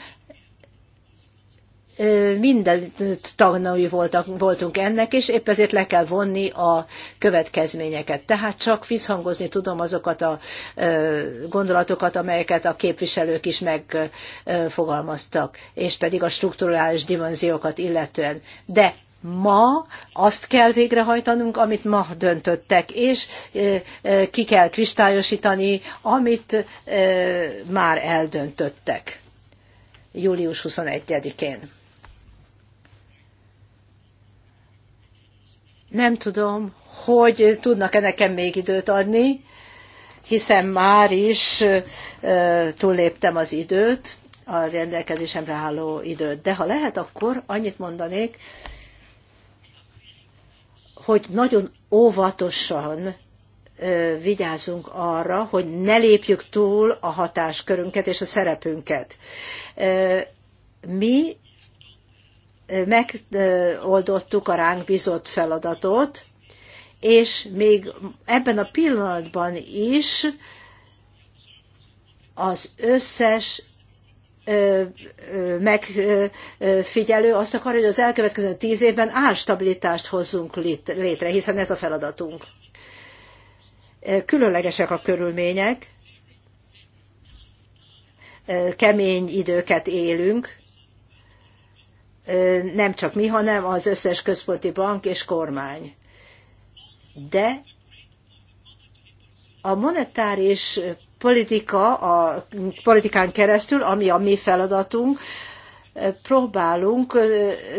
minden tagnai voltak, voltunk ennek, és épp ezért le kell vonni a következményeket. Tehát csak visszhangozni tudom azokat a gondolatokat, amelyeket a képviselők is megfogalmaztak, és pedig a strukturális dimenziókat illetően. De ma azt kell végrehajtanunk, amit ma döntöttek, és ki kell kristályosítani, amit már eldöntöttek július 21-én. Nem tudom, hogy tudnak-e nekem még időt adni, hiszen már is túlléptem az időt, a rendelkezésemre álló időt. De ha lehet, akkor annyit mondanék, hogy nagyon óvatosan vigyázzunk arra, hogy ne lépjük túl a hatáskörünket és a szerepünket. Mi megoldottuk a ránk bizott feladatot, és még ebben a pillanatban is az összes megfigyelő azt akar, hogy az elkövetkező tíz évben árstabilitást hozzunk létre, hiszen ez a feladatunk. Különlegesek a körülmények, kemény időket élünk, nem csak mi, hanem az összes központi bank és kormány. De a monetáris politika, a politikán keresztül, ami a mi feladatunk, próbálunk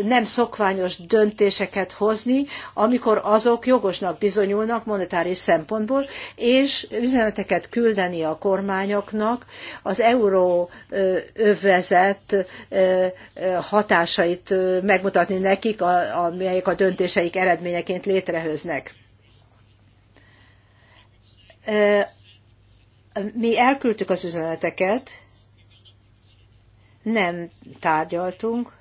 nem szokványos döntéseket hozni, amikor azok jogosnak bizonyulnak monetáris szempontból, és üzeneteket küldeni a kormányoknak az euró övezet hatásait megmutatni nekik, amelyek a döntéseik eredményeként létrehoznak mi elküldtük az üzeneteket, nem tárgyaltunk,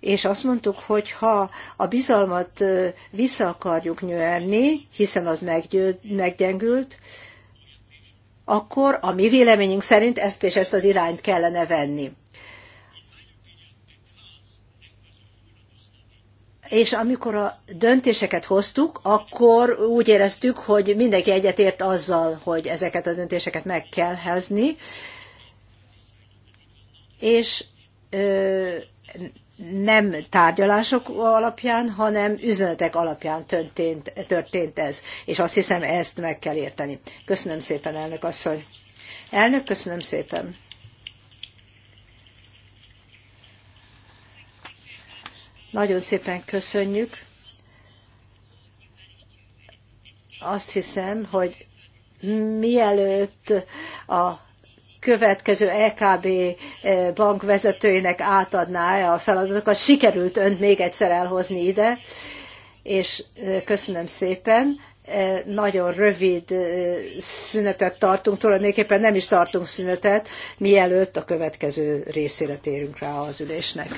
és azt mondtuk, hogy ha a bizalmat vissza akarjuk nyerni, hiszen az meggyengült, akkor a mi véleményünk szerint ezt és ezt az irányt kellene venni. és amikor a döntéseket hoztuk, akkor úgy éreztük, hogy mindenki egyetért azzal, hogy ezeket a döntéseket meg kell hozni, és ö, nem tárgyalások alapján, hanem üzenetek alapján történt, történt ez. És azt hiszem, ezt meg kell érteni. Köszönöm szépen, elnök asszony. Elnök, köszönöm szépen. Nagyon szépen köszönjük. Azt hiszem, hogy mielőtt a következő EKB eh, bank vezetőinek átadná a feladatokat, sikerült önt még egyszer elhozni ide, és eh, köszönöm szépen eh, nagyon rövid szünetet tartunk, tulajdonképpen nem is tartunk szünetet, mielőtt a következő részére térünk rá az ülésnek.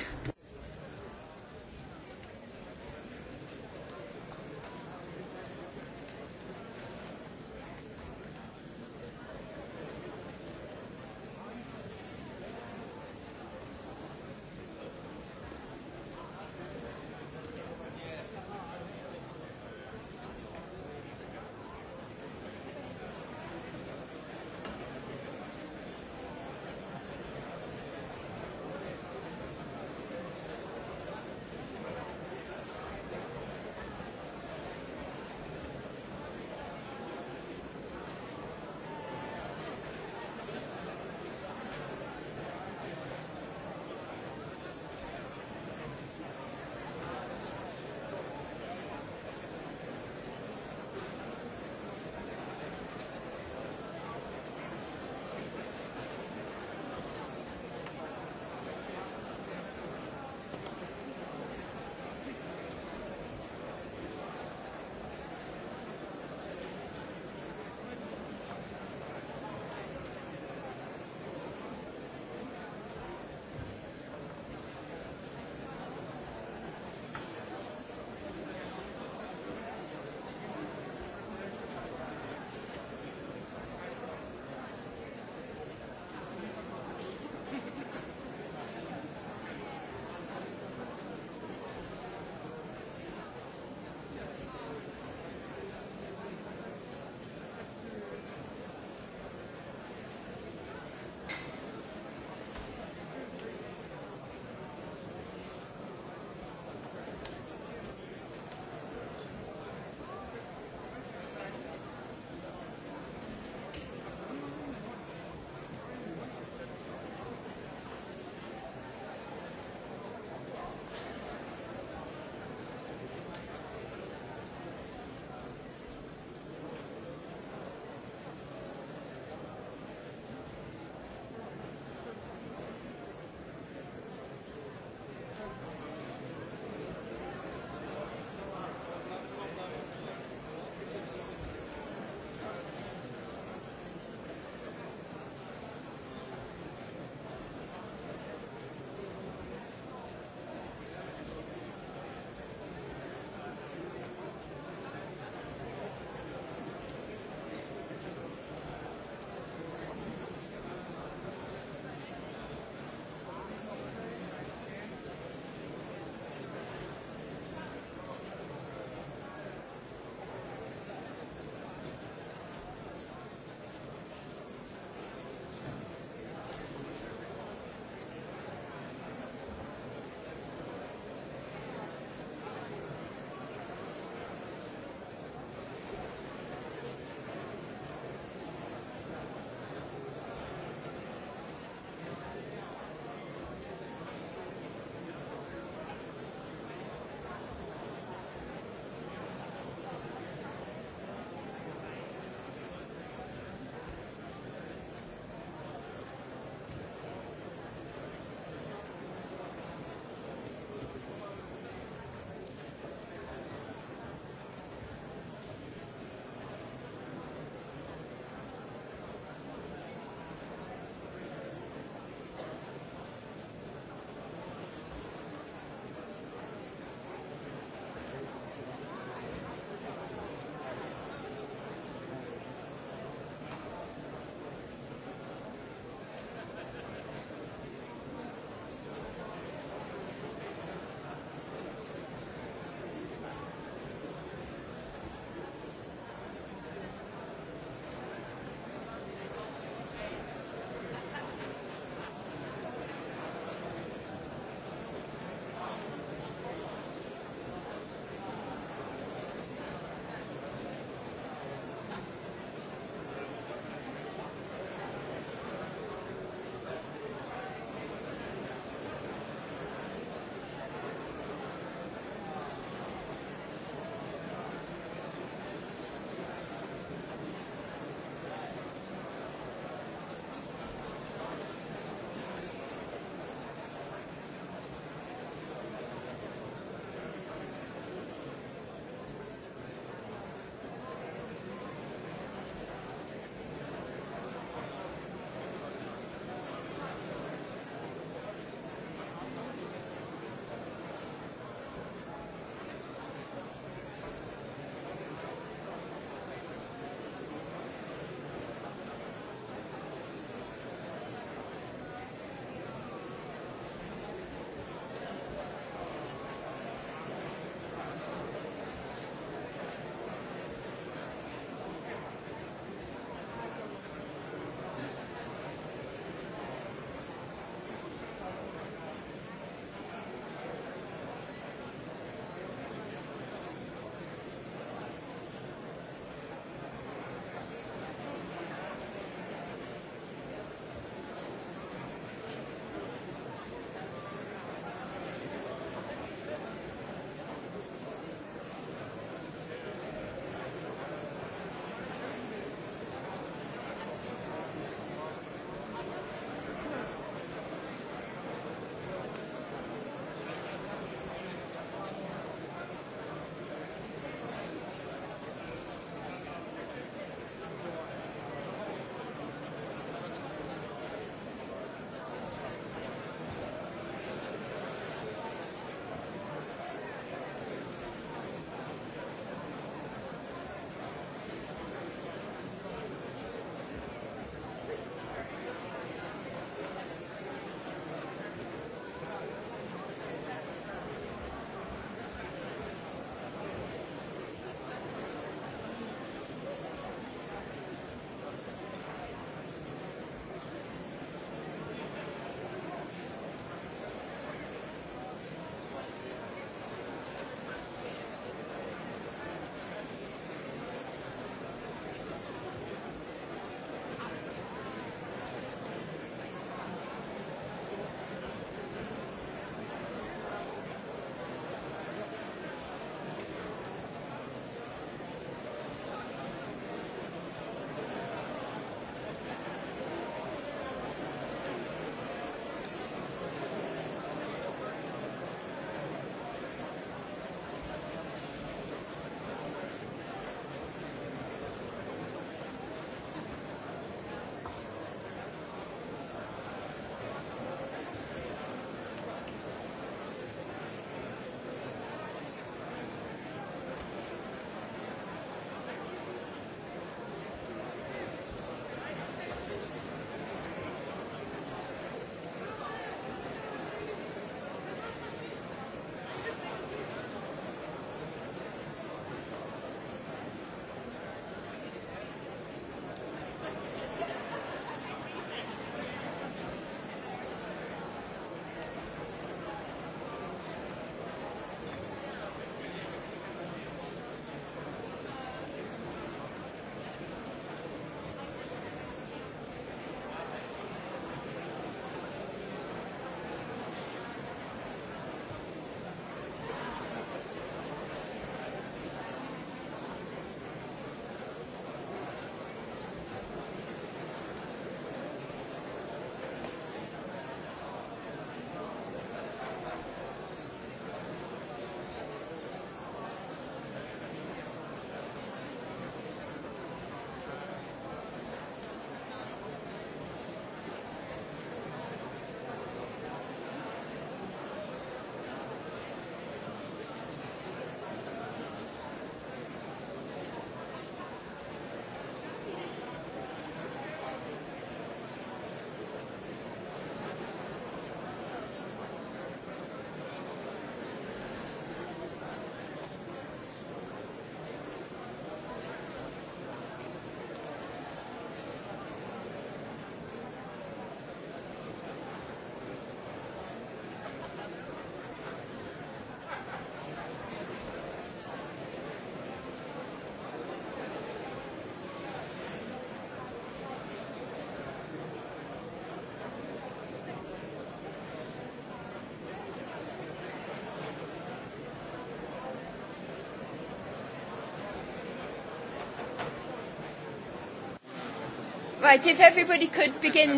Right, if everybody could begin.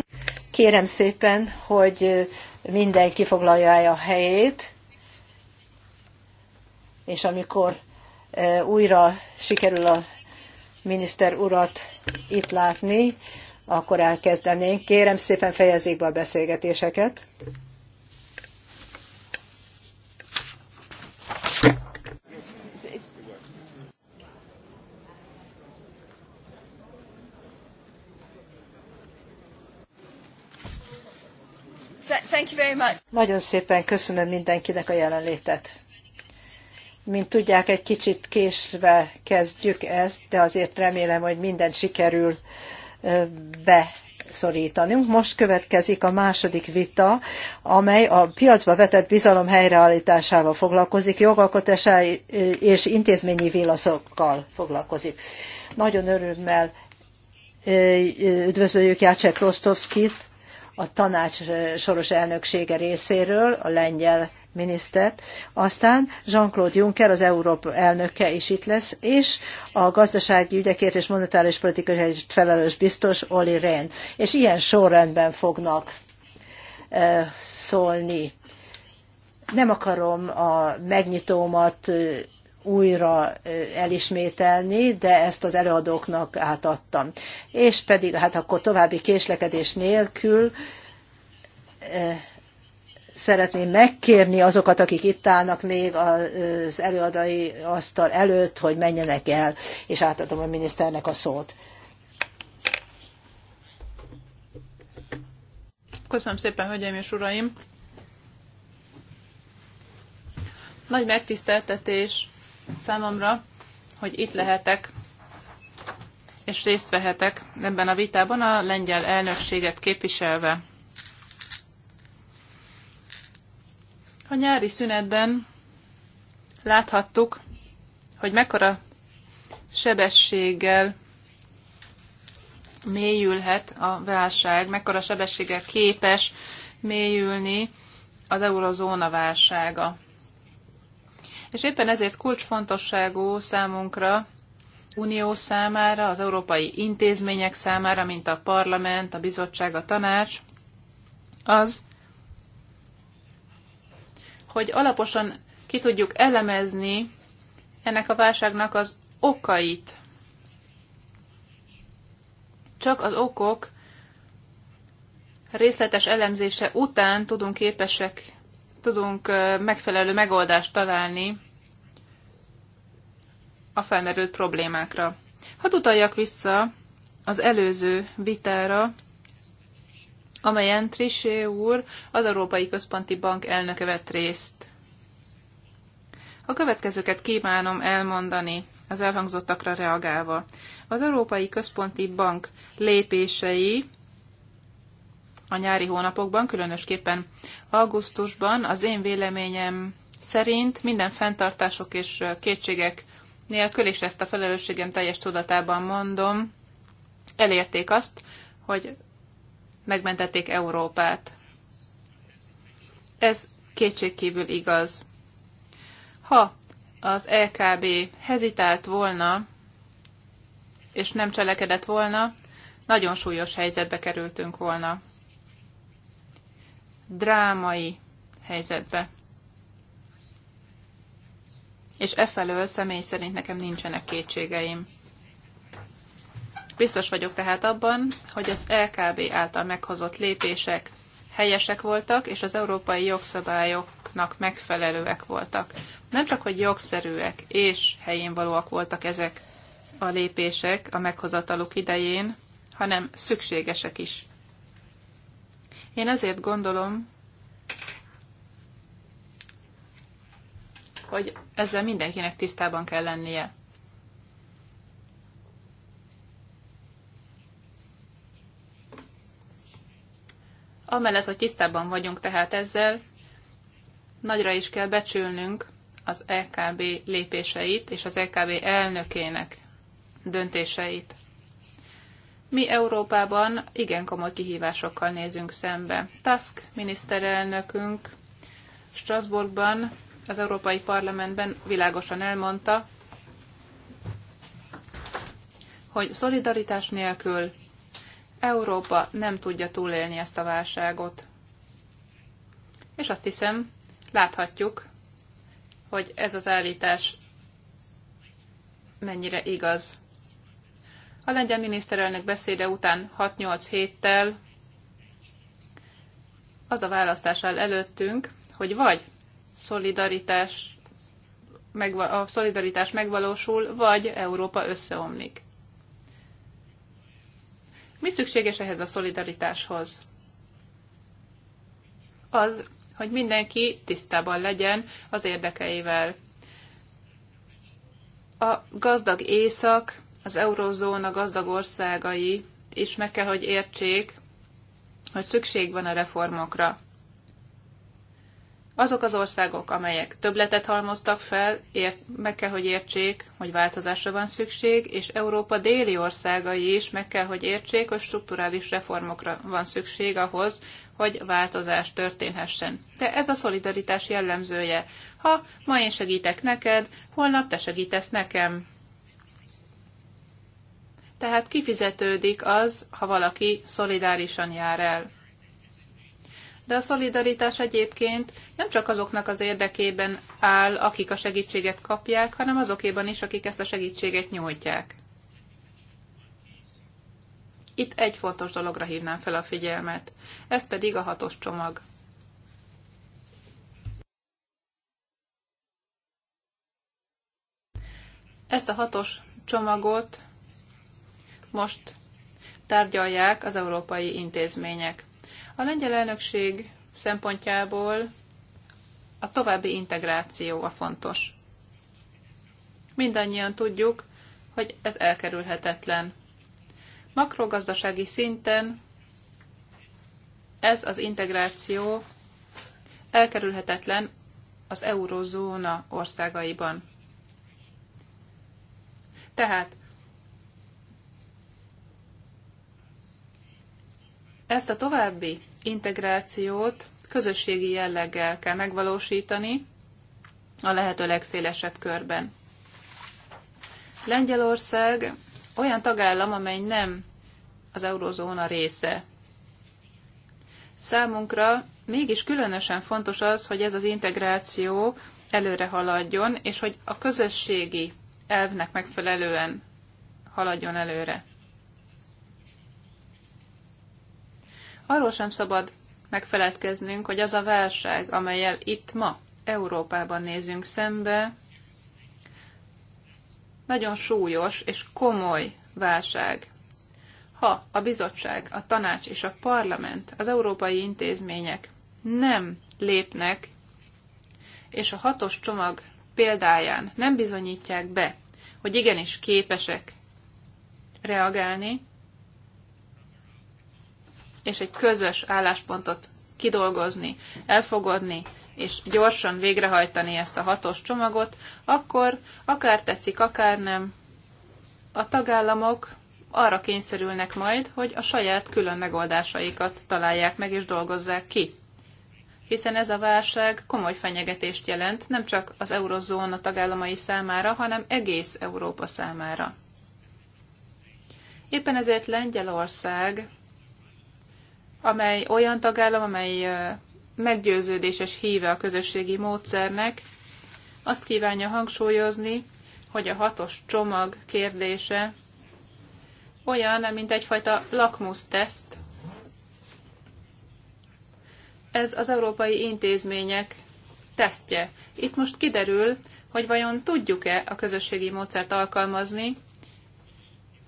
Kérem szépen, hogy mindenki foglalja el a helyét, és amikor újra sikerül a miniszter urat itt látni, akkor elkezdenénk. Kérem szépen fejezzék be a beszélgetéseket. Nagyon szépen köszönöm mindenkinek a jelenlétet. Mint tudják, egy kicsit késve kezdjük ezt, de azért remélem, hogy minden sikerül beszorítanunk. Most következik a második vita, amely a piacba vetett bizalom helyreállításával foglalkozik, jogalkotással és intézményi vilaszokkal foglalkozik. Nagyon örömmel üdvözöljük Jácsek Rostovskit, a tanács eh, soros elnöksége részéről, a lengyel minisztert, aztán Jean-Claude Juncker, az Európa elnöke is itt lesz, és a gazdasági ügyekért és monetáris politikai felelős biztos Oli Rehn. És ilyen sorrendben fognak eh, szólni. Nem akarom a megnyitómat eh, újra elismételni, de ezt az előadóknak átadtam. És pedig hát akkor további késlekedés nélkül szeretném megkérni azokat, akik itt állnak még az előadai asztal előtt, hogy menjenek el, és átadom a miniszternek a szót. Köszönöm szépen, hölgyeim és uraim! Nagy megtiszteltetés számomra, hogy itt lehetek és részt vehetek ebben a vitában a lengyel elnökséget képviselve. A nyári szünetben láthattuk, hogy mekkora sebességgel mélyülhet a válság, mekkora sebességgel képes mélyülni az eurozóna válsága. És éppen ezért kulcsfontosságú számunkra, Unió számára, az európai intézmények számára, mint a parlament, a bizottság, a tanács, az, hogy alaposan ki tudjuk elemezni ennek a válságnak az okait. Csak az okok részletes elemzése után tudunk képesek, tudunk megfelelő megoldást találni a felmerült problémákra. Hadd utaljak vissza az előző vitára, amelyen Trisé úr, az Európai Központi Bank elnöke vett részt. A következőket kívánom elmondani, az elhangzottakra reagálva. Az Európai Központi Bank lépései a nyári hónapokban, különösképpen augusztusban az én véleményem szerint minden fenntartások és kétségek nélkül, és ezt a felelősségem teljes tudatában mondom, elérték azt, hogy megmentették Európát. Ez kétségkívül igaz. Ha az LKB hezitált volna, és nem cselekedett volna, nagyon súlyos helyzetbe kerültünk volna. Drámai helyzetbe és e felől személy szerint nekem nincsenek kétségeim. Biztos vagyok tehát abban, hogy az LKB által meghozott lépések helyesek voltak, és az európai jogszabályoknak megfelelőek voltak. Nem csak, hogy jogszerűek és helyén valóak voltak ezek a lépések a meghozataluk idején, hanem szükségesek is. Én ezért gondolom, hogy ezzel mindenkinek tisztában kell lennie. Amellett, hogy tisztában vagyunk tehát ezzel, nagyra is kell becsülnünk az LKB e lépéseit és az LKB e elnökének döntéseit. Mi Európában igen komoly kihívásokkal nézünk szembe. Tusk miniszterelnökünk Strasbourgban az Európai Parlamentben világosan elmondta, hogy szolidaritás nélkül Európa nem tudja túlélni ezt a válságot. És azt hiszem, láthatjuk, hogy ez az állítás mennyire igaz. A lengyel miniszterelnök beszéde után 6-8 héttel az a választás áll előttünk, hogy vagy szolidaritás, megva, a szolidaritás megvalósul, vagy Európa összeomlik. Mi szükséges ehhez a szolidaritáshoz? Az, hogy mindenki tisztában legyen az érdekeivel. A gazdag észak, az eurozóna gazdag országai is meg kell, hogy értsék, hogy szükség van a reformokra. Azok az országok, amelyek többletet halmoztak fel, ért, meg kell, hogy értsék, hogy változásra van szükség, és Európa déli országai is meg kell, hogy értsék, hogy strukturális reformokra van szükség ahhoz, hogy változás történhessen. De ez a szolidaritás jellemzője. Ha ma én segítek neked, holnap te segítesz nekem. Tehát kifizetődik az, ha valaki szolidárisan jár el. De a szolidaritás egyébként nem csak azoknak az érdekében áll, akik a segítséget kapják, hanem azokéban is, akik ezt a segítséget nyújtják. Itt egy fontos dologra hívnám fel a figyelmet, ez pedig a hatos csomag. Ezt a hatos csomagot most tárgyalják az európai intézmények. A lengyel elnökség szempontjából a további integráció a fontos. Mindannyian tudjuk, hogy ez elkerülhetetlen. Makrogazdasági szinten ez az integráció elkerülhetetlen az eurozóna országaiban. Tehát ezt a további integrációt közösségi jelleggel kell megvalósítani a lehető legszélesebb körben. Lengyelország olyan tagállam, amely nem az eurozóna része. Számunkra mégis különösen fontos az, hogy ez az integráció előre haladjon, és hogy a közösségi elvnek megfelelően haladjon előre. Arról sem szabad megfeledkeznünk, hogy az a válság, amelyel itt ma Európában nézünk szembe, nagyon súlyos és komoly válság. Ha a bizottság, a tanács és a parlament, az európai intézmények nem lépnek, és a hatos csomag példáján nem bizonyítják be, hogy igenis képesek reagálni, és egy közös álláspontot kidolgozni, elfogadni, és gyorsan végrehajtani ezt a hatos csomagot, akkor akár tetszik, akár nem, a tagállamok arra kényszerülnek majd, hogy a saját külön megoldásaikat találják meg és dolgozzák ki. Hiszen ez a válság komoly fenyegetést jelent nem csak az eurozóna tagállamai számára, hanem egész Európa számára. Éppen ezért Lengyelország amely olyan tagállam, amely meggyőződéses híve a közösségi módszernek, azt kívánja hangsúlyozni, hogy a hatos csomag kérdése olyan, mint egyfajta teszt. Ez az európai intézmények tesztje. Itt most kiderül, hogy vajon tudjuk-e a közösségi módszert alkalmazni,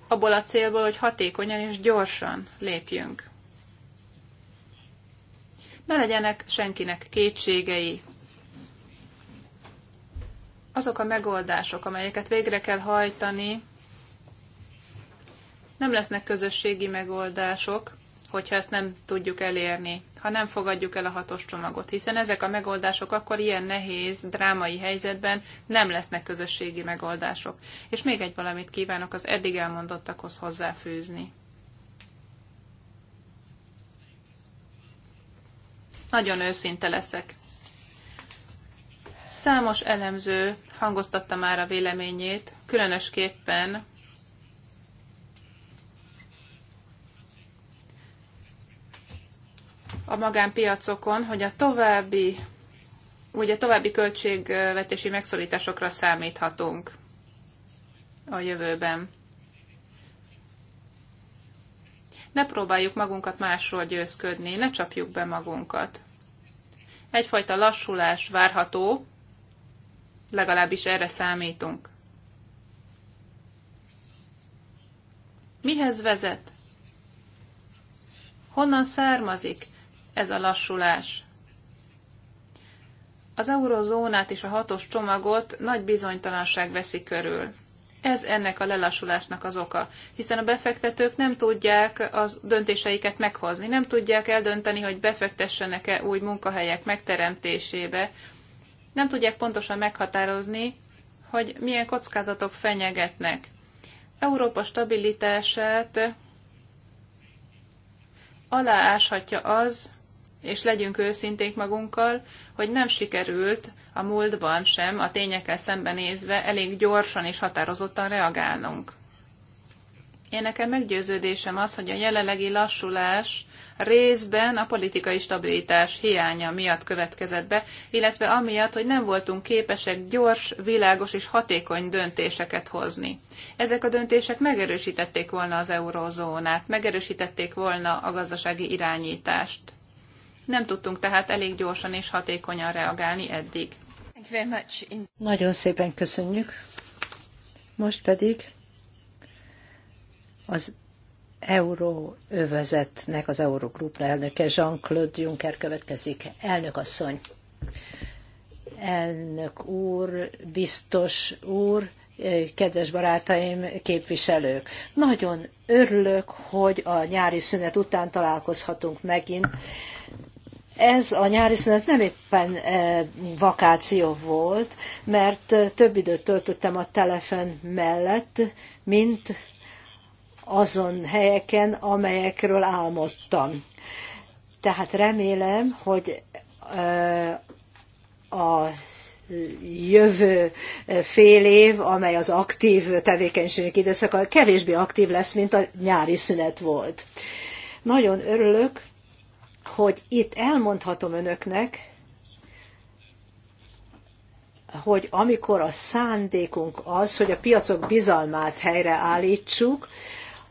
abból a célból, hogy hatékonyan és gyorsan lépjünk. Ne legyenek senkinek kétségei. Azok a megoldások, amelyeket végre kell hajtani, nem lesznek közösségi megoldások, hogyha ezt nem tudjuk elérni, ha nem fogadjuk el a hatos csomagot, hiszen ezek a megoldások akkor ilyen nehéz, drámai helyzetben nem lesznek közösségi megoldások. És még egy valamit kívánok az eddig elmondottakhoz hozzáfűzni. Nagyon őszinte leszek. Számos elemző hangoztatta már a véleményét, különösképpen a magánpiacokon, hogy a további, ugye további költségvetési megszorításokra számíthatunk a jövőben. Ne próbáljuk magunkat másról győzködni, ne csapjuk be magunkat. Egyfajta lassulás várható, legalábbis erre számítunk. Mihez vezet? Honnan származik ez a lassulás? Az eurozónát és a hatos csomagot nagy bizonytalanság veszi körül. Ez ennek a lelassulásnak az oka, hiszen a befektetők nem tudják az döntéseiket meghozni, nem tudják eldönteni, hogy befektessenek-e új munkahelyek megteremtésébe, nem tudják pontosan meghatározni, hogy milyen kockázatok fenyegetnek. Európa stabilitását alááshatja az, és legyünk őszinték magunkkal, hogy nem sikerült a múltban sem, a tényekkel szembenézve elég gyorsan és határozottan reagálnunk. Én nekem meggyőződésem az, hogy a jelenlegi lassulás részben a politikai stabilitás hiánya miatt következett be, illetve amiatt, hogy nem voltunk képesek gyors, világos és hatékony döntéseket hozni. Ezek a döntések megerősítették volna az eurózónát, megerősítették volna a gazdasági irányítást. Nem tudtunk tehát elég gyorsan és hatékonyan reagálni eddig. Nagyon szépen köszönjük. Most pedig az euróövezetnek az Eurogroup elnöke Jean-Claude Juncker következik. Elnök asszony, elnök úr, biztos úr, kedves barátaim, képviselők. Nagyon örülök, hogy a nyári szünet után találkozhatunk megint ez a nyári szünet nem éppen e, vakáció volt, mert e, több időt töltöttem a telefon mellett, mint azon helyeken, amelyekről álmodtam. Tehát remélem, hogy e, a jövő fél év, amely az aktív tevékenységük időszaka, kevésbé aktív lesz, mint a nyári szünet volt. Nagyon örülök, hogy itt elmondhatom önöknek, hogy amikor a szándékunk az, hogy a piacok bizalmát helyreállítsuk,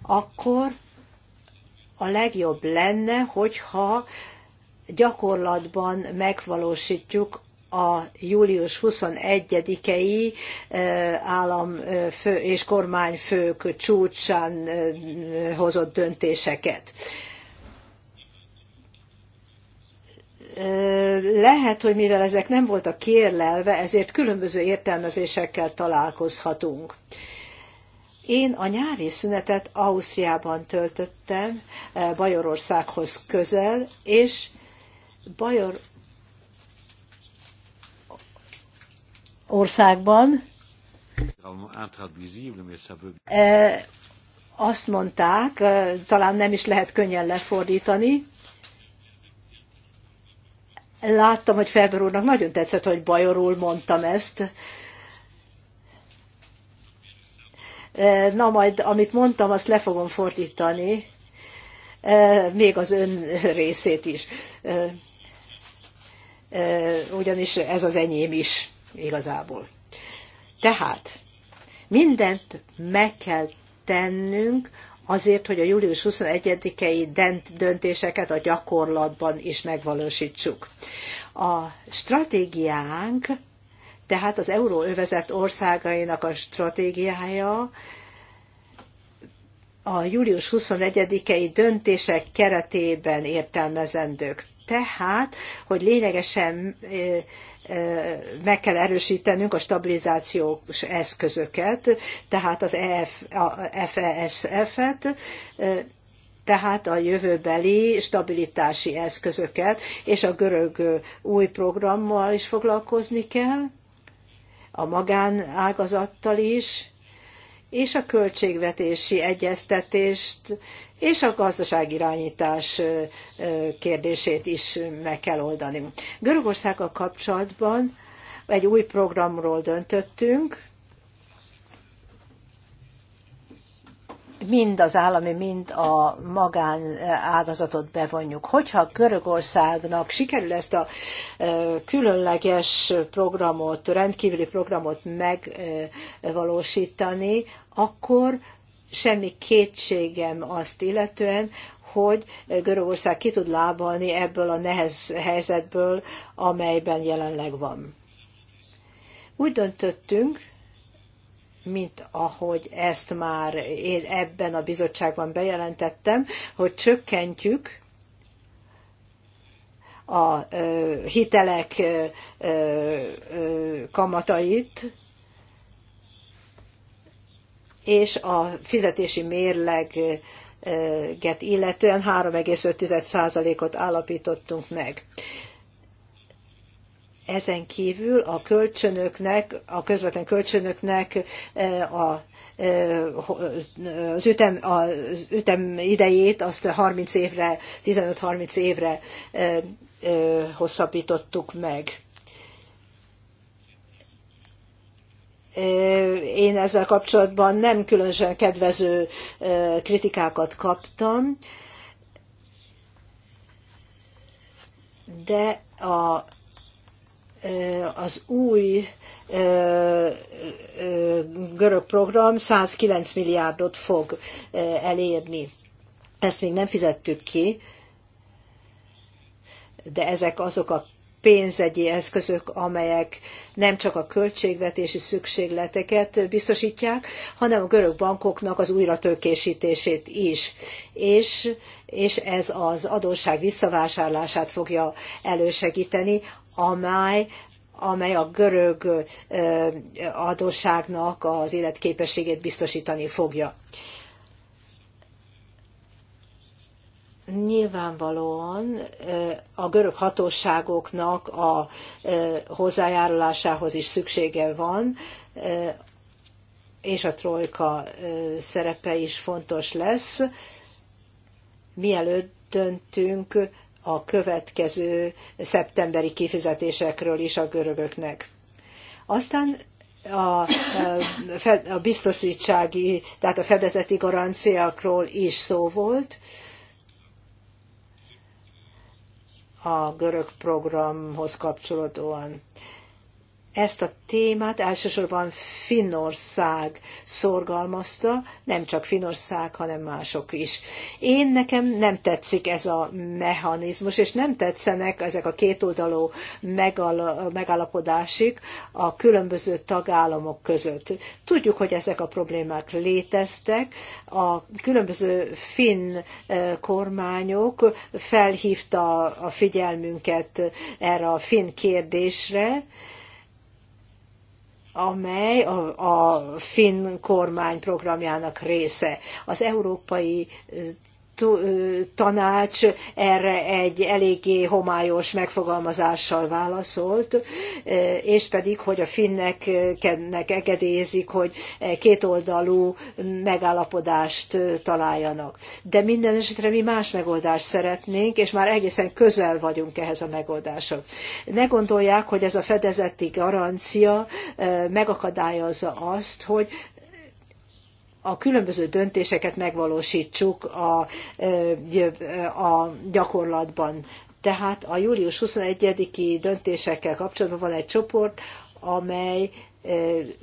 akkor a legjobb lenne, hogyha gyakorlatban megvalósítjuk a július 21-i államfő és kormányfők csúcsán hozott döntéseket. lehet, hogy mivel ezek nem voltak kérlelve, ezért különböző értelmezésekkel találkozhatunk. Én a nyári szünetet Ausztriában töltöttem, Bajorországhoz közel, és Bajor országban azt mondták, talán nem is lehet könnyen lefordítani, láttam, hogy Felber úrnak nagyon tetszett, hogy bajorul mondtam ezt. E, na majd, amit mondtam, azt le fogom fordítani, e, még az ön részét is. E, ugyanis ez az enyém is, igazából. Tehát mindent meg kell tennünk azért, hogy a július 21-i döntéseket a gyakorlatban is megvalósítsuk. A stratégiánk, tehát az euróövezet országainak a stratégiája a július 21-i döntések keretében értelmezendők. Tehát, hogy lényegesen meg kell erősítenünk a stabilizációs eszközöket, tehát az EF, a FESF-et, tehát a jövőbeli stabilitási eszközöket, és a görög új programmal is foglalkozni kell, a magánágazattal is, és a költségvetési egyeztetést és a gazdaságirányítás kérdését is meg kell oldani. Görögországgal kapcsolatban egy új programról döntöttünk, mind az állami, mind a magán eh, ágazatot bevonjuk. Hogyha Görögországnak sikerül ezt a eh, különleges programot, rendkívüli programot megvalósítani, eh, akkor semmi kétségem azt illetően, hogy Görögország ki tud lábalni ebből a nehez helyzetből, amelyben jelenleg van. Úgy döntöttünk, mint ahogy ezt már én ebben a bizottságban bejelentettem, hogy csökkentjük a hitelek kamatait, és a fizetési mérleget illetően 3,5%-ot állapítottunk meg. Ezen kívül a kölcsönöknek, a közvetlen kölcsönöknek eh, a eh, az ütem, az ütem idejét azt 30 évre, 15-30 évre eh, hosszabbítottuk meg. Én ezzel kapcsolatban nem különösen kedvező kritikákat kaptam, de a az új görög program 109 milliárdot fog elérni. Ezt még nem fizettük ki, de ezek azok a pénzegyi eszközök, amelyek nem csak a költségvetési szükségleteket biztosítják, hanem a görög bankoknak az újratőkésítését is. És, és ez az adósság visszavásárlását fogja elősegíteni, amely amely a görög adósságnak az életképességét biztosítani fogja. Nyilvánvalóan a görög hatóságoknak a hozzájárulásához is szüksége van, és a trojka szerepe is fontos lesz, mielőtt döntünk a következő szeptemberi kifizetésekről is a görögöknek. Aztán a, a biztosítsági, tehát a fedezeti garanciákról is szó volt a görög programhoz kapcsolódóan. Ezt a témát elsősorban Finnország szorgalmazta, nem csak Finnország, hanem mások is. Én nekem nem tetszik ez a mechanizmus, és nem tetszenek ezek a kétoldalú megállapodásik a különböző tagállamok között. Tudjuk, hogy ezek a problémák léteztek, a különböző finn eh, kormányok felhívta a figyelmünket erre a finn kérdésre, amely a, a finn kormány programjának része. Az európai tanács erre egy eléggé homályos megfogalmazással válaszolt, és pedig, hogy a finneknek engedélyezik, hogy e kétoldalú megállapodást találjanak. De minden esetre mi más megoldást szeretnénk, és már egészen közel vagyunk ehhez a megoldáshoz. Ne gondolják, hogy ez a fedezeti garancia megakadályozza azt, hogy a különböző döntéseket megvalósítsuk a, a gyakorlatban. Tehát a július 21-i döntésekkel kapcsolatban van egy csoport, amely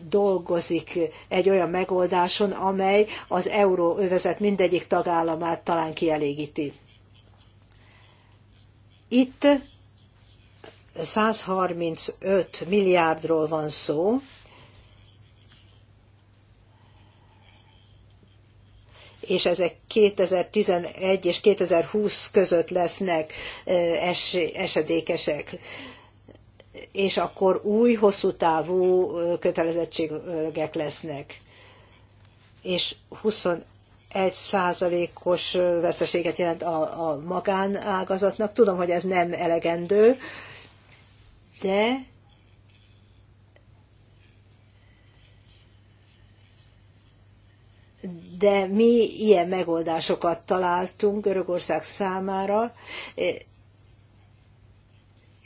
dolgozik egy olyan megoldáson, amely az euróövezet mindegyik tagállamát talán kielégíti. Itt 135 milliárdról van szó, és ezek 2011 és 2020 között lesznek es, esedékesek és akkor új hosszú távú kötelezettségek lesznek. És 21 százalékos veszteséget jelent a, a magánágazatnak. Tudom, hogy ez nem elegendő, de de mi ilyen megoldásokat találtunk Görögország számára, e,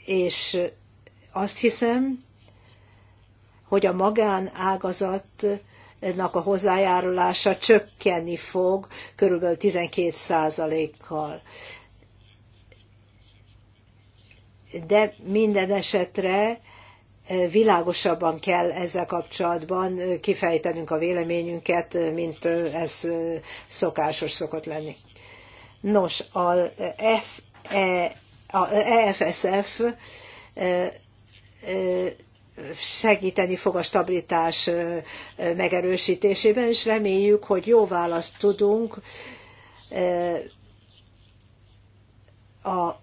és azt hiszem, hogy a magánágazatnak a hozzájárulása csökkenni fog körülbelül 12 százalékkal. De minden esetre világosabban kell ezzel kapcsolatban kifejtenünk a véleményünket, mint ez szokásos szokott lenni. Nos, a, e, F, e, a EFSF segíteni fog a stabilitás megerősítésében, és reméljük, hogy jó választ tudunk a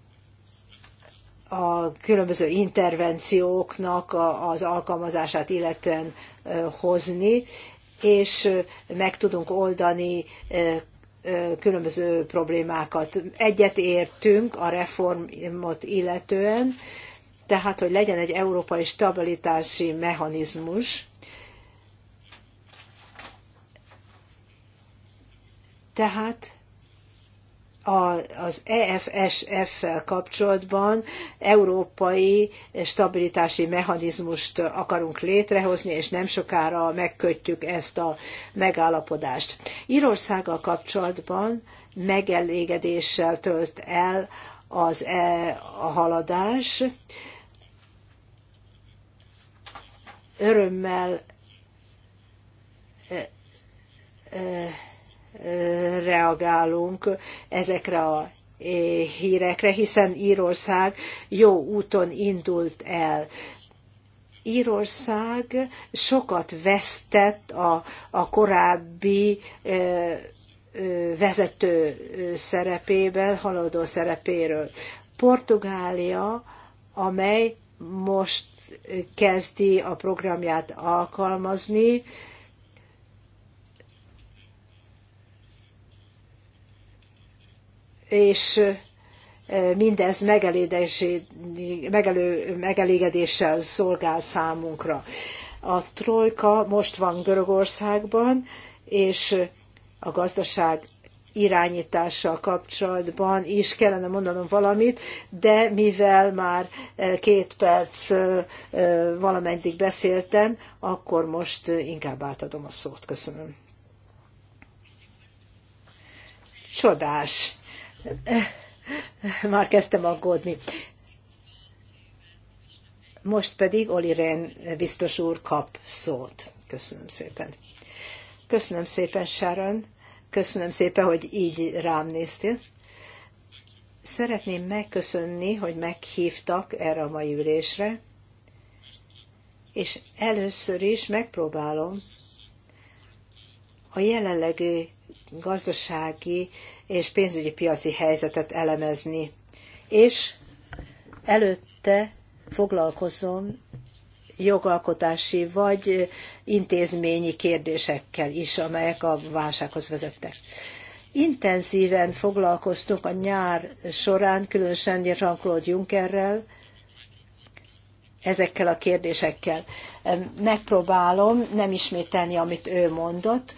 a különböző intervencióknak az alkalmazását illetően hozni, és meg tudunk oldani különböző problémákat. Egyet értünk a reformot illetően, tehát hogy legyen egy európai stabilitási mechanizmus, tehát az EFSF-fel kapcsolatban európai stabilitási mechanizmust akarunk létrehozni, és nem sokára megkötjük ezt a megállapodást. Írországgal kapcsolatban megelégedéssel tölt el az e, a haladás. Örömmel e, e, reagálunk ezekre a eh, hírekre, hiszen Írország jó úton indult el. Írország sokat vesztett a, a korábbi ö, eh, ö, eh, vezető szerepében, haladó szerepéről. Portugália, amely most kezdi a programját alkalmazni, ö, és e, mindez megelő, megelégedéssel szolgál számunkra. A trojka most van Görögországban, és a gazdaság irányítással kapcsolatban is kellene mondanom valamit, de mivel már e, két perc e, valameddig beszéltem, akkor most inkább átadom a szót. Köszönöm. Csodás! Már kezdtem aggódni. Most pedig Oli Ren biztos úr kap szót. Köszönöm szépen. Köszönöm szépen, Sharon. Köszönöm szépen, hogy így rám néztél. Szeretném megköszönni, hogy meghívtak erre a mai ülésre, és először is megpróbálom a jelenlegi gazdasági és pénzügyi piaci helyzetet elemezni. És előtte foglalkozom jogalkotási vagy intézményi kérdésekkel is, amelyek a válsághoz vezettek. Intenzíven foglalkoztunk a nyár során, különösen Jean-Claude Junckerrel, ezekkel a kérdésekkel. Megpróbálom nem ismételni, amit ő mondott,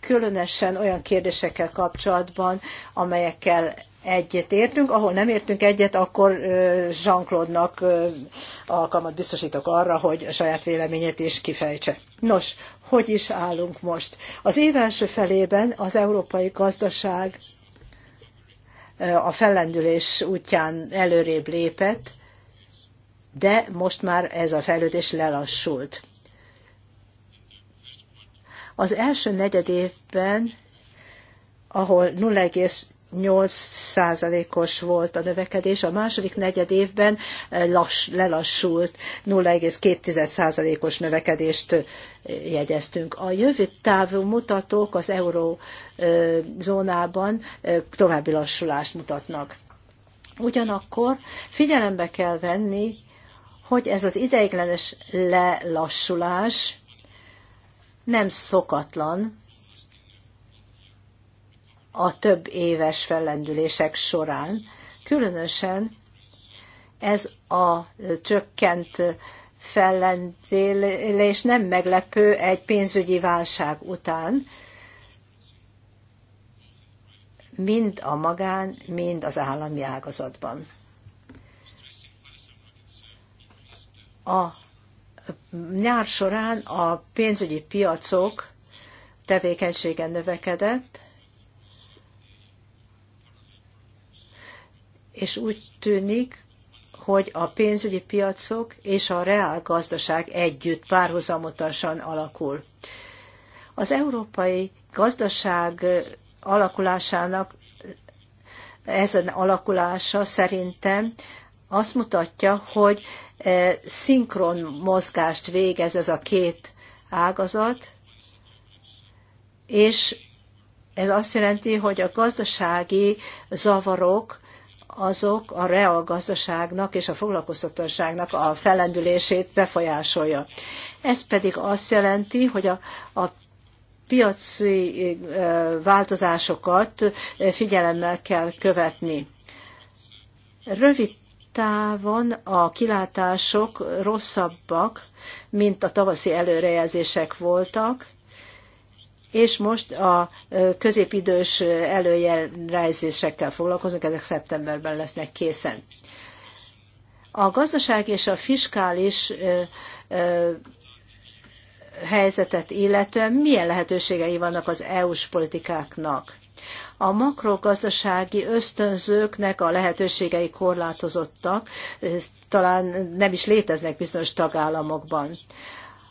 különösen olyan kérdésekkel kapcsolatban, amelyekkel egyet értünk, ahol nem értünk egyet, akkor Jean-Claude-nak alkalmat biztosítok arra, hogy a saját véleményét is kifejtse. Nos, hogy is állunk most? Az év első felében az európai gazdaság a fellendülés útján előrébb lépett, de most már ez a fejlődés lelassult. Az első negyed évben, ahol 0,8%-os volt a növekedés, a második negyed évben eh, lass, lelassult 0,2%-os növekedést eh, jegyeztünk. A jövő távú mutatók az eurózónában eh, további lassulást mutatnak. Ugyanakkor figyelembe kell venni, hogy ez az ideiglenes lelassulás nem szokatlan a több éves fellendülések során, különösen ez a csökkent fellendülés nem meglepő egy pénzügyi válság után, mind a magán, mind az állami ágazatban. A nyár során a pénzügyi piacok tevékenysége növekedett, és úgy tűnik, hogy a pénzügyi piacok és a reál gazdaság együtt párhuzamosan alakul. Az európai gazdaság alakulásának ezen alakulása szerintem azt mutatja, hogy E, szinkron mozgást végez ez a két ágazat, és ez azt jelenti, hogy a gazdasági zavarok azok a gazdaságnak és a foglalkoztatottságnak a fellendülését befolyásolja. Ez pedig azt jelenti, hogy a, a piaci e, változásokat figyelemmel kell követni. Rövid távon a kilátások rosszabbak, mint a tavaszi előrejelzések voltak, és most a középidős előjelrejzésekkel foglalkozunk, ezek szeptemberben lesznek készen. A gazdaság és a fiskális helyzetet illetően milyen lehetőségei vannak az EU-s politikáknak? A makrogazdasági ösztönzőknek a lehetőségei korlátozottak, talán nem is léteznek bizonyos tagállamokban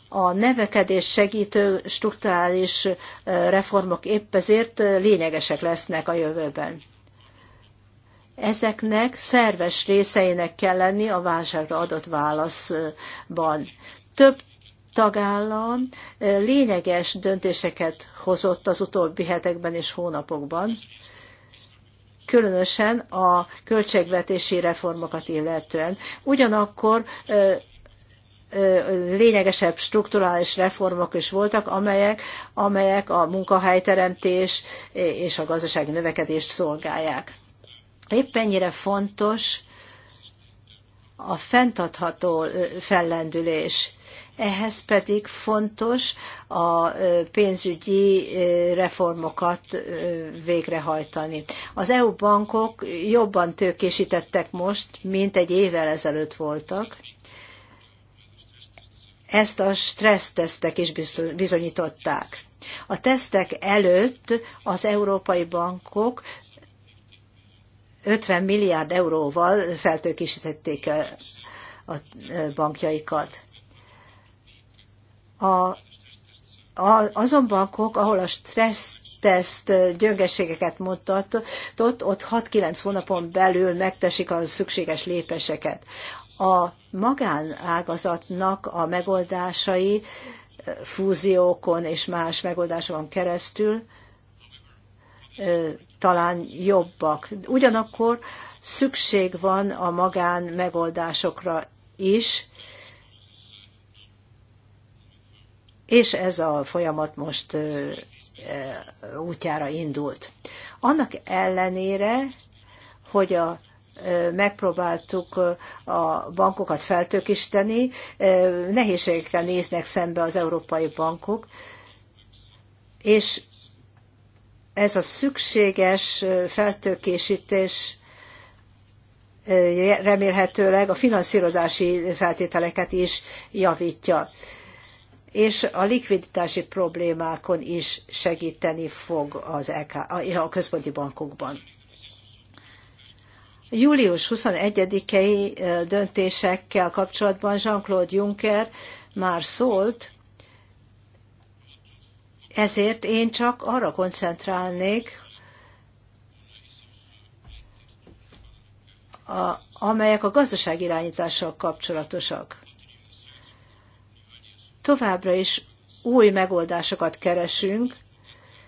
a nevekedés segítő strukturális reformok épp ezért lényegesek lesznek a jövőben. Ezeknek szerves részeinek kell lenni a válságra adott válaszban. Több tagállam lényeges döntéseket hozott az utóbbi hetekben és hónapokban, különösen a költségvetési reformokat illetően. Ugyanakkor lényegesebb strukturális reformok is voltak, amelyek, amelyek a munkahelyteremtés és a gazdasági növekedést szolgálják. Épp ennyire fontos a fenntartható fellendülés ehhez pedig fontos a pénzügyi reformokat végrehajtani. Az EU bankok jobban tőkésítettek most, mint egy évvel ezelőtt voltak. Ezt a stressztesztek is bizonyították. A tesztek előtt az európai bankok 50 milliárd euróval feltőkésítették a bankjaikat. A, a, azon bankok, ahol a stressz teszt gyöngességeket mutatott, ott 6-9 hónapon belül megtesik a szükséges lépéseket. A magánágazatnak a megoldásai eh, fúziókon és más megoldásokon keresztül eh, talán jobbak. Ugyanakkor szükség van a magán megoldásokra is, és ez a folyamat most útjára indult. Annak ellenére, hogy a megpróbáltuk a bankokat feltökisteni, nehézségekkel néznek szembe az európai bankok, és ez a szükséges feltökésítés remélhetőleg a finanszírozási feltételeket is javítja és a likviditási problémákon is segíteni fog az EK, a központi bankokban. Július 21-i döntésekkel kapcsolatban Jean-Claude Juncker már szólt, ezért én csak arra koncentrálnék, amelyek a irányítással kapcsolatosak. Továbbra is új megoldásokat keresünk,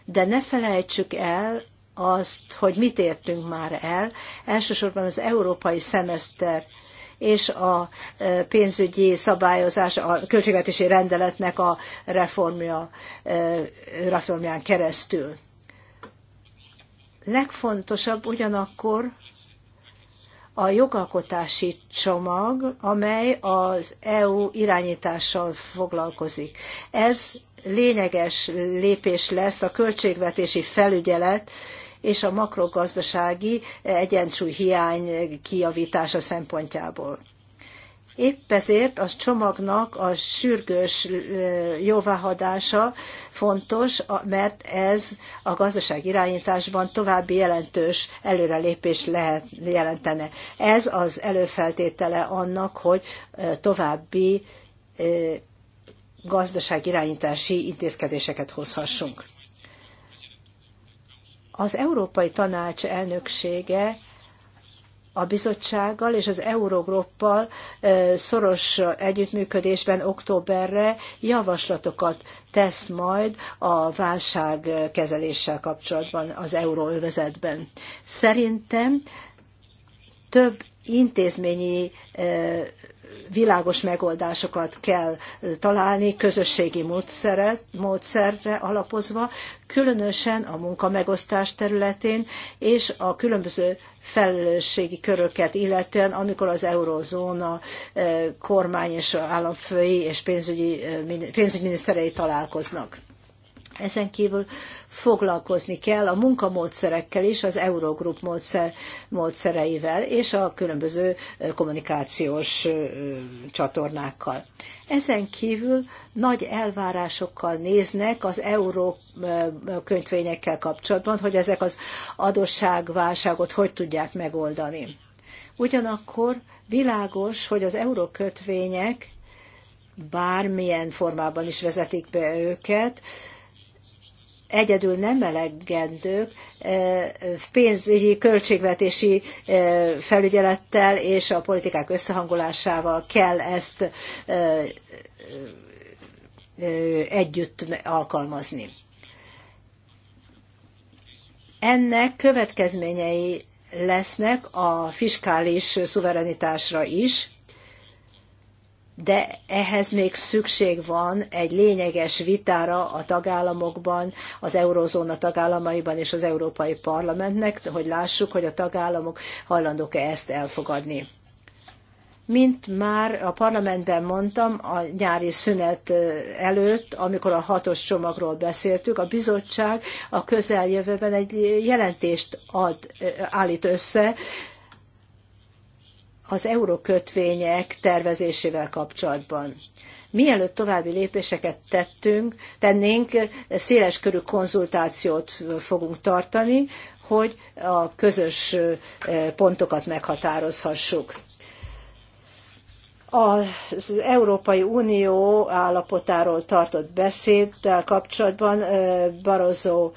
de ne felejtsük el azt, hogy mit értünk már el. Elsősorban az európai szemeszter és a e, pénzügyi szabályozás, a költségvetési rendeletnek a reformja, e, reformján keresztül. Legfontosabb ugyanakkor, a jogalkotási csomag, amely az EU irányítással foglalkozik. Ez lényeges lépés lesz a költségvetési felügyelet és a makrogazdasági egyensúly hiány kijavítása szempontjából. Épp ezért a csomagnak a sürgős jóváhadása fontos, mert ez a gazdaság irányításban további jelentős előrelépés lehet, jelentene. Ez az előfeltétele annak, hogy további gazdaságirányítási intézkedéseket hozhassunk. Az Európai Tanács elnöksége a bizottsággal és az Eurogruppal szoros együttműködésben októberre javaslatokat tesz majd a válság kezeléssel kapcsolatban az euróövezetben. Szerintem több intézményi világos megoldásokat kell találni, közösségi módszere, módszerre alapozva, különösen a munkamegosztás területén és a különböző felelősségi köröket illetően, amikor az eurozóna eh, kormány és államfői és pénzügyi, eh, pénzügyminiszterei találkoznak. Ezen kívül foglalkozni kell a munkamódszerekkel is, az Eurogroup módszer, módszereivel és a különböző kommunikációs csatornákkal. Ezen kívül nagy elvárásokkal néznek az euró könyvényekkel kapcsolatban, hogy ezek az adósságválságot hogy tudják megoldani. Ugyanakkor világos, hogy az eurókötvények bármilyen formában is vezetik be őket, egyedül nem elegendők, e, pénzügyi, költségvetési e, felügyelettel és a politikák összehangolásával kell ezt e, együtt alkalmazni. Ennek következményei lesznek a fiskális szuverenitásra is, de ehhez még szükség van egy lényeges vitára a tagállamokban, az Eurózóna tagállamaiban és az Európai Parlamentnek, hogy lássuk, hogy a tagállamok hajlandók-e ezt elfogadni. Mint már a parlamentben mondtam, a nyári szünet előtt, amikor a hatos csomagról beszéltük, a bizottság a közeljövőben egy jelentést ad, állít össze az eurókötvények tervezésével kapcsolatban. Mielőtt további lépéseket tettünk, tennénk, széles körű konzultációt fogunk tartani, hogy a közös eh, pontokat meghatározhassuk az Európai Unió állapotáról tartott beszéddel kapcsolatban Barozó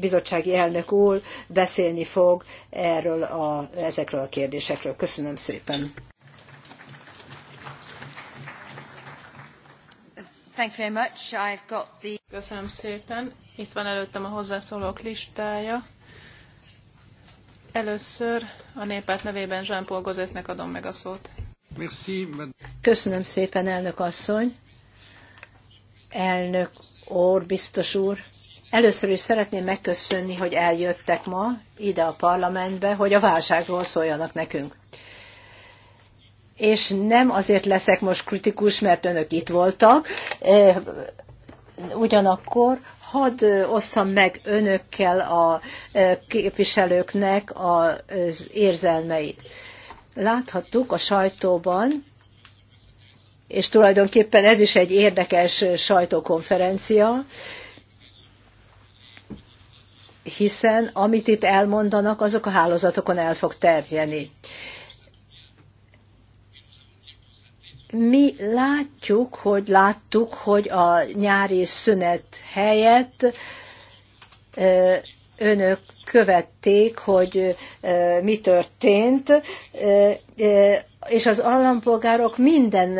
bizottsági elnök úr beszélni fog erről a, ezekről a kérdésekről. Köszönöm szépen. Thank you very much. I've got the... Köszönöm szépen. Itt van előttem a hozzászólók listája. Először a néppárt nevében Jean-Paul adom meg a szót. Köszönöm szépen, elnök asszony. Elnök úr, biztos úr. Először is szeretném megköszönni, hogy eljöttek ma ide a parlamentbe, hogy a válságról szóljanak nekünk. És nem azért leszek most kritikus, mert önök itt voltak, eh, ugyanakkor hadd osszam meg önökkel a képviselőknek az érzelmeit. Láthattuk a sajtóban, és tulajdonképpen ez is egy érdekes sajtókonferencia, hiszen amit itt elmondanak, azok a hálózatokon el fog terjeni mi látjuk, hogy láttuk, hogy a nyári szünet helyett önök követték, hogy mi történt, és az állampolgárok minden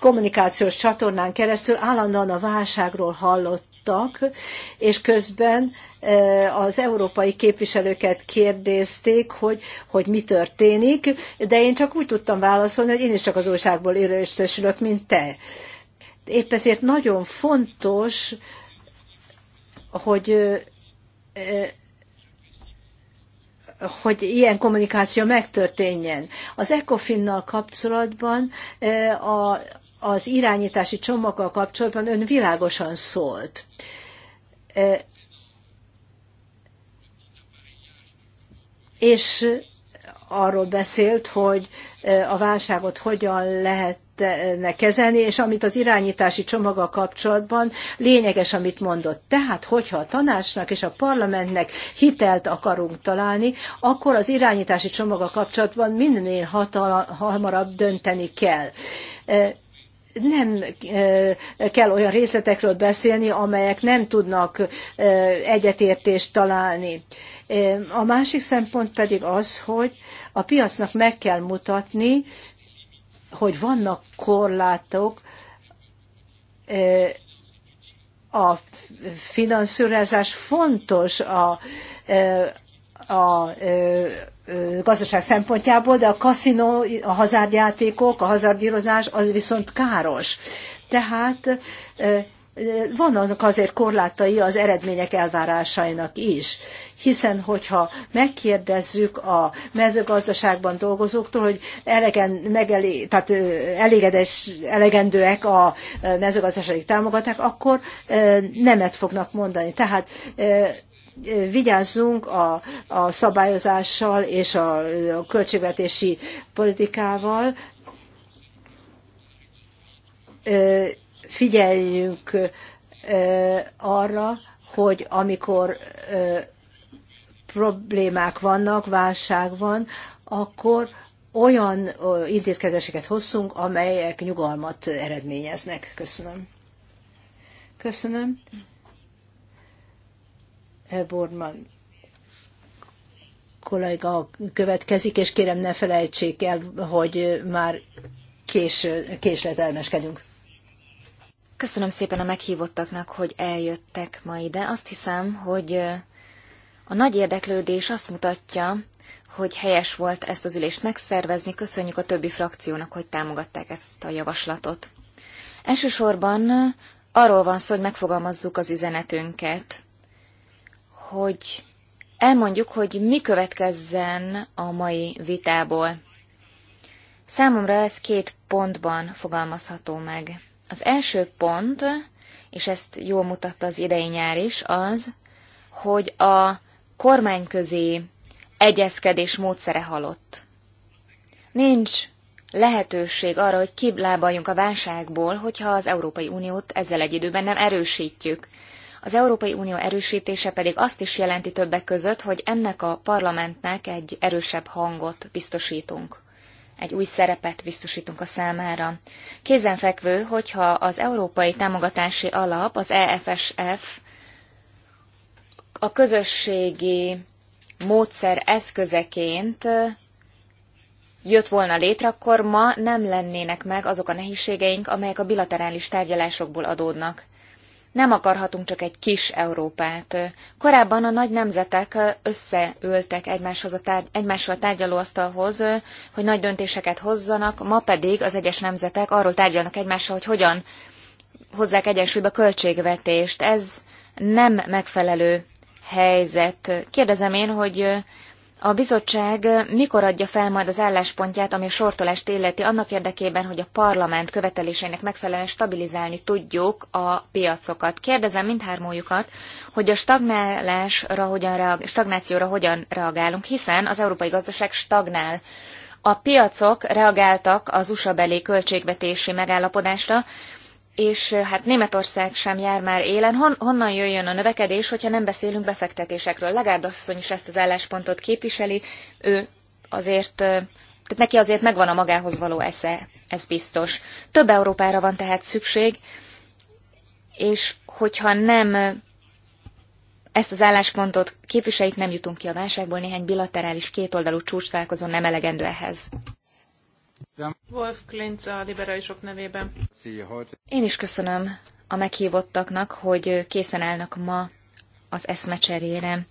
kommunikációs csatornán keresztül állandóan a válságról hallottak, és közben az európai képviselőket kérdezték, hogy, hogy mi történik, de én csak úgy tudtam válaszolni, hogy én is csak az újságból érőstösülök, mint te. Épp ezért nagyon fontos, hogy hogy ilyen kommunikáció megtörténjen. Az ECOFIN-nal kapcsolatban a, az irányítási csomaggal kapcsolatban ön világosan szólt. és arról beszélt, hogy a válságot hogyan lehet lehetne kezelni, és amit az irányítási csomaga kapcsolatban lényeges, amit mondott. Tehát, hogyha a tanácsnak és a parlamentnek hitelt akarunk találni, akkor az irányítási csomaga kapcsolatban minél hamarabb dönteni kell nem kell olyan részletekről beszélni, amelyek nem tudnak egyetértést találni. A másik szempont pedig az, hogy a piacnak meg kell mutatni, hogy vannak korlátok a finanszírozás fontos a, a, a gazdaság szempontjából, de a kaszinó, a hazárjátékok, a hazardírozás az viszont káros. Tehát vannak azért korlátai az eredmények elvárásainak is, hiszen hogyha megkérdezzük a mezőgazdaságban dolgozóktól, hogy elegen, megelé, tehát elégedes, elegendőek a mezőgazdasági támogatások, akkor nemet fognak mondani. Tehát vigyázzunk a, a szabályozással és a, a költségvetési politikával, figyeljünk arra, hogy amikor problémák vannak, válság van, akkor olyan intézkedéseket hozzunk, amelyek nyugalmat eredményeznek. Köszönöm. Köszönöm. Borman kollega következik, és kérem ne felejtsék el, hogy már kés, késletelmeskedünk. Köszönöm szépen a meghívottaknak, hogy eljöttek ma ide. Azt hiszem, hogy uh, a nagy érdeklődés azt mutatja, hogy helyes volt ezt az ülést megszervezni. Köszönjük a többi frakciónak, hogy támogatták ezt a javaslatot. Elsősorban uh, arról van szó, hogy megfogalmazzuk az üzenetünket hogy elmondjuk, hogy mi következzen a mai vitából. Számomra ez két pontban fogalmazható meg. Az első pont, és ezt jól mutatta az idei nyár is, az, hogy a kormányközi egyezkedés módszere halott. Nincs lehetőség arra, hogy kiblábaljunk a válságból, hogyha az Európai Uniót ezzel egy időben nem erősítjük. Az Európai Unió erősítése pedig azt is jelenti többek között, hogy ennek a parlamentnek egy erősebb hangot biztosítunk. Egy új szerepet biztosítunk a számára. Kézenfekvő, hogyha az Európai Támogatási Alap, az EFSF, a közösségi módszer eszközeként jött volna létre, akkor ma nem lennének meg azok a nehézségeink, amelyek a bilaterális tárgyalásokból adódnak. Nem akarhatunk csak egy kis Európát. Korábban a nagy nemzetek összeültek egymáshoz a tárgy, egymással a tárgyalóasztalhoz, hogy nagy döntéseket hozzanak, ma pedig az egyes nemzetek arról tárgyalnak egymással, hogy hogyan hozzák egyensúlyba költségvetést. Ez nem megfelelő helyzet. Kérdezem én, hogy a bizottság mikor adja fel majd az álláspontját, ami a sortolást illeti, annak érdekében, hogy a parlament követeléseinek megfelelően stabilizálni tudjuk a piacokat? Kérdezem mindhármójukat, hogy a stagnálásra hogyan reag- stagnációra hogyan reagálunk, hiszen az európai gazdaság stagnál. A piacok reagáltak az USA beli költségvetési megállapodásra, és hát Németország sem jár már élen. Hon, honnan jöjjön a növekedés, hogyha nem beszélünk befektetésekről? Legárd asszony is ezt az álláspontot képviseli, ő azért, tehát neki azért megvan a magához való esze, ez biztos. Több Európára van tehát szükség, és hogyha nem ezt az álláspontot képviseljük, nem jutunk ki a válságból, néhány bilaterális kétoldalú csúcs találkozón nem elegendő ehhez. Wolf Klintz a liberálisok nevében. Én is köszönöm a meghívottaknak, hogy készen állnak ma az eszmecserére.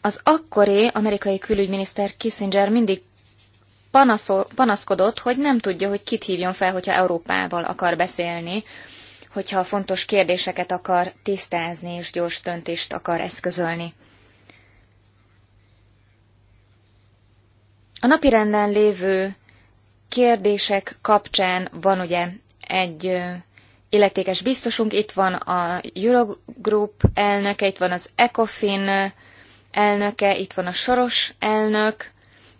Az akkori amerikai külügyminiszter Kissinger mindig panaszol, panaszkodott, hogy nem tudja, hogy kit hívjon fel, hogyha Európával akar beszélni, hogyha fontos kérdéseket akar tisztázni és gyors döntést akar eszközölni. A napirenden lévő kérdések kapcsán van ugye egy illetékes biztosunk, itt van a Eurogroup elnöke, itt van az ECOFIN elnöke, itt van a Soros elnök,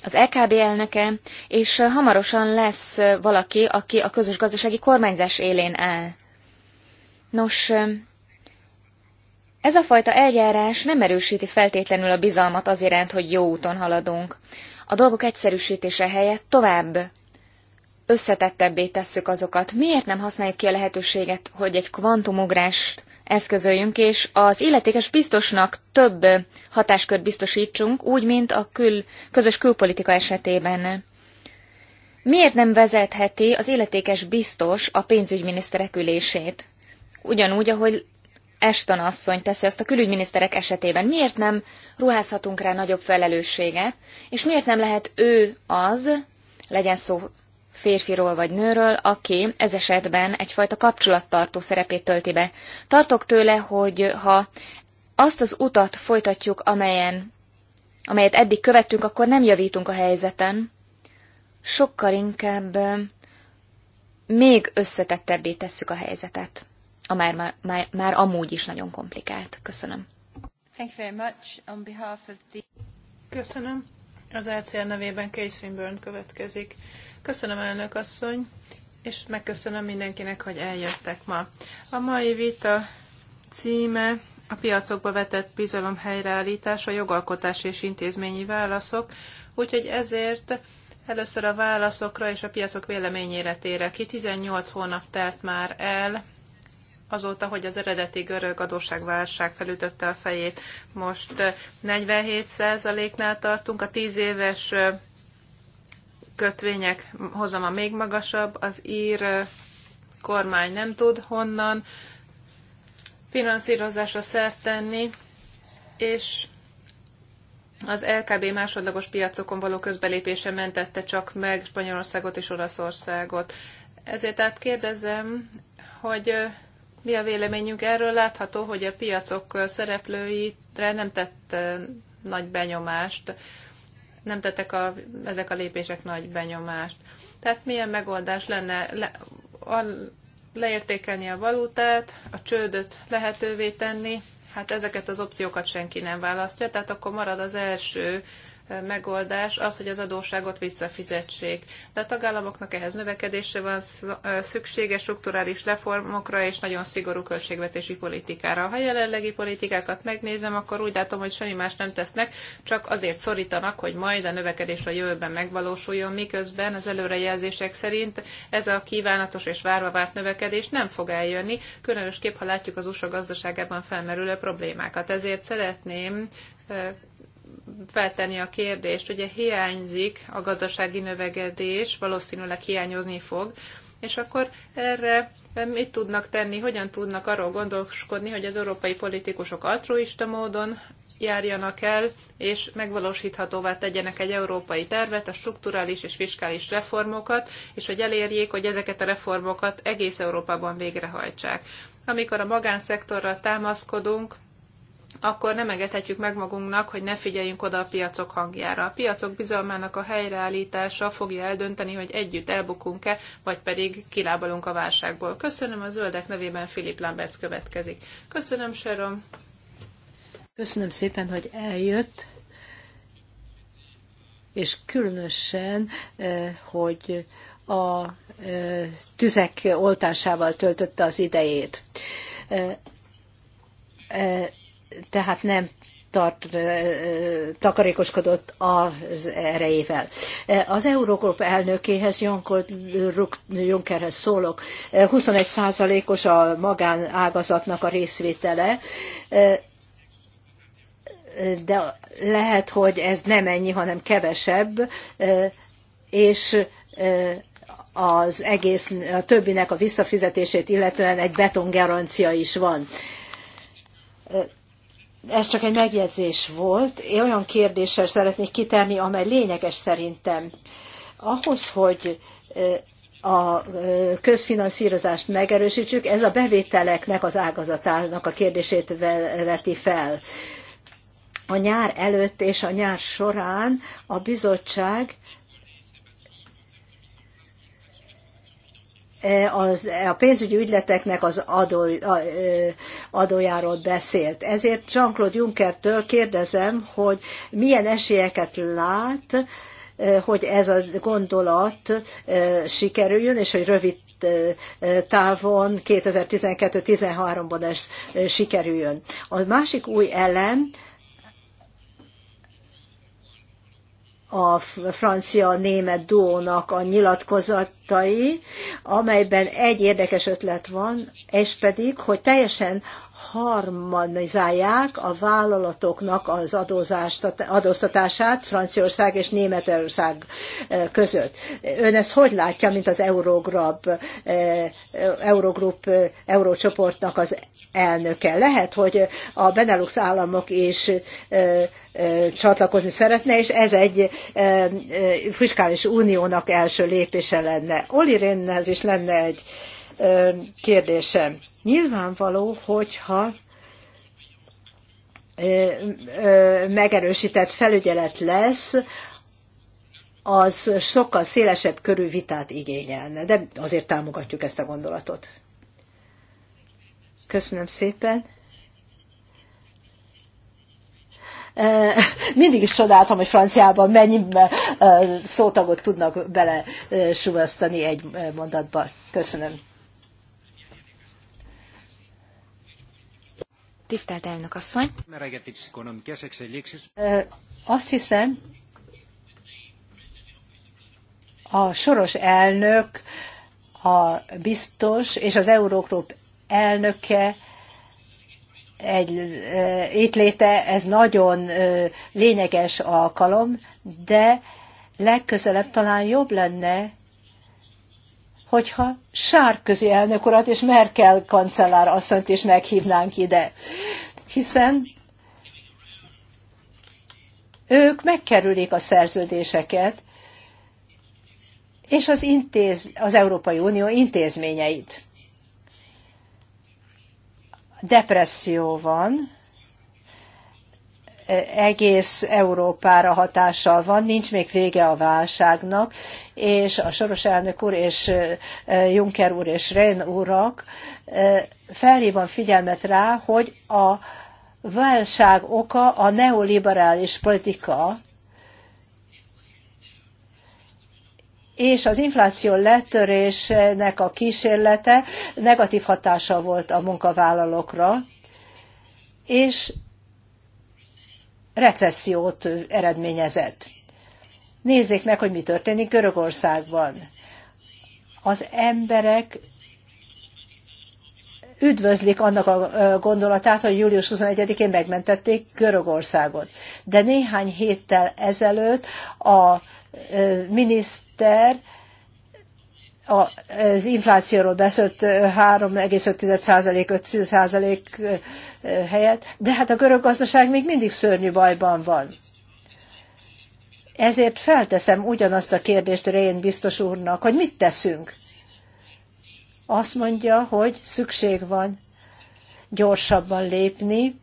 az EKB elnöke, és hamarosan lesz valaki, aki a közös gazdasági kormányzás élén áll. Nos, ez a fajta eljárás nem erősíti feltétlenül a bizalmat az iránt, hogy jó úton haladunk. A dolgok egyszerűsítése helyett tovább összetettebbé tesszük azokat. Miért nem használjuk ki a lehetőséget, hogy egy kvantumugrást eszközöljünk, és az illetékes biztosnak több hatáskört biztosítsunk, úgy, mint a kül, közös külpolitika esetében. Miért nem vezetheti az illetékes biztos a pénzügyminiszterek ülését? Ugyanúgy, ahogy Eston asszony teszi azt a külügyminiszterek esetében. Miért nem ruházhatunk rá nagyobb felelősséget, és miért nem lehet ő az, legyen szó férfiról vagy nőről, aki ez esetben egyfajta kapcsolattartó szerepét tölti be. Tartok tőle, hogy ha azt az utat folytatjuk, amelyen, amelyet eddig követtünk, akkor nem javítunk a helyzeten, sokkal inkább még összetettebbé tesszük a helyzetet, a már, már, már amúgy is nagyon komplikált. Köszönöm. Thank you very much on behalf of the... Köszönöm. Az ECR nevében Case Swinburne következik. Köszönöm, elnök asszony, és megköszönöm mindenkinek, hogy eljöttek ma. A mai vita címe a piacokba vetett bizalom helyreállítása, jogalkotás és intézményi válaszok, úgyhogy ezért először a válaszokra és a piacok véleményére térek ki. 18 hónap telt már el azóta, hogy az eredeti görög adósságválság felütötte a fejét. Most 47%-nál tartunk, a 10 éves kötvények hozama még magasabb, az ír kormány nem tud honnan finanszírozásra szert tenni, és az LKB másodlagos piacokon való közbelépése mentette csak meg Spanyolországot és Olaszországot. Ezért át kérdezem, hogy mi a véleményünk erről? Látható, hogy a piacok szereplőire nem tett nagy benyomást nem tettek a, ezek a lépések nagy benyomást. Tehát milyen megoldás lenne le, a, leértékelni a valutát, a csődöt lehetővé tenni, hát ezeket az opciókat senki nem választja, tehát akkor marad az első megoldás az, hogy az adósságot visszafizetsék. De a tagállamoknak ehhez növekedésre van szüksége, strukturális reformokra és nagyon szigorú költségvetési politikára. Ha jelenlegi politikákat megnézem, akkor úgy látom, hogy semmi más nem tesznek, csak azért szorítanak, hogy majd a növekedés a jövőben megvalósuljon, miközben az előrejelzések szerint ez a kívánatos és várva várt növekedés nem fog eljönni, különösképp ha látjuk az USA gazdaságában felmerülő problémákat. Ezért szeretném feltenni a kérdést. Ugye hiányzik a gazdasági növekedés, valószínűleg hiányozni fog, és akkor erre mit tudnak tenni, hogyan tudnak arról gondolkodni, hogy az európai politikusok altruista módon járjanak el, és megvalósíthatóvá tegyenek egy európai tervet, a strukturális és fiskális reformokat, és hogy elérjék, hogy ezeket a reformokat egész Európában végrehajtsák. Amikor a magánszektorra támaszkodunk, akkor nem engedhetjük meg magunknak, hogy ne figyeljünk oda a piacok hangjára. A piacok bizalmának a helyreállítása fogja eldönteni, hogy együtt elbukunk-e, vagy pedig kilábalunk a válságból. Köszönöm a zöldek nevében Filip Lamberts következik. Köszönöm, Sharon. Köszönöm szépen, hogy eljött, és különösen, eh, hogy a eh, tüzek oltásával töltötte az idejét eh, tehát nem tart, takarékoskodott az erejével. Az Eurógrup elnökéhez, Junckerhez szólok, 21 százalékos a magánágazatnak a részvétele, de lehet, hogy ez nem ennyi, hanem kevesebb, és az egész, a többinek a visszafizetését illetően egy betongarancia is van ez csak egy megjegyzés volt. Én olyan kérdéssel szeretnék kitenni, amely lényeges szerintem. Ahhoz, hogy eh, a eh, közfinanszírozást megerősítsük, ez a bevételeknek az ágazatának a kérdését veti fel. A nyár előtt és a nyár során a bizottság E, az, a pénzügyi ügyleteknek az adó, e, adójáról beszélt. Ezért Jean-Claude Junckertől kérdezem, hogy milyen esélyeket lát, e, hogy ez a gondolat sikerüljön, és hogy rövid távon 2012-13-ban ez sikerüljön. A másik új elem, a francia-német duónak a nyilatkozatai, amelyben egy érdekes ötlet van, és pedig, hogy teljesen harmonizálják a vállalatoknak az adóztatását Franciaország és Németország eh, között. Ön ezt hogy látja, mint az eh, Eurogrup, Eurogrup eh, Eurócsoportnak az elnöke? Lehet, hogy a Benelux államok is csatlakozni szeretne, és ez egy fiskális uniónak első lépése lenne. Oli Rénhez is lenne egy kérdésem Nyilvánvaló, hogyha megerősített felügyelet lesz, az sokkal szélesebb körű vitát igényelne, de azért támogatjuk ezt a gondolatot. Köszönöm szépen. Mindig is csodáltam, hogy franciában mennyi szótagot tudnak bele egy mondatba. Köszönöm. Tisztelt elnök asszony! Azt hiszem, a soros elnök, a biztos és az Eurókrop elnöke egy e, ez nagyon e, lényeges alkalom, de legközelebb talán jobb lenne, hogyha Sárközi elnök urat és Merkel kancellár asszonyt is meghívnánk ide. Hiszen ők megkerülik a szerződéseket, és az, intéz, az Európai Unió intézményeit. Depresszió van, egész Európára hatással van, nincs még vége a válságnak, és a soros elnök úr és Juncker úr és Rén úrak felhívom figyelmet rá, hogy a válság oka a neoliberális politika, és az infláció letörésnek a kísérlete negatív hatása volt a munkavállalókra, és recessziót eredményezett. Nézzék meg, hogy mi történik Görögországban. Az emberek üdvözlik annak a gondolatát, hogy július 21-én megmentették Görögországot. De néhány héttel ezelőtt a miniszter az inflációról beszélt 3,5-5% helyett, de hát a görög gazdaság még mindig szörnyű bajban van. Ezért felteszem ugyanazt a kérdést Rén biztos úrnak, hogy mit teszünk. Azt mondja, hogy szükség van gyorsabban lépni,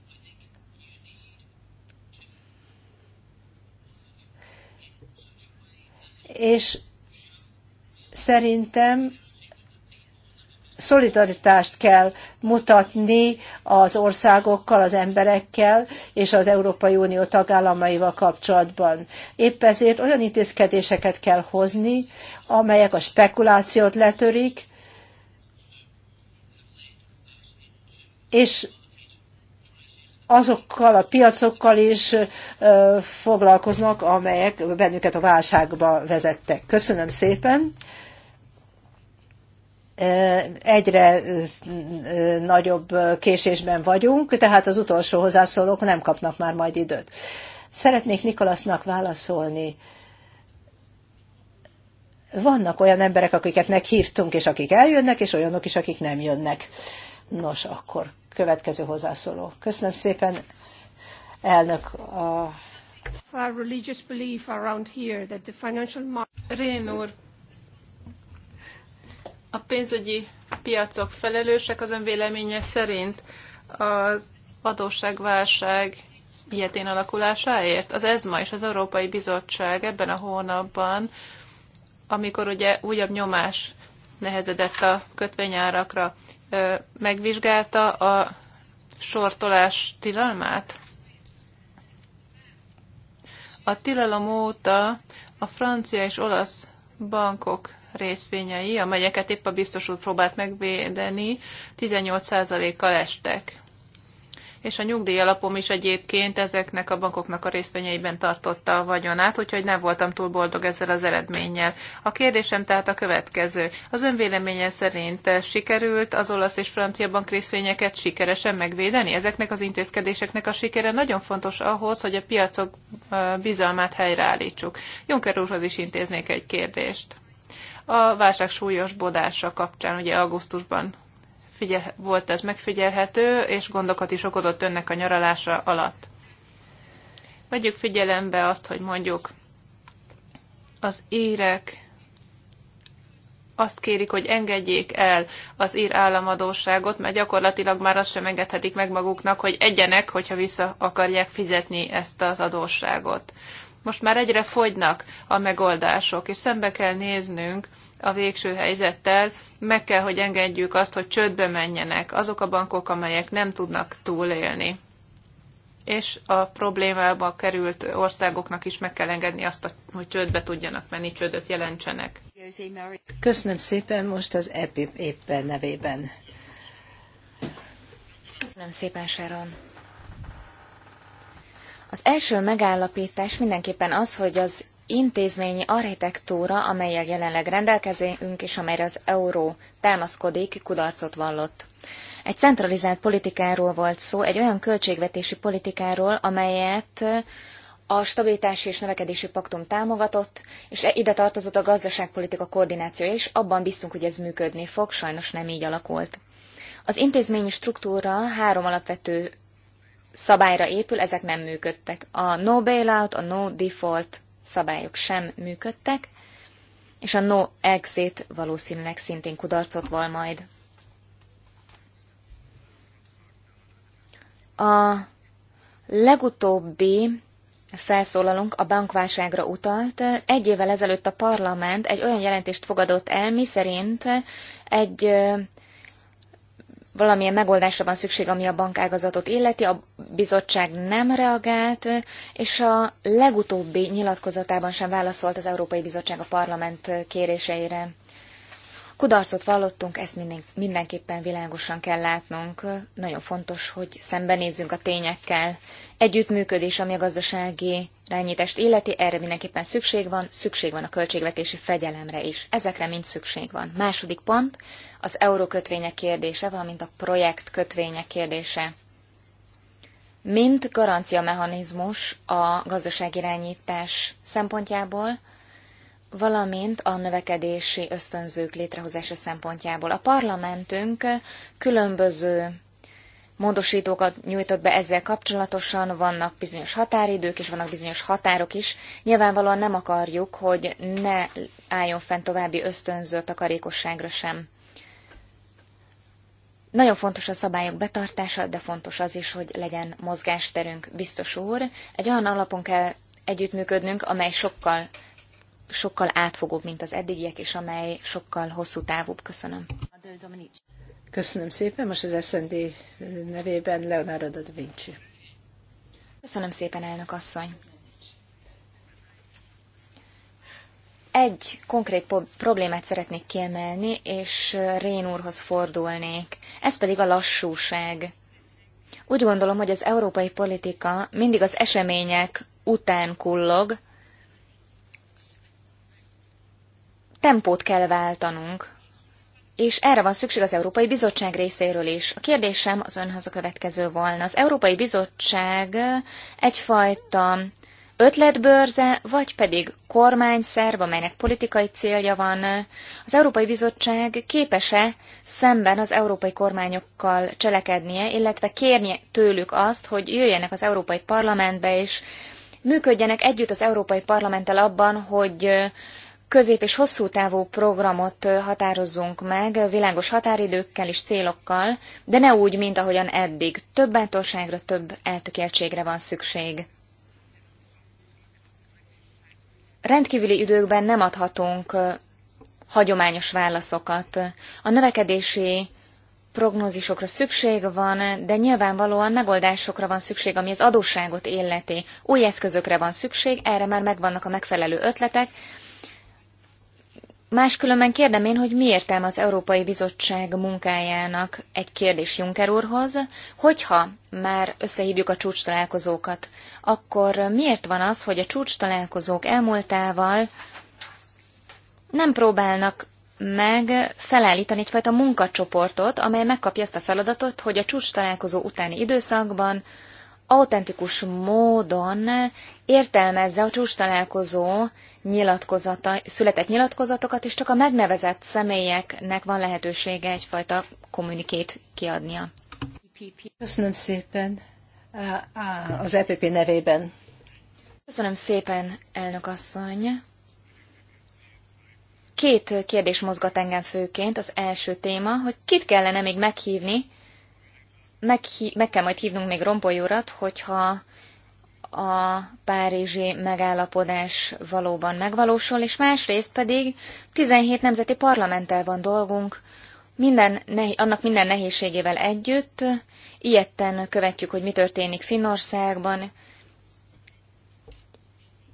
és Szerintem szolidaritást kell mutatni az országokkal, az emberekkel és az Európai Unió tagállamaival kapcsolatban. Épp ezért olyan intézkedéseket kell hozni, amelyek a spekulációt letörik, és azokkal a piacokkal is foglalkoznak, amelyek bennünket a válságba vezettek. Köszönöm szépen! egyre nagyobb késésben vagyunk, tehát az utolsó hozzászólók nem kapnak már majd időt. Szeretnék Nikolasznak válaszolni. Vannak olyan emberek, akiket meghívtunk, és akik eljönnek, és olyanok is, akik nem jönnek. Nos, akkor következő hozzászóló. Köszönöm szépen, elnök. A... Our religious belief around here that the financial Rén úr a pénzügyi piacok felelősek az önvéleménye szerint az adósságválság ilyetén alakulásáért? Az ESMA és az Európai Bizottság ebben a hónapban, amikor ugye újabb nyomás nehezedett a kötvényárakra, megvizsgálta a sortolás tilalmát? A tilalom óta a francia és olasz bankok részvényei, amelyeket épp a biztos úr próbált megvédeni, 18%-kal estek. És a nyugdíjalapom is egyébként ezeknek a bankoknak a részvényeiben tartotta a vagyonát, úgyhogy nem voltam túl boldog ezzel az eredménnyel. A kérdésem tehát a következő. Az önvéleménye szerint sikerült az olasz és francia bank részvényeket sikeresen megvédeni? Ezeknek az intézkedéseknek a sikere nagyon fontos ahhoz, hogy a piacok bizalmát helyreállítsuk. Juncker úrhoz is intéznék egy kérdést a válság súlyos bodása kapcsán, ugye augusztusban figyel, volt ez megfigyelhető, és gondokat is okozott önnek a nyaralása alatt. Vegyük figyelembe azt, hogy mondjuk az írek azt kérik, hogy engedjék el az ír államadóságot, mert gyakorlatilag már azt sem engedhetik meg maguknak, hogy egyenek, hogyha vissza akarják fizetni ezt az adósságot. Most már egyre fogynak a megoldások, és szembe kell néznünk a végső helyzettel, meg kell, hogy engedjük azt, hogy csődbe menjenek azok a bankok, amelyek nem tudnak túlélni. És a problémába került országoknak is meg kell engedni azt, hogy csődbe tudjanak menni, csődöt jelentsenek. Köszönöm szépen most az EPIP éppen nevében. Köszönöm szépen, Sharon. Az első megállapítás mindenképpen az, hogy az intézményi architektúra, amelyel jelenleg rendelkezünk és amelyre az euró támaszkodik, kudarcot vallott. Egy centralizált politikáról volt szó, egy olyan költségvetési politikáról, amelyet a stabilitási és növekedési paktum támogatott, és e- ide tartozott a gazdaságpolitika koordinációja is, abban biztunk, hogy ez működni fog, sajnos nem így alakult. Az intézményi struktúra három alapvető szabályra épül, ezek nem működtek. A no bailout, a no default szabályok sem működtek, és a no exit valószínűleg szintén kudarcot val majd. A legutóbbi felszólalunk a bankválságra utalt. Egy évvel ezelőtt a parlament egy olyan jelentést fogadott el, miszerint egy valamilyen megoldásra van szükség, ami a bankágazatot illeti, a bizottság nem reagált, és a legutóbbi nyilatkozatában sem válaszolt az Európai Bizottság a parlament kéréseire. Kudarcot vallottunk, ezt mindenképpen világosan kell látnunk. Nagyon fontos, hogy szembenézzünk a tényekkel. Együttműködés, ami a gazdasági rányítást életi, erre mindenképpen szükség van, szükség van a költségvetési fegyelemre is. Ezekre mind szükség van. Második pont, az eurókötvények kérdése, valamint a projekt kötvények kérdése. Mint garanciamechanizmus a gazdaságirányítás szempontjából, valamint a növekedési ösztönzők létrehozása szempontjából. A parlamentünk különböző módosítókat nyújtott be ezzel kapcsolatosan, vannak bizonyos határidők és vannak bizonyos határok is. Nyilvánvalóan nem akarjuk, hogy ne álljon fenn további ösztönző takarékosságra sem. Nagyon fontos a szabályok betartása, de fontos az is, hogy legyen mozgásterünk, biztos úr. Egy olyan alapon kell együttműködnünk, amely sokkal sokkal átfogóbb, mint az eddigiek, és amely sokkal hosszú távúbb. Köszönöm. Köszönöm szépen. Most az SND nevében Leonardo da Vinci. Köszönöm szépen, elnök asszony. Egy konkrét problémát szeretnék kiemelni, és Rén úrhoz fordulnék. Ez pedig a lassúság. Úgy gondolom, hogy az európai politika mindig az események után kullog, tempót kell váltanunk, és erre van szükség az Európai Bizottság részéről is. A kérdésem az önhoz a következő volna. Az Európai Bizottság egyfajta ötletbörze, vagy pedig kormányszerv, amelynek politikai célja van. Az Európai Bizottság képes-e szemben az európai kormányokkal cselekednie, illetve kérnie tőlük azt, hogy jöjjenek az Európai Parlamentbe, és működjenek együtt az Európai Parlamenttel abban, hogy közép- és hosszú távú programot határozzunk meg, világos határidőkkel és célokkal, de ne úgy, mint ahogyan eddig. Több bátorságra, több eltökéltségre van szükség. Rendkívüli időkben nem adhatunk hagyományos válaszokat. A növekedési prognózisokra szükség van, de nyilvánvalóan megoldásokra van szükség, ami az adósságot illeti. Új eszközökre van szükség, erre már megvannak a megfelelő ötletek, Máskülönben kérdem én, hogy mi értelme az Európai Bizottság munkájának egy kérdés Juncker úrhoz, hogyha már összehívjuk a csúcs találkozókat, akkor miért van az, hogy a csúcs találkozók elmúltával nem próbálnak meg felállítani egyfajta munkacsoportot, amely megkapja ezt a feladatot, hogy a csúcs találkozó utáni időszakban autentikus módon értelmezze a csúcs találkozó nyilatkozata, született nyilatkozatokat, és csak a megnevezett személyeknek van lehetősége egyfajta kommunikét kiadnia. Köszönöm szépen az EPP nevében. Köszönöm szépen, elnök asszony. Két kérdés mozgat engem főként. Az első téma, hogy kit kellene még meghívni, meg, meg kell majd hívnunk még Rompoly urat, hogyha a párizsi megállapodás valóban megvalósul, és másrészt pedig 17 nemzeti parlamenttel van dolgunk, minden annak minden nehézségével együtt, ilyetten követjük, hogy mi történik Finnországban,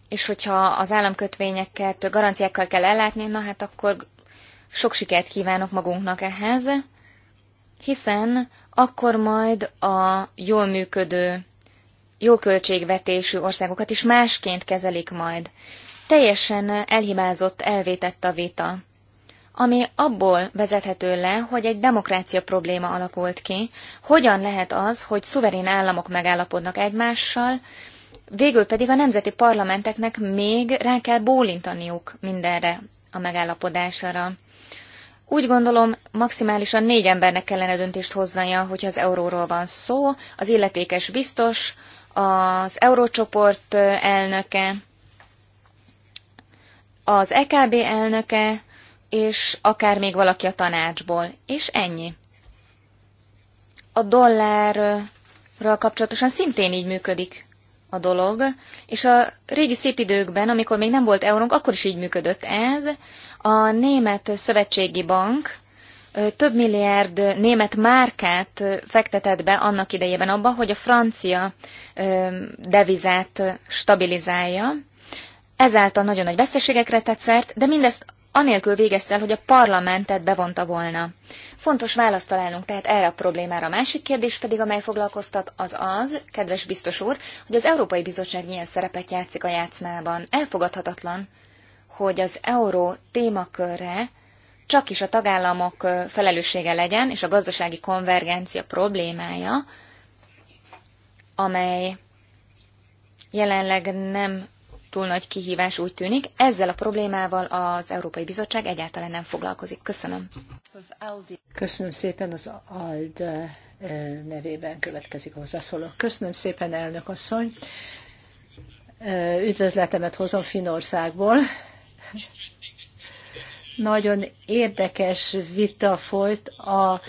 és hogyha az államkötvényeket garanciákkal kell ellátni, na hát akkor sok sikert kívánok magunknak ehhez, hiszen akkor majd a jól működő jó költségvetésű országokat is másként kezelik majd. Teljesen elhibázott, elvétett a vita, ami abból vezethető le, hogy egy demokrácia probléma alakult ki, hogyan lehet az, hogy szuverén államok megállapodnak egymással, végül pedig a nemzeti parlamenteknek még rá kell bólintaniuk mindenre a megállapodásra. Úgy gondolom, maximálisan négy embernek kellene döntést hoznia, hogyha az euróról van szó, az illetékes biztos, az Eurócsoport elnöke, az EKB elnöke, és akár még valaki a tanácsból, és ennyi. A dollárral kapcsolatosan szintén így működik a dolog, és a régi szép időkben, amikor még nem volt eurónk, akkor is így működött ez. A Német Szövetségi Bank több milliárd német márkát fektetett be annak idejében abba, hogy a francia devizát stabilizálja. Ezáltal nagyon nagy veszteségekre tett szert, de mindezt anélkül végezte el, hogy a parlamentet bevonta volna. Fontos választ találnunk tehát erre a problémára. A másik kérdés pedig, amely foglalkoztat, az az, kedves biztos úr, hogy az Európai Bizottság milyen szerepet játszik a játszmában. Elfogadhatatlan, hogy az euró témakörre csak is a tagállamok felelőssége legyen, és a gazdasági konvergencia problémája, amely jelenleg nem túl nagy kihívás úgy tűnik, ezzel a problémával az Európai Bizottság egyáltalán nem foglalkozik. Köszönöm. Köszönöm szépen az ALD nevében következik hozzászóló. Köszönöm szépen, elnök asszony. Üdvözletemet hozom Finországból nagyon érdekes vita folyt a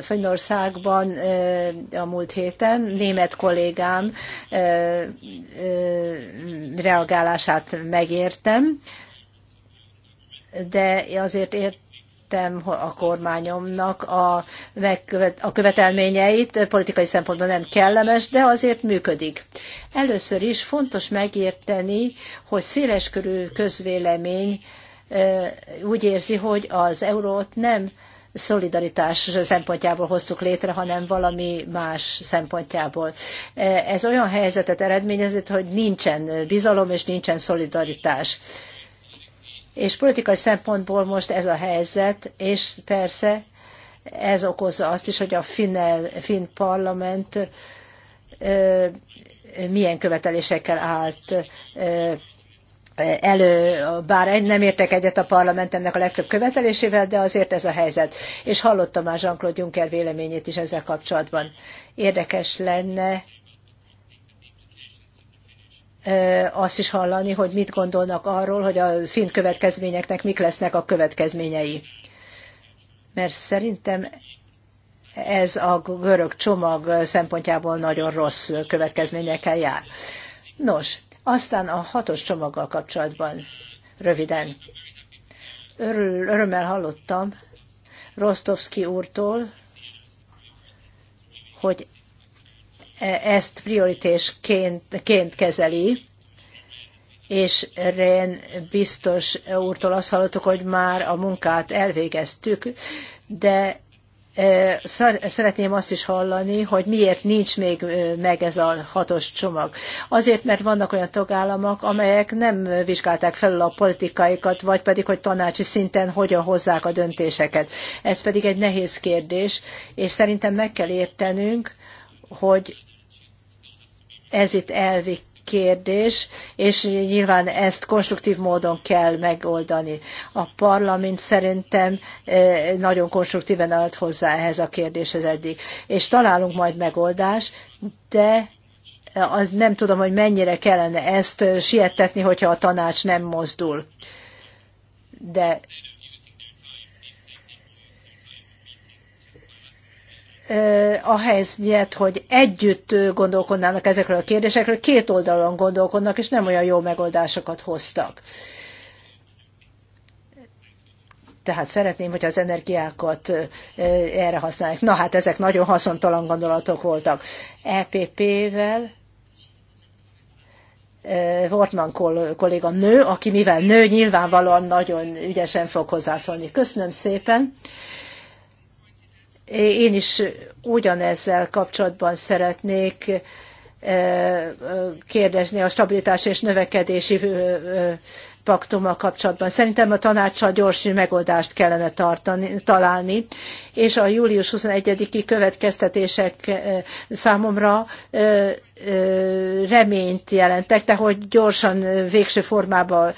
Finnországban a múlt héten. Német kollégám reagálását megértem, de azért értem, a kormányomnak a, megkövet, a követelményeit, politikai szempontból nem kellemes, de azért működik. Először is fontos megérteni, hogy széleskörű közvélemény úgy érzi, hogy az eurót nem szolidaritás szempontjából hoztuk létre, hanem valami más szempontjából. Ez olyan helyzetet eredményezett, hogy nincsen bizalom és nincsen szolidaritás. És politikai szempontból most ez a helyzet, és persze ez okozza azt is, hogy a Finnel, Finn parlament milyen követelésekkel állt elő, bár nem értek egyet a parlament ennek a legtöbb követelésével, de azért ez a helyzet. És hallottam már Jean-Claude Juncker véleményét is ezzel kapcsolatban. Érdekes lenne azt is hallani, hogy mit gondolnak arról, hogy a finn következményeknek mik lesznek a következményei. Mert szerintem ez a görög csomag szempontjából nagyon rossz következményekkel jár. Nos, aztán a hatos csomaggal kapcsolatban röviden. Örül, örömmel hallottam Rostovski úrtól, hogy e, ezt prioritésként kezeli, és Rén biztos úrtól azt hallottuk, hogy már a munkát elvégeztük, de Szeretném azt is hallani, hogy miért nincs még meg ez a hatos csomag. Azért, mert vannak olyan tagállamok, amelyek nem vizsgálták felül a politikáikat, vagy pedig, hogy tanácsi szinten hogyan hozzák a döntéseket. Ez pedig egy nehéz kérdés, és szerintem meg kell értenünk, hogy ez itt elvi kérdés, és nyilván ezt konstruktív módon kell megoldani. A parlament szerintem eh, nagyon konstruktíven állt hozzá ehhez a kérdéshez eddig. És találunk majd megoldást, de az nem tudom, hogy mennyire kellene ezt eh, sietetni, hogyha a tanács nem mozdul. De Eh, a helyzet, hogy együtt eh, gondolkodnának ezekről a kérdésekről, két oldalon gondolkodnak, és nem olyan jó megoldásokat hoztak. Tehát szeretném, hogy az energiákat eh, erre használják. Na hát ezek nagyon haszontalan gondolatok voltak. EPP-vel Wortman kolléga nő, aki mivel nő, nyilvánvalóan nagyon ügyesen fog hozzászólni. Köszönöm szépen. Én is ugyanezzel kapcsolatban szeretnék eh, eh, kérdezni a stabilitás és növekedési eh, paktummal kapcsolatban. Szerintem a tanácssal gyors megoldást kellene tartani, találni, és a július 21-i következtetések számomra reményt jelentek, tehát hogy gyorsan végső formába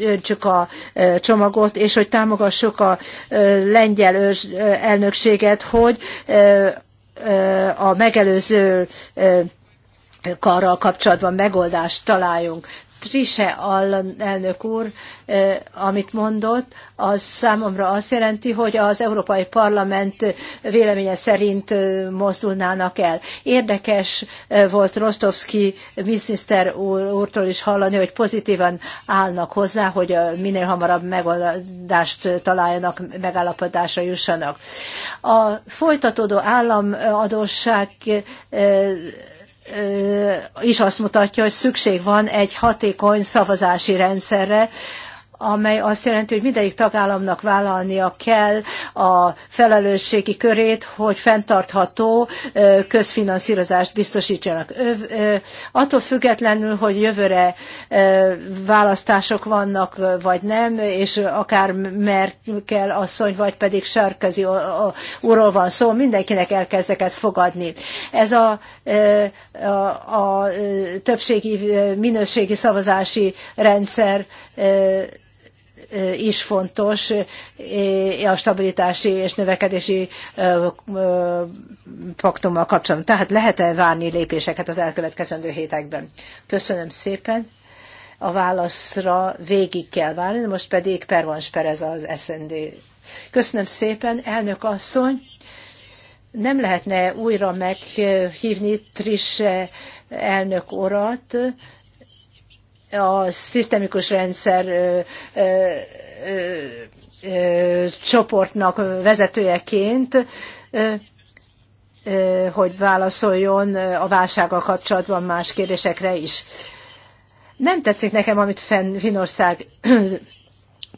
öntsük a csomagot, és hogy támogassuk a lengyel elnökséget, hogy a megelőző karral kapcsolatban megoldást találjunk. Trise elnök úr, amit mondott, az számomra azt jelenti, hogy az Európai Parlament véleménye szerint mozdulnának el. Érdekes volt Rostovski miniszter úrtól is hallani, hogy pozitívan állnak hozzá, hogy minél hamarabb megoldást találjanak, megállapodásra jussanak. A folytatódó államadóság is azt mutatja, hogy szükség van egy hatékony szavazási rendszerre, amely azt jelenti, hogy mindegyik tagállamnak vállalnia kell a felelősségi körét, hogy fenntartható közfinanszírozást biztosítsanak. Attól függetlenül, hogy jövőre választások vannak, vagy nem, és akár Merkel asszony, vagy pedig Sarkozy úrról van szó, mindenkinek el kell ezeket fogadni. Ez a, a, a többségi minőségi szavazási rendszer is fontos a stabilitási és növekedési paktummal kapcsolatban. Tehát lehet-e várni lépéseket az elkövetkezendő hétekben? Köszönöm szépen. A válaszra végig kell várni, most pedig Pervans Perez az SND. Köszönöm szépen, elnök asszony. Nem lehetne újra meghívni Trisse elnök urat, a szisztemikus rendszer csoportnak vezetőjeként, hogy válaszoljon a válsággal kapcsolatban más kérdésekre is. Nem tetszik nekem, amit Fenn Finország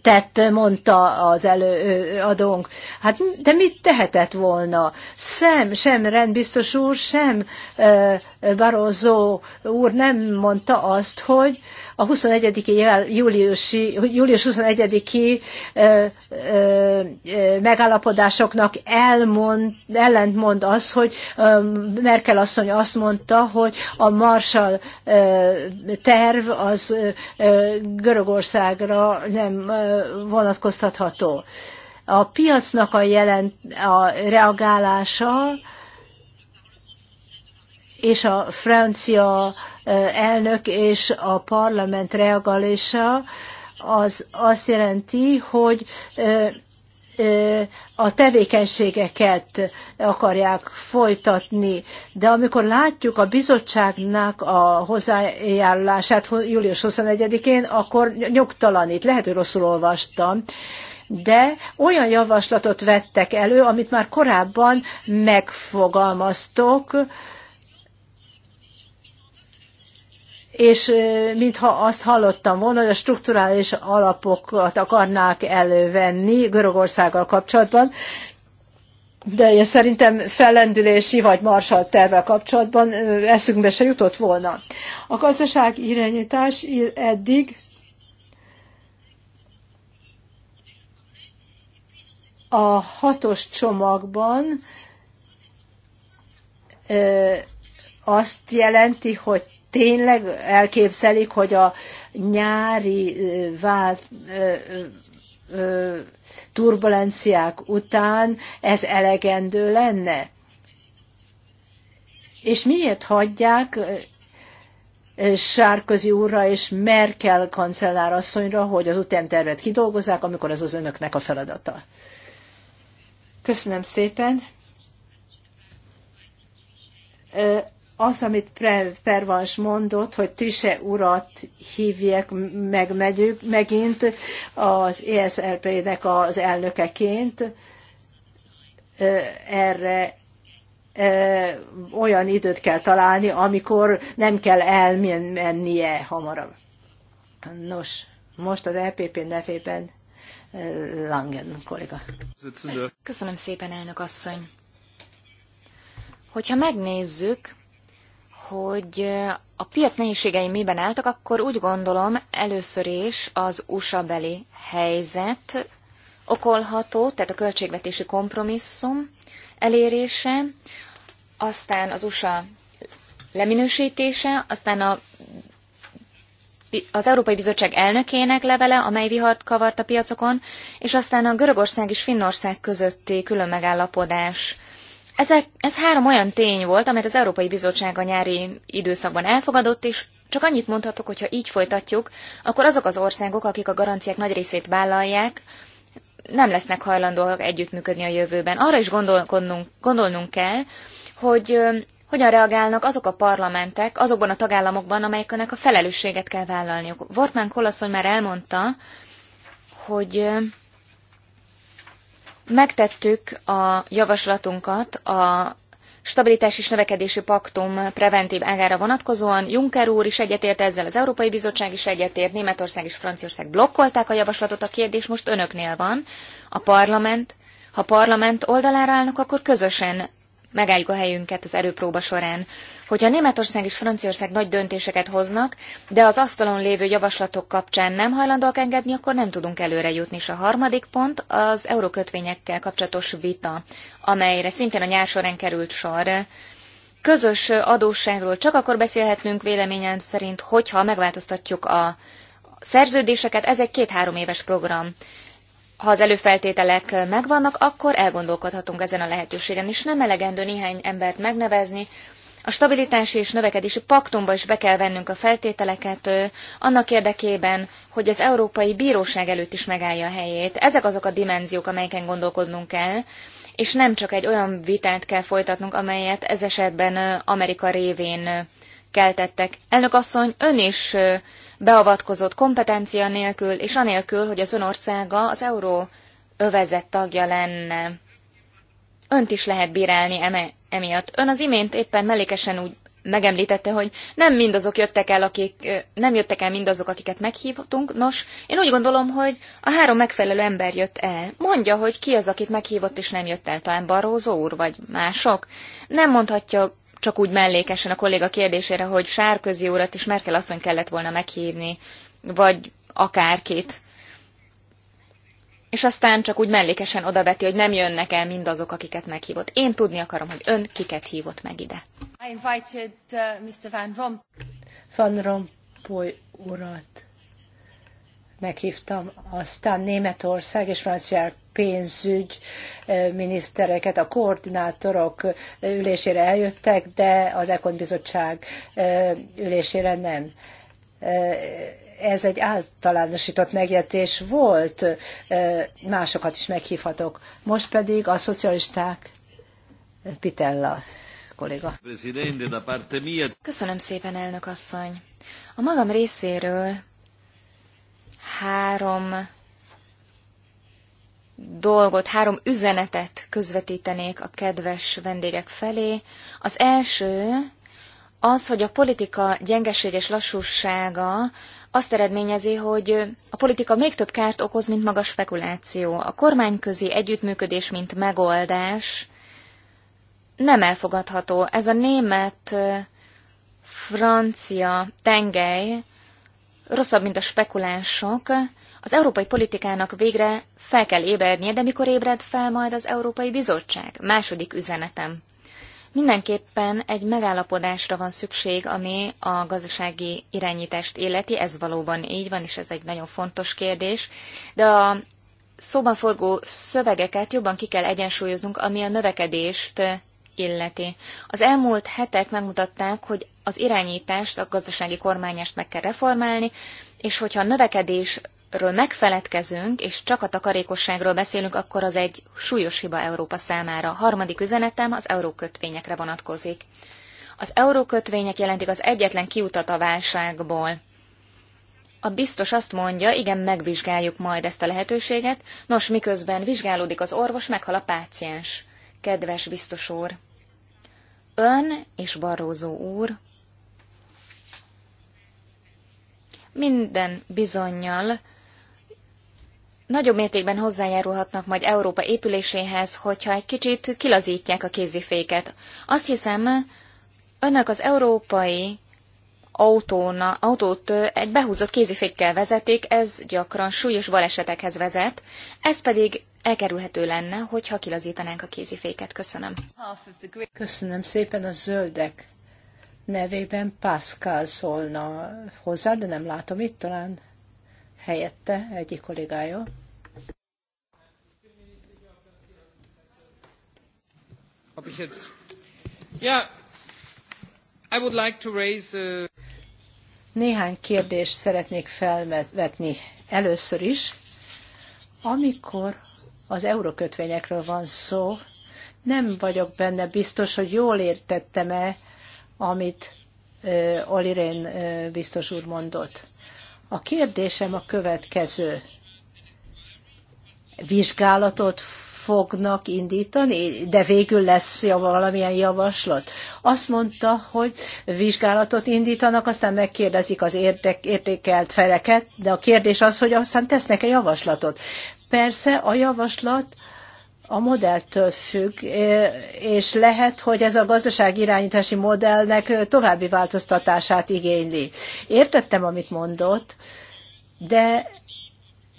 tett, mondta az előadónk. Hát de mit tehetett volna? Sem, sem rendbiztos úr, sem ö, Barroso úr nem mondta azt, hogy a 21. júliusi, július 21-i megállapodásoknak elmond, ellentmond az, hogy Merkel asszony azt mondta, hogy a Marshall terv az Görögországra nem vonatkoztatható. A piacnak a, jelent, a reagálása és a francia elnök és a parlament reagálása az azt jelenti, hogy a tevékenységeket akarják folytatni. De amikor látjuk a bizottságnak a hozzájárulását július 21-én, akkor nyugtalanít. Lehet, hogy rosszul olvastam de olyan javaslatot vettek elő, amit már korábban megfogalmaztok, és mintha azt hallottam volna, hogy a strukturális alapokat akarnák elővenni Görögországgal kapcsolatban, de én szerintem fellendülési vagy marsal terve kapcsolatban eszünkbe se jutott volna. A gazdaság irányítás eddig a hatos csomagban azt jelenti, hogy tényleg elképzelik, hogy a nyári vált, turbulenciák után ez elegendő lenne? És miért hagyják Sárközi úrra és Merkel asszonyra, hogy az utántervet kidolgozzák, amikor ez az önöknek a feladata? Köszönöm szépen az, amit Pervans mondott, hogy Tise urat hívják meg megyük, megint az ESRP-nek az elnökeként, erre olyan időt kell találni, amikor nem kell elmennie hamarabb. Nos, most az LPP e nevében Langen kolléga. Köszönöm szépen, elnök asszony. Hogyha megnézzük, hogy a piac nehézségei miben álltak, akkor úgy gondolom először is az USA beli helyzet okolható, tehát a költségvetési kompromisszum elérése, aztán az USA leminősítése, aztán a, az Európai Bizottság elnökének levele, amely vihart kavart a piacokon, és aztán a Görögország és Finnország közötti külön megállapodás ezek, ez három olyan tény volt, amelyet az Európai Bizottság a nyári időszakban elfogadott, és csak annyit mondhatok, hogy ha így folytatjuk, akkor azok az országok, akik a garanciák nagy részét vállalják, nem lesznek hajlandóak együttműködni a jövőben. Arra is gondolnunk, gondolnunk kell, hogy hogyan reagálnak azok a parlamentek azokban a tagállamokban, amelyeknek a felelősséget kell vállalniuk. Wortmann Kolaszony már elmondta, hogy Megtettük a javaslatunkat a stabilitás és növekedési paktum preventív ágára vonatkozóan. Juncker úr is egyetért ezzel, az Európai Bizottság is egyetért, Németország és Franciaország blokkolták a javaslatot, a kérdés most önöknél van. A parlament, ha parlament oldalára állnak, akkor közösen megálljuk a helyünket az erőpróba során. Hogyha Németország és Franciaország nagy döntéseket hoznak, de az asztalon lévő javaslatok kapcsán nem hajlandóak engedni, akkor nem tudunk előre jutni. És a harmadik pont az eurókötvényekkel kapcsolatos vita, amelyre szintén a nyár során került sor. Közös adósságról csak akkor beszélhetnünk véleményem szerint, hogyha megváltoztatjuk a szerződéseket, ez egy két-három éves program ha az előfeltételek megvannak, akkor elgondolkodhatunk ezen a lehetőségen, és nem elegendő néhány embert megnevezni, a stabilitási és növekedési paktumba is be kell vennünk a feltételeket annak érdekében, hogy az Európai Bíróság előtt is megállja a helyét. Ezek azok a dimenziók, amelyeken gondolkodnunk kell, és nem csak egy olyan vitát kell folytatnunk, amelyet ez esetben Amerika révén keltettek. Elnök asszony, ön is beavatkozott kompetencia nélkül, és anélkül, hogy az ön országa az euró övezet tagja lenne. Önt is lehet bírálni eme emiatt. Ön az imént éppen mellékesen úgy megemlítette, hogy nem mindazok jöttek el, akik, nem jöttek el mindazok, akiket meghívtunk. Nos, én úgy gondolom, hogy a három megfelelő ember jött el. Mondja, hogy ki az, akit meghívott és nem jött el, talán Barózó úr, vagy mások. Nem mondhatja csak úgy mellékesen a kolléga kérdésére, hogy Sárközi urat és Merkel asszony kellett volna meghívni, vagy akárkit és aztán csak úgy mellékesen odaveti, hogy nem jönnek el mindazok, akiket meghívott. Én tudni akarom, hogy ön kiket hívott meg ide. I invited, uh, Mr. Van, Romp Van Rompuy urat meghívtam, aztán Németország és Franciák pénzügy minisztereket, a koordinátorok ülésére eljöttek, de az Ekon Bizottság ülésére nem ez egy általánosított megjegyzés volt, másokat is meghívhatok. Most pedig a szocialisták Pitella kolléga. Köszönöm szépen, elnök asszony. A magam részéről három dolgot, három üzenetet közvetítenék a kedves vendégek felé. Az első az, hogy a politika gyengeség és lassúsága azt eredményezi, hogy a politika még több kárt okoz, mint maga spekuláció. A kormányközi együttműködés, mint megoldás nem elfogadható. Ez a német francia tengely rosszabb, mint a spekulánsok. Az európai politikának végre fel kell ébrednie, de mikor ébred fel majd az Európai Bizottság? Második üzenetem. Mindenképpen egy megállapodásra van szükség, ami a gazdasági irányítást életi, ez valóban így van, és ez egy nagyon fontos kérdés, de a szóban forgó szövegeket jobban ki kell egyensúlyoznunk, ami a növekedést illeti. Az elmúlt hetek megmutatták, hogy az irányítást, a gazdasági kormányást meg kell reformálni, és hogyha a növekedés ről megfeledkezünk, és csak a takarékosságról beszélünk, akkor az egy súlyos hiba Európa számára. Harmadik üzenetem az eurókötvényekre vonatkozik. Az eurókötvények jelentik az egyetlen kiutat a válságból. A biztos azt mondja, igen, megvizsgáljuk majd ezt a lehetőséget, nos, miközben vizsgálódik az orvos, meghal a páciens. Kedves biztos úr! Ön és Barózó úr minden bizonyal nagyobb mértékben hozzájárulhatnak majd Európa épüléséhez, hogyha egy kicsit kilazítják a kéziféket. Azt hiszem, önök az európai autóna, autót egy behúzott kézifékkel vezetik, ez gyakran súlyos balesetekhez vezet, ez pedig elkerülhető lenne, hogyha kilazítanánk a kéziféket. Köszönöm. Köszönöm szépen a zöldek nevében Pascal szólna hozzá, de nem látom itt talán helyette egyik kollégája. I would like to raise a... Uh, Néhány kérdést szeretnék felvetni először is. Amikor az eurokötvényekről van szó, nem vagyok benne biztos, hogy jól értettem-e, amit Olirén biztos úr mondott. A kérdésem a következő. Vizsgálatot fognak indítani, de végül lesz valamilyen javaslat. Azt mondta, hogy vizsgálatot indítanak, aztán megkérdezik az érdek, értékelt feleket, de a kérdés az, hogy aztán tesznek-e javaslatot. Persze a javaslat a modelltől függ, és lehet, hogy ez a irányítási modellnek további változtatását igényli. Értettem, amit mondott, de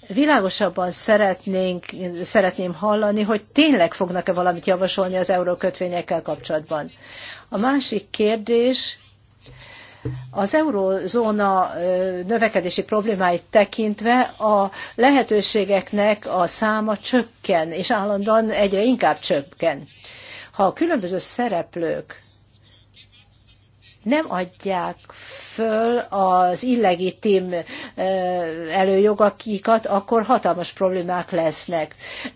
világosabban szeretnénk, szeretném hallani, hogy tényleg fognak-e valamit javasolni az eurókötvényekkel kapcsolatban. A másik kérdés az eurózóna növekedési problémáit tekintve a lehetőségeknek a száma csökken, és állandóan egyre inkább csökken. Ha a különböző szereplők nem adják föl az illegitim előjogakikat, akkor hatalmas problémák lesznek.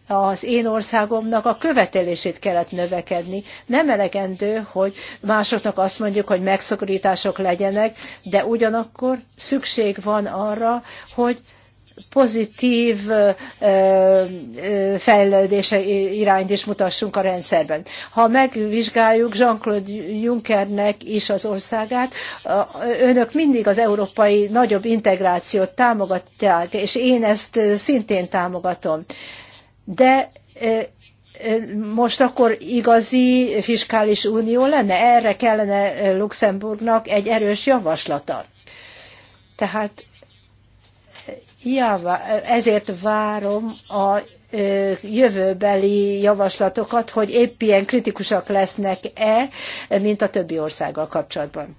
Az én országomnak a követelését kellett növekedni. Nem elegendő, hogy másoknak azt mondjuk, hogy megszorítások legyenek, de ugyanakkor szükség van arra, hogy pozitív fejlődése irányt is mutassunk a rendszerben. Ha megvizsgáljuk Jean-Claude Junckernek is az országát, önök mindig az európai nagyobb integrációt támogatják, és én ezt szintén támogatom. De most akkor igazi fiskális unió lenne? Erre kellene Luxemburgnak egy erős javaslata. Tehát Java, ezért várom a jövőbeli javaslatokat, hogy épp ilyen kritikusak lesznek-e, mint a többi országgal kapcsolatban.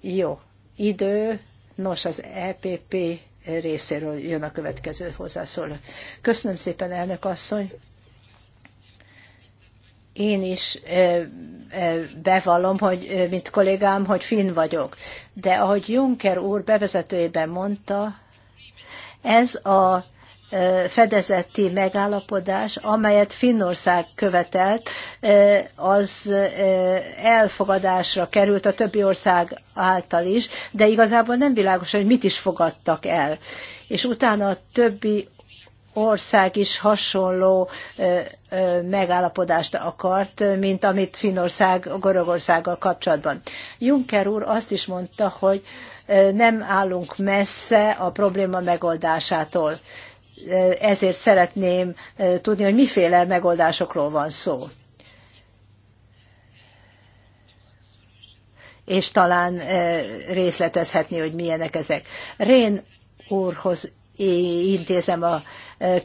Jó, idő, nos az EPP részéről jön a következő hozzászóló. Köszönöm szépen, elnök asszony! én is bevallom, hogy, mint kollégám, hogy finn vagyok. De ahogy Juncker úr bevezetőjében mondta, ez a fedezeti megállapodás, amelyet Finnország követelt, az elfogadásra került a többi ország által is, de igazából nem világos, hogy mit is fogadtak el. És utána a többi ország is hasonló megállapodást akart, mint amit Finország Görögországgal kapcsolatban. Juncker úr azt is mondta, hogy nem állunk messze a probléma megoldásától. Ezért szeretném tudni, hogy miféle megoldásokról van szó. és talán részletezhetni, hogy milyenek ezek. Rén úrhoz intézem a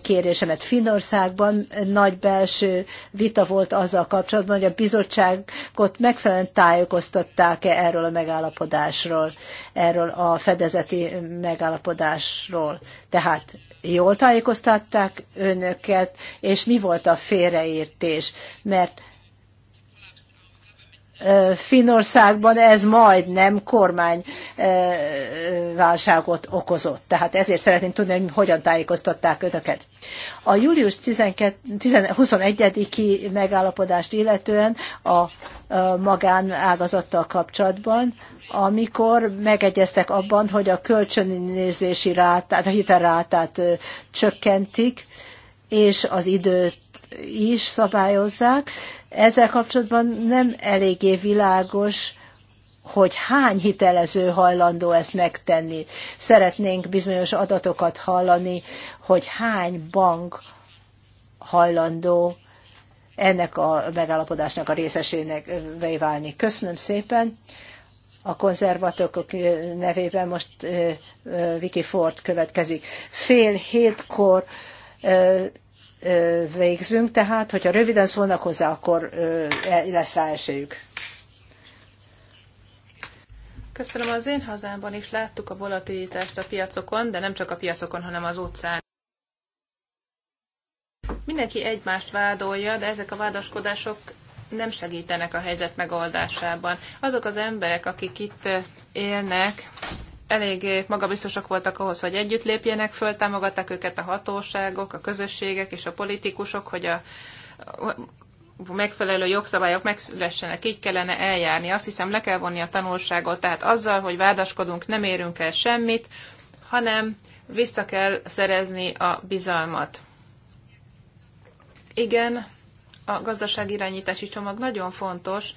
kérésemet. Finnországban nagy belső vita volt azzal kapcsolatban, hogy a bizottságot megfelelően tájékoztatták-e erről a megállapodásról, erről a fedezeti megállapodásról. Tehát jól tájékoztatták önöket, és mi volt a félreértés, mert Finországban ez majdnem kormányválságot okozott. Tehát ezért szeretném tudni, hogy hogyan tájékoztatták önöket. A július 21-i megállapodást illetően a ágazattal kapcsolatban, amikor megegyeztek abban, hogy a kölcsönnézési rátát, a hitelrátát csökkentik, és az időt is szabályozzák, ezzel kapcsolatban nem eléggé világos, hogy hány hitelező hajlandó ezt megtenni. Szeretnénk bizonyos adatokat hallani, hogy hány bank hajlandó ennek a megállapodásnak a részesének válni. Köszönöm szépen. A konzervatokok nevében most Vicky Ford következik. Fél hétkor végzünk, tehát hogyha röviden szólnak hozzá, akkor e, lesz rá esélyük. Köszönöm, az én hazámban is láttuk a volatilitást a piacokon, de nem csak a piacokon, hanem az utcán. Mindenki egymást vádolja, de ezek a vádaskodások nem segítenek a helyzet megoldásában. Azok az emberek, akik itt élnek, Elég magabiztosak voltak ahhoz, hogy együtt lépjenek föl, támogatták őket a hatóságok, a közösségek és a politikusok, hogy a megfelelő jogszabályok megszülessenek, így kellene eljárni. Azt hiszem, le kell vonni a tanulságot, tehát azzal, hogy vádaskodunk, nem érünk el semmit, hanem vissza kell szerezni a bizalmat. Igen, a gazdaságirányítási csomag nagyon fontos,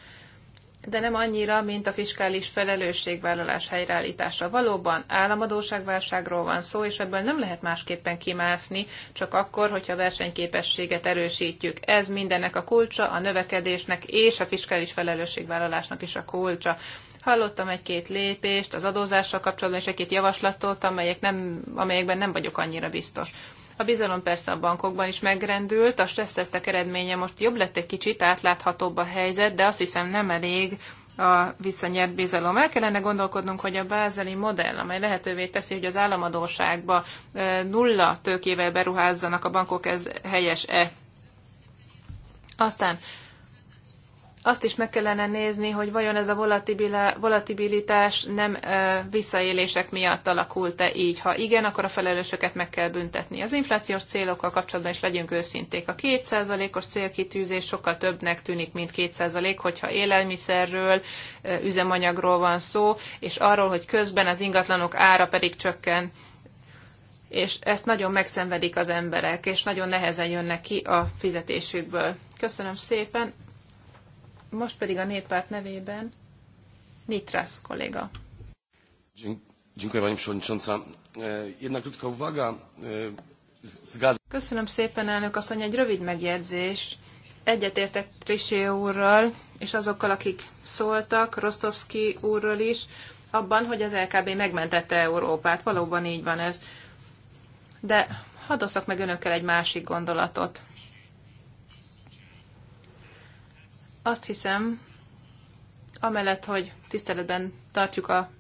de nem annyira, mint a fiskális felelősségvállalás helyreállítása. Valóban államadóságválságról van szó, és ebből nem lehet másképpen kimászni, csak akkor, hogyha a versenyképességet erősítjük. Ez mindennek a kulcsa, a növekedésnek és a fiskális felelősségvállalásnak is a kulcsa. Hallottam egy-két lépést az adózással kapcsolatban, és egy-két javaslatot, amelyek nem, amelyekben nem vagyok annyira biztos. A bizalom persze a bankokban is megrendült, a stressztesztek eredménye most jobb lett egy kicsit, átláthatóbb a helyzet, de azt hiszem nem elég a visszanyert bizalom. El kellene gondolkodnunk, hogy a bázeli modell, amely lehetővé teszi, hogy az államadóságba nulla tőkével beruházzanak a bankok, ez helyes-e? Aztán azt is meg kellene nézni, hogy vajon ez a volatilitás nem visszaélések miatt alakult-e így. Ha igen, akkor a felelősöket meg kell büntetni. Az inflációs célokkal kapcsolatban is legyünk őszinték. A 2%-os célkitűzés sokkal többnek tűnik, mint 2%, hogyha élelmiszerről, üzemanyagról van szó, és arról, hogy közben az ingatlanok ára pedig csökken és ezt nagyon megszenvedik az emberek, és nagyon nehezen jönnek ki a fizetésükből. Köszönöm szépen. Most pedig a néppárt nevében Nitras kolléga. E, e, Köszönöm szépen, elnök asszony. Egy rövid megjegyzés. Egyetértek Trisé úrral, és azokkal, akik szóltak, Rostovski úrral is, abban, hogy az LKB megmentette Európát. Valóban így van ez. De hadd meg önökkel egy másik gondolatot. Azt hiszem, amellett, hogy tiszteletben tartjuk a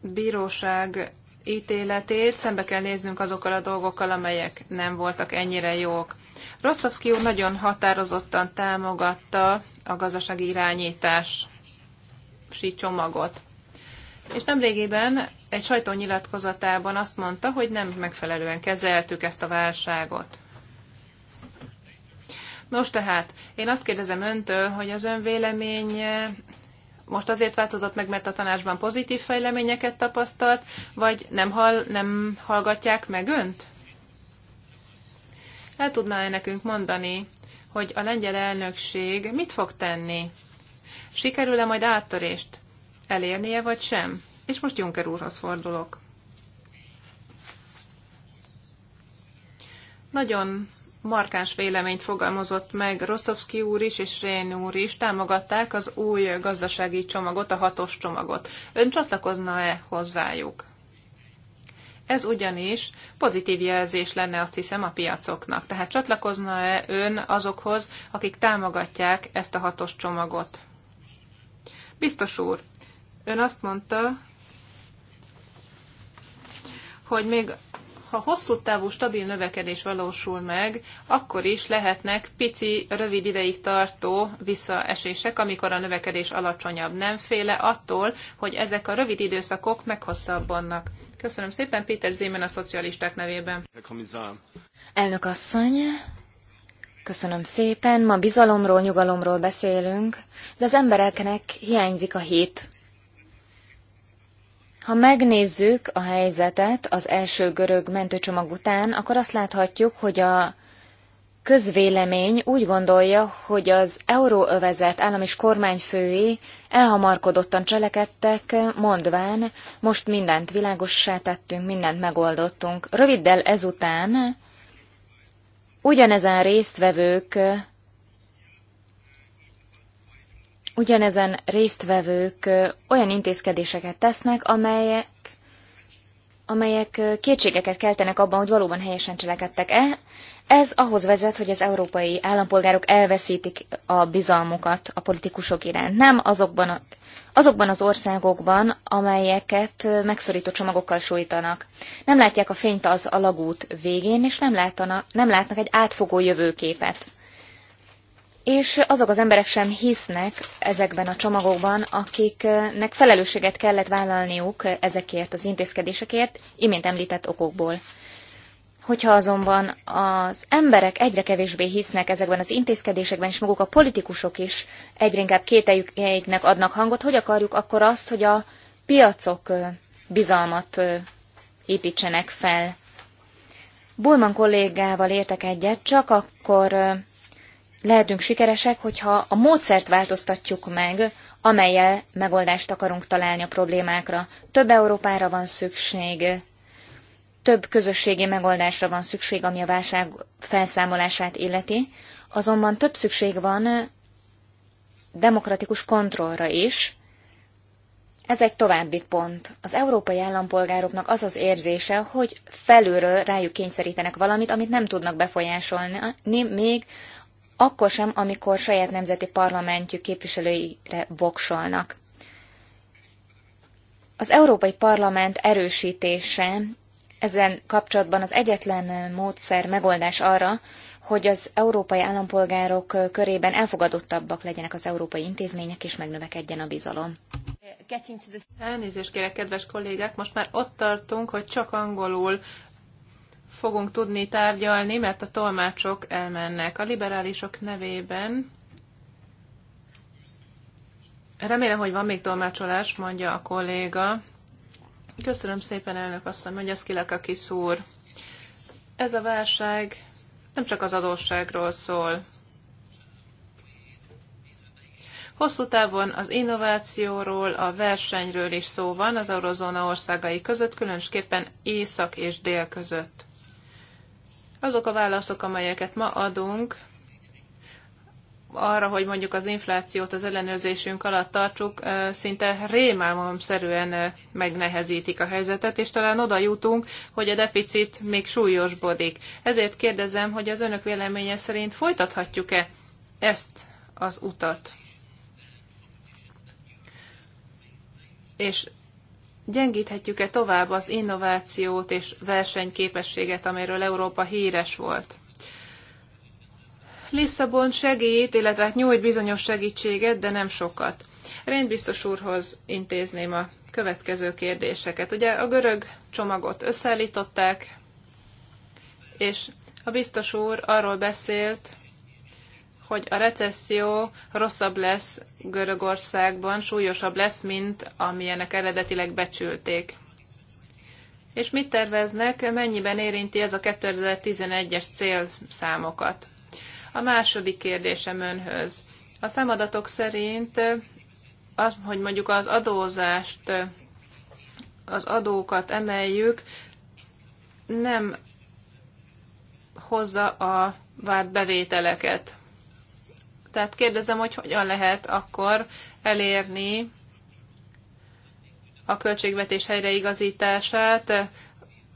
bíróság ítéletét, szembe kell néznünk azokkal a dolgokkal, amelyek nem voltak ennyire jók. Rostovski úr nagyon határozottan támogatta a gazdasági irányítás csomagot. És nemrégiben egy sajtónyilatkozatában azt mondta, hogy nem megfelelően kezeltük ezt a válságot. Nos tehát, én azt kérdezem öntől, hogy az ön véleménye most azért változott meg, mert a tanácsban pozitív fejleményeket tapasztalt, vagy nem, hall, nem hallgatják meg önt? El tudná-e nekünk mondani, hogy a lengyel elnökség mit fog tenni? Sikerül-e majd áttörést elérnie, vagy sem? És most Juncker úrhoz fordulok. Nagyon markáns véleményt fogalmazott meg Rostovski úr is és Rén úr is, támogatták az új gazdasági csomagot, a hatos csomagot. Ön csatlakozna-e hozzájuk? Ez ugyanis pozitív jelzés lenne, azt hiszem, a piacoknak. Tehát csatlakozna-e ön azokhoz, akik támogatják ezt a hatos csomagot? Biztos úr, ön azt mondta, hogy még ha hosszú távú stabil növekedés valósul meg, akkor is lehetnek pici, rövid ideig tartó visszaesések, amikor a növekedés alacsonyabb. Nem féle attól, hogy ezek a rövid időszakok meghosszabbannak. Köszönöm szépen, Péter Zémen a szocialisták nevében. Elnök asszony, Köszönöm szépen, ma bizalomról, nyugalomról beszélünk, de az embereknek hiányzik a hit. Ha megnézzük a helyzetet az első görög mentőcsomag után, akkor azt láthatjuk, hogy a közvélemény úgy gondolja, hogy az euróövezet állam és kormányfői elhamarkodottan cselekedtek, mondván, most mindent világossá tettünk, mindent megoldottunk. Röviddel ezután ugyanezen résztvevők ugyanezen résztvevők olyan intézkedéseket tesznek, amelyek, amelyek kétségeket keltenek abban, hogy valóban helyesen cselekedtek-e. Ez ahhoz vezet, hogy az európai állampolgárok elveszítik a bizalmukat a politikusok iránt. Nem azokban, a, azokban az országokban, amelyeket megszorító csomagokkal sújtanak. Nem látják a fényt az alagút végén, és nem, látana, nem látnak egy átfogó jövőképet és azok az emberek sem hisznek ezekben a csomagokban, akiknek felelősséget kellett vállalniuk ezekért az intézkedésekért, imént említett okokból. Hogyha azonban az emberek egyre kevésbé hisznek ezekben az intézkedésekben, és maguk a politikusok is egyre inkább kételjüknek adnak hangot, hogy akarjuk akkor azt, hogy a piacok bizalmat építsenek fel. Bulman kollégával értek egyet, csak akkor lehetünk sikeresek, hogyha a módszert változtatjuk meg, amelyel megoldást akarunk találni a problémákra. Több Európára van szükség, több közösségi megoldásra van szükség, ami a válság felszámolását illeti, azonban több szükség van demokratikus kontrollra is. Ez egy további pont. Az európai állampolgároknak az az érzése, hogy felülről rájuk kényszerítenek valamit, amit nem tudnak befolyásolni, még akkor sem, amikor saját nemzeti parlamentjük képviselőire voksolnak. Az Európai Parlament erősítése ezen kapcsolatban az egyetlen módszer megoldás arra, hogy az európai állampolgárok körében elfogadottabbak legyenek az európai intézmények, és megnövekedjen a bizalom. Elnézést kérek, kedves kollégák, most már ott tartunk, hogy csak angolul fogunk tudni tárgyalni, mert a tolmácsok elmennek. A liberálisok nevében remélem, hogy van még tolmácsolás, mondja a kolléga. Köszönöm szépen, elnök asszony, mondja a kiszúr. Ez a válság nem csak az adósságról szól. Hosszú távon az innovációról, a versenyről is szó van az eurozóna országai között, különösképpen észak és dél között. Azok a válaszok, amelyeket ma adunk, arra, hogy mondjuk az inflációt az ellenőrzésünk alatt tartsuk, szinte rémálmomszerűen megnehezítik a helyzetet, és talán oda jutunk, hogy a deficit még súlyosbodik. Ezért kérdezem, hogy az önök véleménye szerint folytathatjuk-e ezt az utat? És gyengíthetjük-e tovább az innovációt és versenyképességet, amiről Európa híres volt. Lisszabon segít, illetve hát nyújt bizonyos segítséget, de nem sokat. Rendbiztos úrhoz intézném a következő kérdéseket. Ugye a görög csomagot összeállították, és a biztos úr arról beszélt, hogy a recesszió rosszabb lesz Görögországban, súlyosabb lesz, mint amilyenek eredetileg becsülték. És mit terveznek, mennyiben érinti ez a 2011-es célszámokat? A második kérdésem önhöz. A számadatok szerint az, hogy mondjuk az adózást, az adókat emeljük, nem hozza a várt bevételeket. Tehát kérdezem, hogy hogyan lehet akkor elérni a költségvetés helyreigazítását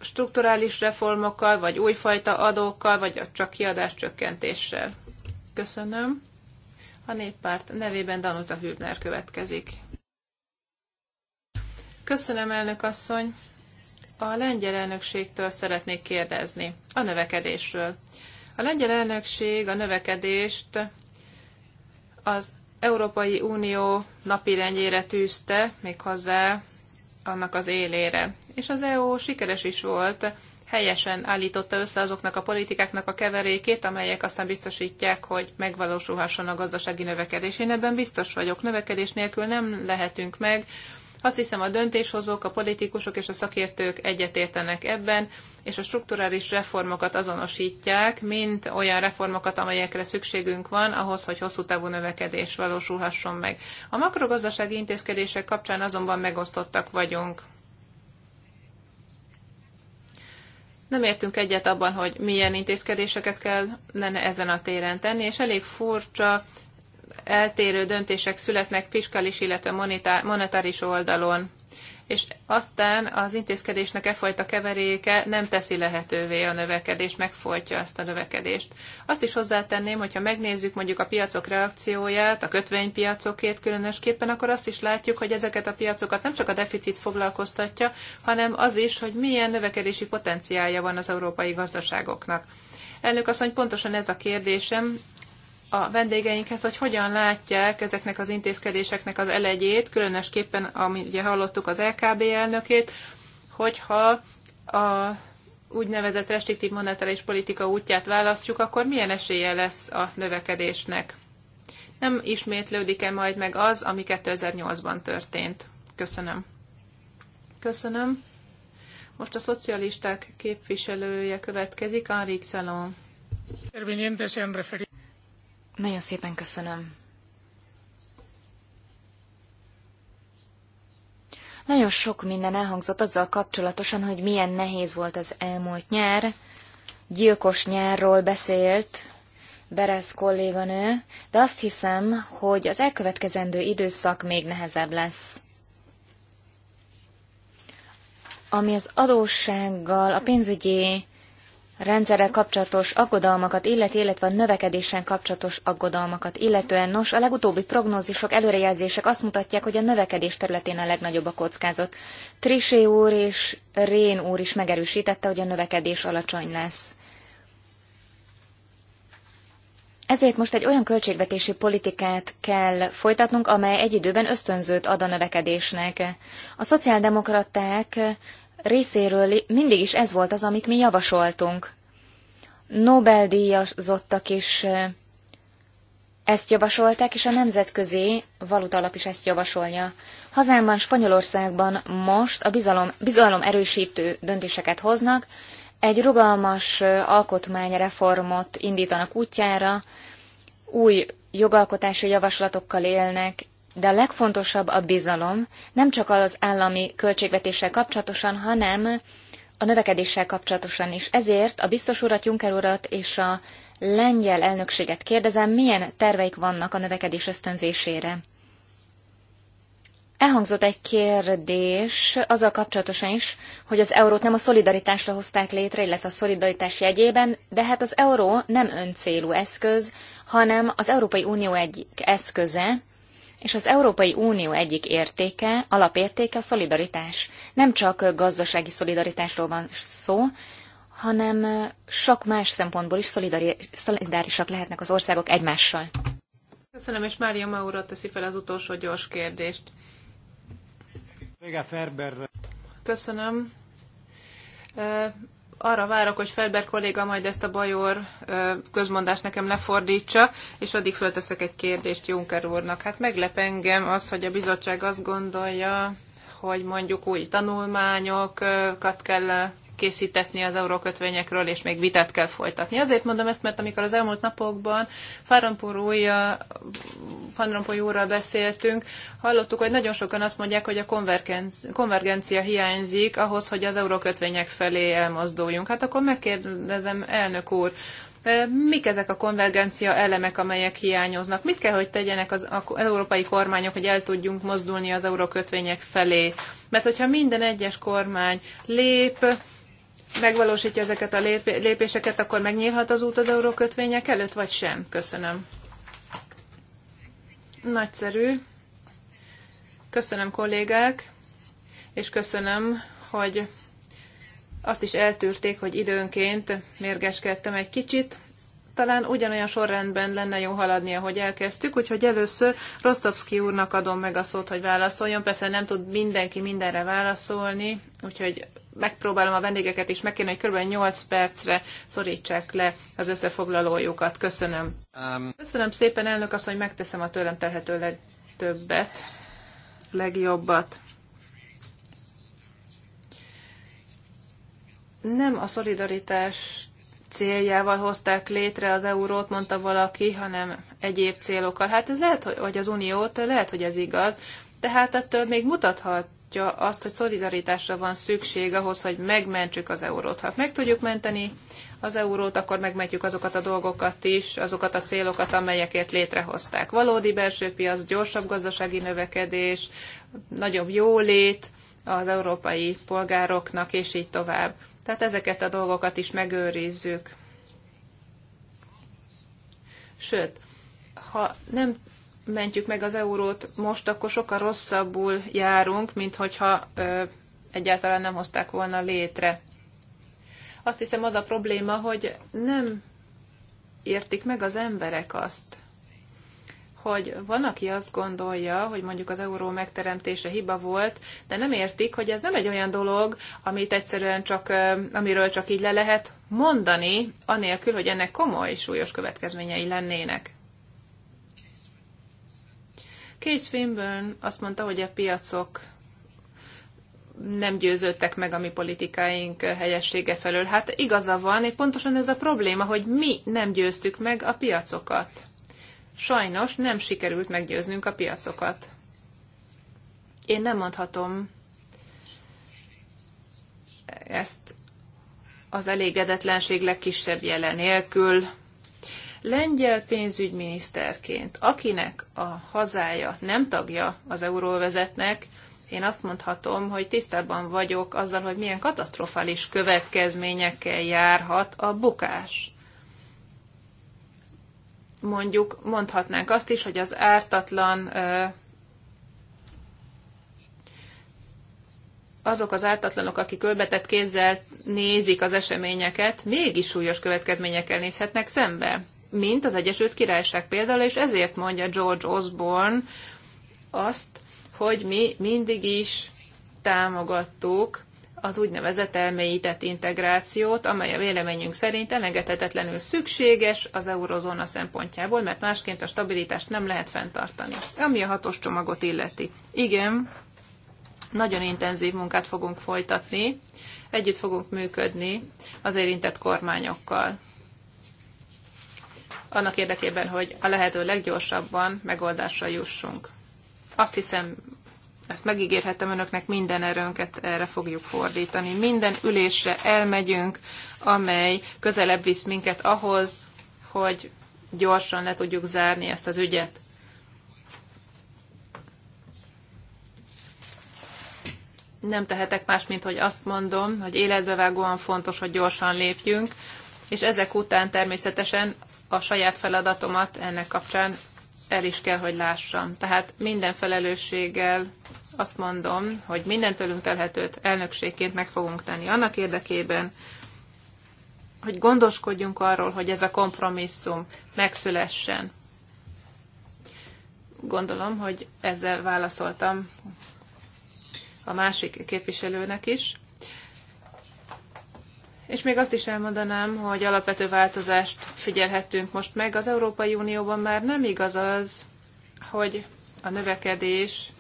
strukturális reformokkal, vagy újfajta adókkal, vagy csak kiadás csökkentéssel. Köszönöm. A néppárt nevében Danuta Hübner következik. Köszönöm, elnök asszony. A lengyel elnökségtől szeretnék kérdezni a növekedésről. A lengyel elnökség a növekedést az Európai Unió napirendjére tűzte, még hozzá annak az élére. És az EU sikeres is volt, helyesen állította össze azoknak a politikáknak a keverékét, amelyek aztán biztosítják, hogy megvalósulhasson a gazdasági növekedés. Én ebben biztos vagyok, növekedés nélkül nem lehetünk meg, azt hiszem a döntéshozók, a politikusok és a szakértők egyetértenek ebben, és a strukturális reformokat azonosítják, mint olyan reformokat, amelyekre szükségünk van ahhoz, hogy hosszú távú növekedés valósulhasson meg. A makrogazdasági intézkedések kapcsán azonban megosztottak vagyunk. nem értünk egyet abban, hogy milyen intézkedéseket kell lenne ezen a téren tenni, és elég furcsa eltérő döntések születnek fiskális, illetve monetáris oldalon és aztán az intézkedésnek e fajta keveréke nem teszi lehetővé a növekedést, megfolytja ezt a növekedést. Azt is hozzátenném, hogyha megnézzük mondjuk a piacok reakcióját, a kötvénypiacokét különösképpen, akkor azt is látjuk, hogy ezeket a piacokat nem csak a deficit foglalkoztatja, hanem az is, hogy milyen növekedési potenciálja van az európai gazdaságoknak. Elnök asszony, pontosan ez a kérdésem, a vendégeinkhez, hogy hogyan látják ezeknek az intézkedéseknek az elegyét, különösképpen, amit ugye hallottuk az LKB elnökét, hogyha a úgynevezett restriktív monetáris politika útját választjuk, akkor milyen esélye lesz a növekedésnek? Nem ismétlődik-e majd meg az, ami 2008-ban történt? Köszönöm. Köszönöm. Most a szocialisták képviselője következik, Henri Szalon. Nagyon szépen köszönöm. Nagyon sok minden elhangzott azzal kapcsolatosan, hogy milyen nehéz volt az elmúlt nyár. Gyilkos nyárról beszélt Berez kolléganő, de azt hiszem, hogy az elkövetkezendő időszak még nehezebb lesz. Ami az adóssággal, a pénzügyi rendszerrel kapcsolatos aggodalmakat illeti, illetve a növekedéssel kapcsolatos aggodalmakat illetően. Nos, a legutóbbi prognózisok, előrejelzések azt mutatják, hogy a növekedés területén a legnagyobb a kockázat. Trisé úr és Rén úr is megerősítette, hogy a növekedés alacsony lesz. Ezért most egy olyan költségvetési politikát kell folytatnunk, amely egy időben ösztönzőt ad a növekedésnek. A szociáldemokraták részéről mindig is ez volt az, amit mi javasoltunk. Nobel-díjazottak is ezt javasolták, és a nemzetközi valutalap is ezt javasolja. Hazámban, Spanyolországban most a bizalom, bizalom erősítő döntéseket hoznak, egy rugalmas alkotmányreformot indítanak útjára, új jogalkotási javaslatokkal élnek, de a legfontosabb a bizalom, nem csak az állami költségvetéssel kapcsolatosan, hanem a növekedéssel kapcsolatosan is. Ezért a biztos urat, Juncker urat és a lengyel elnökséget kérdezem, milyen terveik vannak a növekedés ösztönzésére. Elhangzott egy kérdés azzal kapcsolatosan is, hogy az eurót nem a szolidaritásra hozták létre, illetve a szolidaritás jegyében, de hát az euró nem öncélú eszköz, hanem az Európai Unió egyik eszköze, és az Európai Unió egyik értéke, alapértéke a szolidaritás. Nem csak gazdasági szolidaritásról van szó, hanem sok más szempontból is szolidárisak lehetnek az országok egymással. Köszönöm, és Mária Maura teszi fel az utolsó gyors kérdést. Vége Ferber. Köszönöm arra várok, hogy Felber kolléga majd ezt a bajor közmondást nekem lefordítsa, és addig fölteszek egy kérdést Juncker úrnak. Hát meglep engem az, hogy a bizottság azt gondolja, hogy mondjuk új tanulmányokat kell készítetni az eurókötvényekről, és még vitát kell folytatni. Azért mondom ezt, mert amikor az elmúlt napokban Fárampoly úrral beszéltünk, hallottuk, hogy nagyon sokan azt mondják, hogy a konvergencia hiányzik ahhoz, hogy az eurókötvények felé elmozduljunk. Hát akkor megkérdezem, elnök úr, mik ezek a konvergencia elemek, amelyek hiányoznak? Mit kell, hogy tegyenek az, az európai kormányok, hogy el tudjunk mozdulni az eurókötvények felé? Mert hogyha minden egyes kormány lép, megvalósítja ezeket a lépéseket, akkor megnyílhat az út az eurókötvények előtt, vagy sem? Köszönöm. Nagyszerű. Köszönöm kollégák, és köszönöm, hogy azt is eltűrték, hogy időnként mérgeskedtem egy kicsit talán ugyanolyan sorrendben lenne jó haladni, ahogy elkezdtük, úgyhogy először Rostovski úrnak adom meg a szót, hogy válaszoljon. Persze nem tud mindenki mindenre válaszolni, úgyhogy megpróbálom a vendégeket is megkérni, hogy kb. 8 percre szorítsák le az összefoglalójukat. Köszönöm. Um. Köszönöm szépen, elnök azt, hogy megteszem a tőlem telhető legtöbbet, legjobbat. nem a szolidaritás céljával hozták létre az eurót, mondta valaki, hanem egyéb célokkal. Hát ez lehet, hogy az uniót, lehet, hogy ez igaz, de hát ettől még mutathatja azt, hogy szolidaritásra van szükség ahhoz, hogy megmentsük az eurót. Ha meg tudjuk menteni az eurót, akkor megmentjük azokat a dolgokat is, azokat a célokat, amelyekért létrehozták. Valódi belső piac, gyorsabb gazdasági növekedés, nagyobb jólét, az európai polgároknak, és így tovább. Tehát ezeket a dolgokat is megőrizzük. Sőt, ha nem mentjük meg az eurót most, akkor sokkal rosszabbul járunk, mint hogyha ö, egyáltalán nem hozták volna létre. Azt hiszem az a probléma, hogy nem értik meg az emberek azt, hogy van, aki azt gondolja, hogy mondjuk az euró megteremtése hiba volt, de nem értik, hogy ez nem egy olyan dolog, amit egyszerűen csak, amiről csak így le lehet mondani, anélkül, hogy ennek komoly, súlyos következményei lennének. Case Swinburne azt mondta, hogy a piacok nem győződtek meg a mi politikáink helyessége felől. Hát igaza van, és pontosan ez a probléma, hogy mi nem győztük meg a piacokat. Sajnos nem sikerült meggyőznünk a piacokat. Én nem mondhatom ezt az elégedetlenség legkisebb jele nélkül. Lengyel pénzügyminiszterként, akinek a hazája nem tagja az euróvezetnek, én azt mondhatom, hogy tisztában vagyok azzal, hogy milyen katasztrofális következményekkel járhat a bukás mondjuk mondhatnánk azt is, hogy az ártatlan azok az ártatlanok, akik ölbetett kézzel nézik az eseményeket, mégis súlyos következményekkel nézhetnek szembe, mint az Egyesült Királyság például, és ezért mondja George Osborne azt, hogy mi mindig is támogattuk az úgynevezett elmélyített integrációt, amely a véleményünk szerint elengedhetetlenül szükséges az eurozóna szempontjából, mert másként a stabilitást nem lehet fenntartani. Ami a hatos csomagot illeti. Igen, nagyon intenzív munkát fogunk folytatni, együtt fogunk működni az érintett kormányokkal. Annak érdekében, hogy a lehető leggyorsabban megoldásra jussunk. Azt hiszem, ezt megígérhetem önöknek, minden erőnket erre fogjuk fordítani. Minden ülésre elmegyünk, amely közelebb visz minket ahhoz, hogy gyorsan le tudjuk zárni ezt az ügyet. Nem tehetek más, mint hogy azt mondom, hogy életbevágóan fontos, hogy gyorsan lépjünk, és ezek után természetesen a saját feladatomat ennek kapcsán el is kell, hogy lássam. Tehát minden felelősséggel azt mondom, hogy minden tőlünk telhetőt elnökségként meg fogunk tenni annak érdekében, hogy gondoskodjunk arról, hogy ez a kompromisszum megszülessen. Gondolom, hogy ezzel válaszoltam a másik képviselőnek is. És még azt is elmondanám, hogy alapvető változást figyelhettünk most meg. Az Európai Unióban már nem igaz az, hogy a növekedés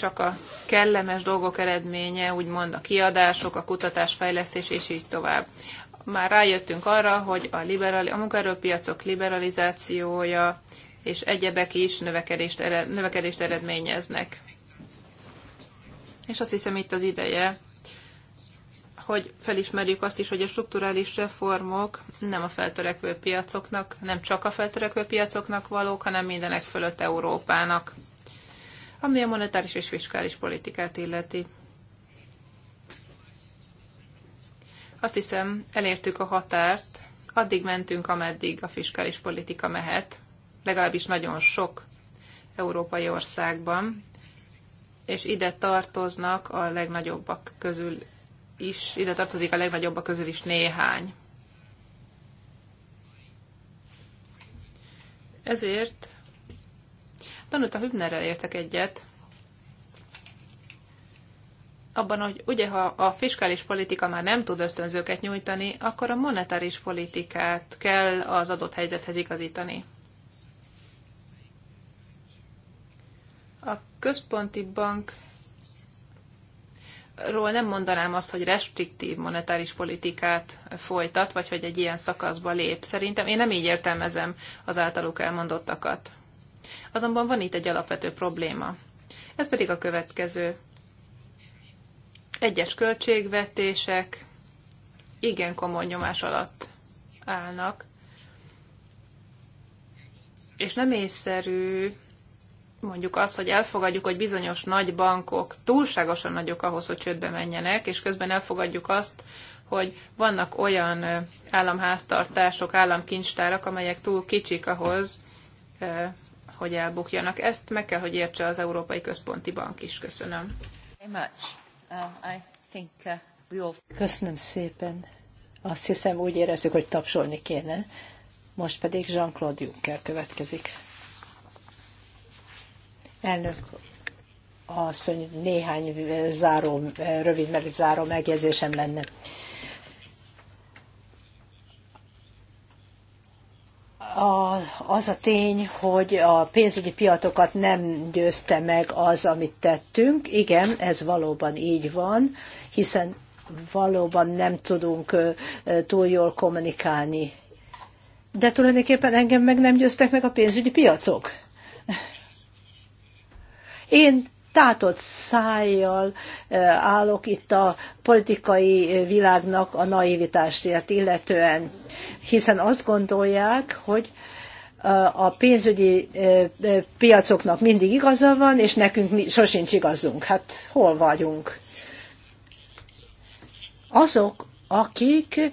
csak a kellemes dolgok eredménye, úgymond a kiadások, a kutatás, fejlesztés és így tovább. Már rájöttünk arra, hogy a, liberali, a munkaerőpiacok liberalizációja és egyebek is növekedést, ered, növekedést eredményeznek. És azt hiszem itt az ideje, hogy felismerjük azt is, hogy a strukturális reformok nem a feltörekvő piacoknak, nem csak a feltörekvő piacoknak valók, hanem mindenek fölött Európának ami a monetáris és fiskális politikát illeti. Azt hiszem, elértük a határt, addig mentünk, ameddig a fiskális politika mehet, legalábbis nagyon sok európai országban, és ide tartoznak a legnagyobbak közül is, ide tartozik a legnagyobbak közül is néhány. Ezért Tanulta Hübnerrel értek egyet, abban, hogy ugye ha a fiskális politika már nem tud ösztönzőket nyújtani, akkor a monetáris politikát kell az adott helyzethez igazítani. A központi bank ról nem mondanám azt, hogy restriktív monetáris politikát folytat, vagy hogy egy ilyen szakaszba lép. Szerintem én nem így értelmezem az általuk elmondottakat. Azonban van itt egy alapvető probléma. Ez pedig a következő. Egyes költségvetések igen komoly nyomás alatt állnak, és nem észszerű mondjuk az, hogy elfogadjuk, hogy bizonyos nagy bankok túlságosan nagyok ahhoz, hogy csődbe menjenek, és közben elfogadjuk azt, hogy vannak olyan államháztartások, államkincstárak, amelyek túl kicsik ahhoz, hogy elbukjanak. Ezt meg kell, hogy értse az Európai Központi Bank is. Köszönöm. Uh, uh, Köszönöm szépen. Azt hiszem, úgy érezzük, hogy tapsolni kéne. Most pedig Jean-Claude Juncker következik. Elnök hogy néhány záró, rövid záró megjegyzésem lenne. a, az a tény, hogy a pénzügyi piatokat nem győzte meg az, amit tettünk. Igen, ez valóban így van, hiszen valóban nem tudunk túl jól kommunikálni. De tulajdonképpen engem meg nem győztek meg a pénzügyi piacok. Én tátott szájjal állok itt a politikai világnak a naivitásért illetően, hiszen azt gondolják, hogy a pénzügyi piacoknak mindig igaza van, és nekünk sosincs igazunk. Hát hol vagyunk? Azok, akik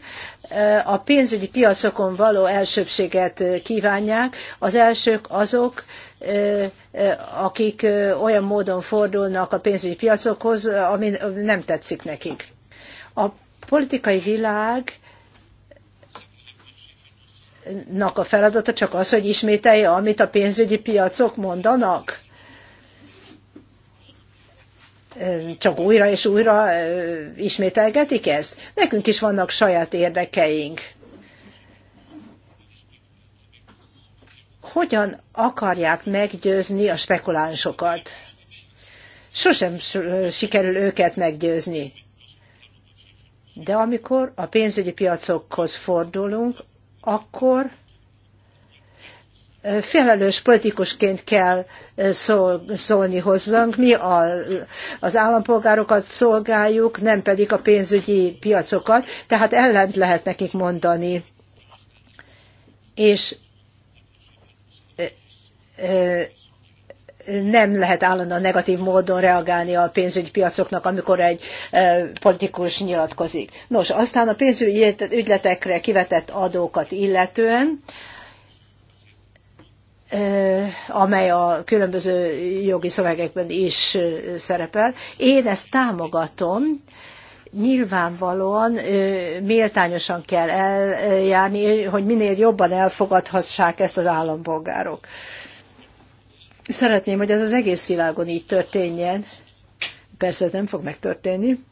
a pénzügyi piacokon való elsőbséget kívánják, az elsők azok, akik olyan módon fordulnak a pénzügyi piacokhoz, ami nem tetszik nekik. A politikai világ a feladata csak az, hogy ismételje, amit a pénzügyi piacok mondanak csak újra és újra ismételgetik ezt? Nekünk is vannak saját érdekeink. hogyan akarják meggyőzni a spekulánsokat. Sosem sikerül őket meggyőzni. De amikor a pénzügyi piacokhoz fordulunk, akkor felelős politikusként kell szól, szólni hozzánk. Mi a, az állampolgárokat szolgáljuk, nem pedig a pénzügyi piacokat, tehát ellent lehet nekik mondani. És nem lehet állandóan negatív módon reagálni a pénzügyi piacoknak, amikor egy e, politikus nyilatkozik. Nos, aztán a pénzügyi ügyletekre kivetett adókat illetően, e, amely a különböző jogi szövegekben is e, szerepel. Én ezt támogatom, nyilvánvalóan méltányosan kell eljárni, hogy minél jobban elfogadhassák ezt az állampolgárok. Szeretném, hogy ez az egész világon így történjen. Persze ez nem fog megtörténni.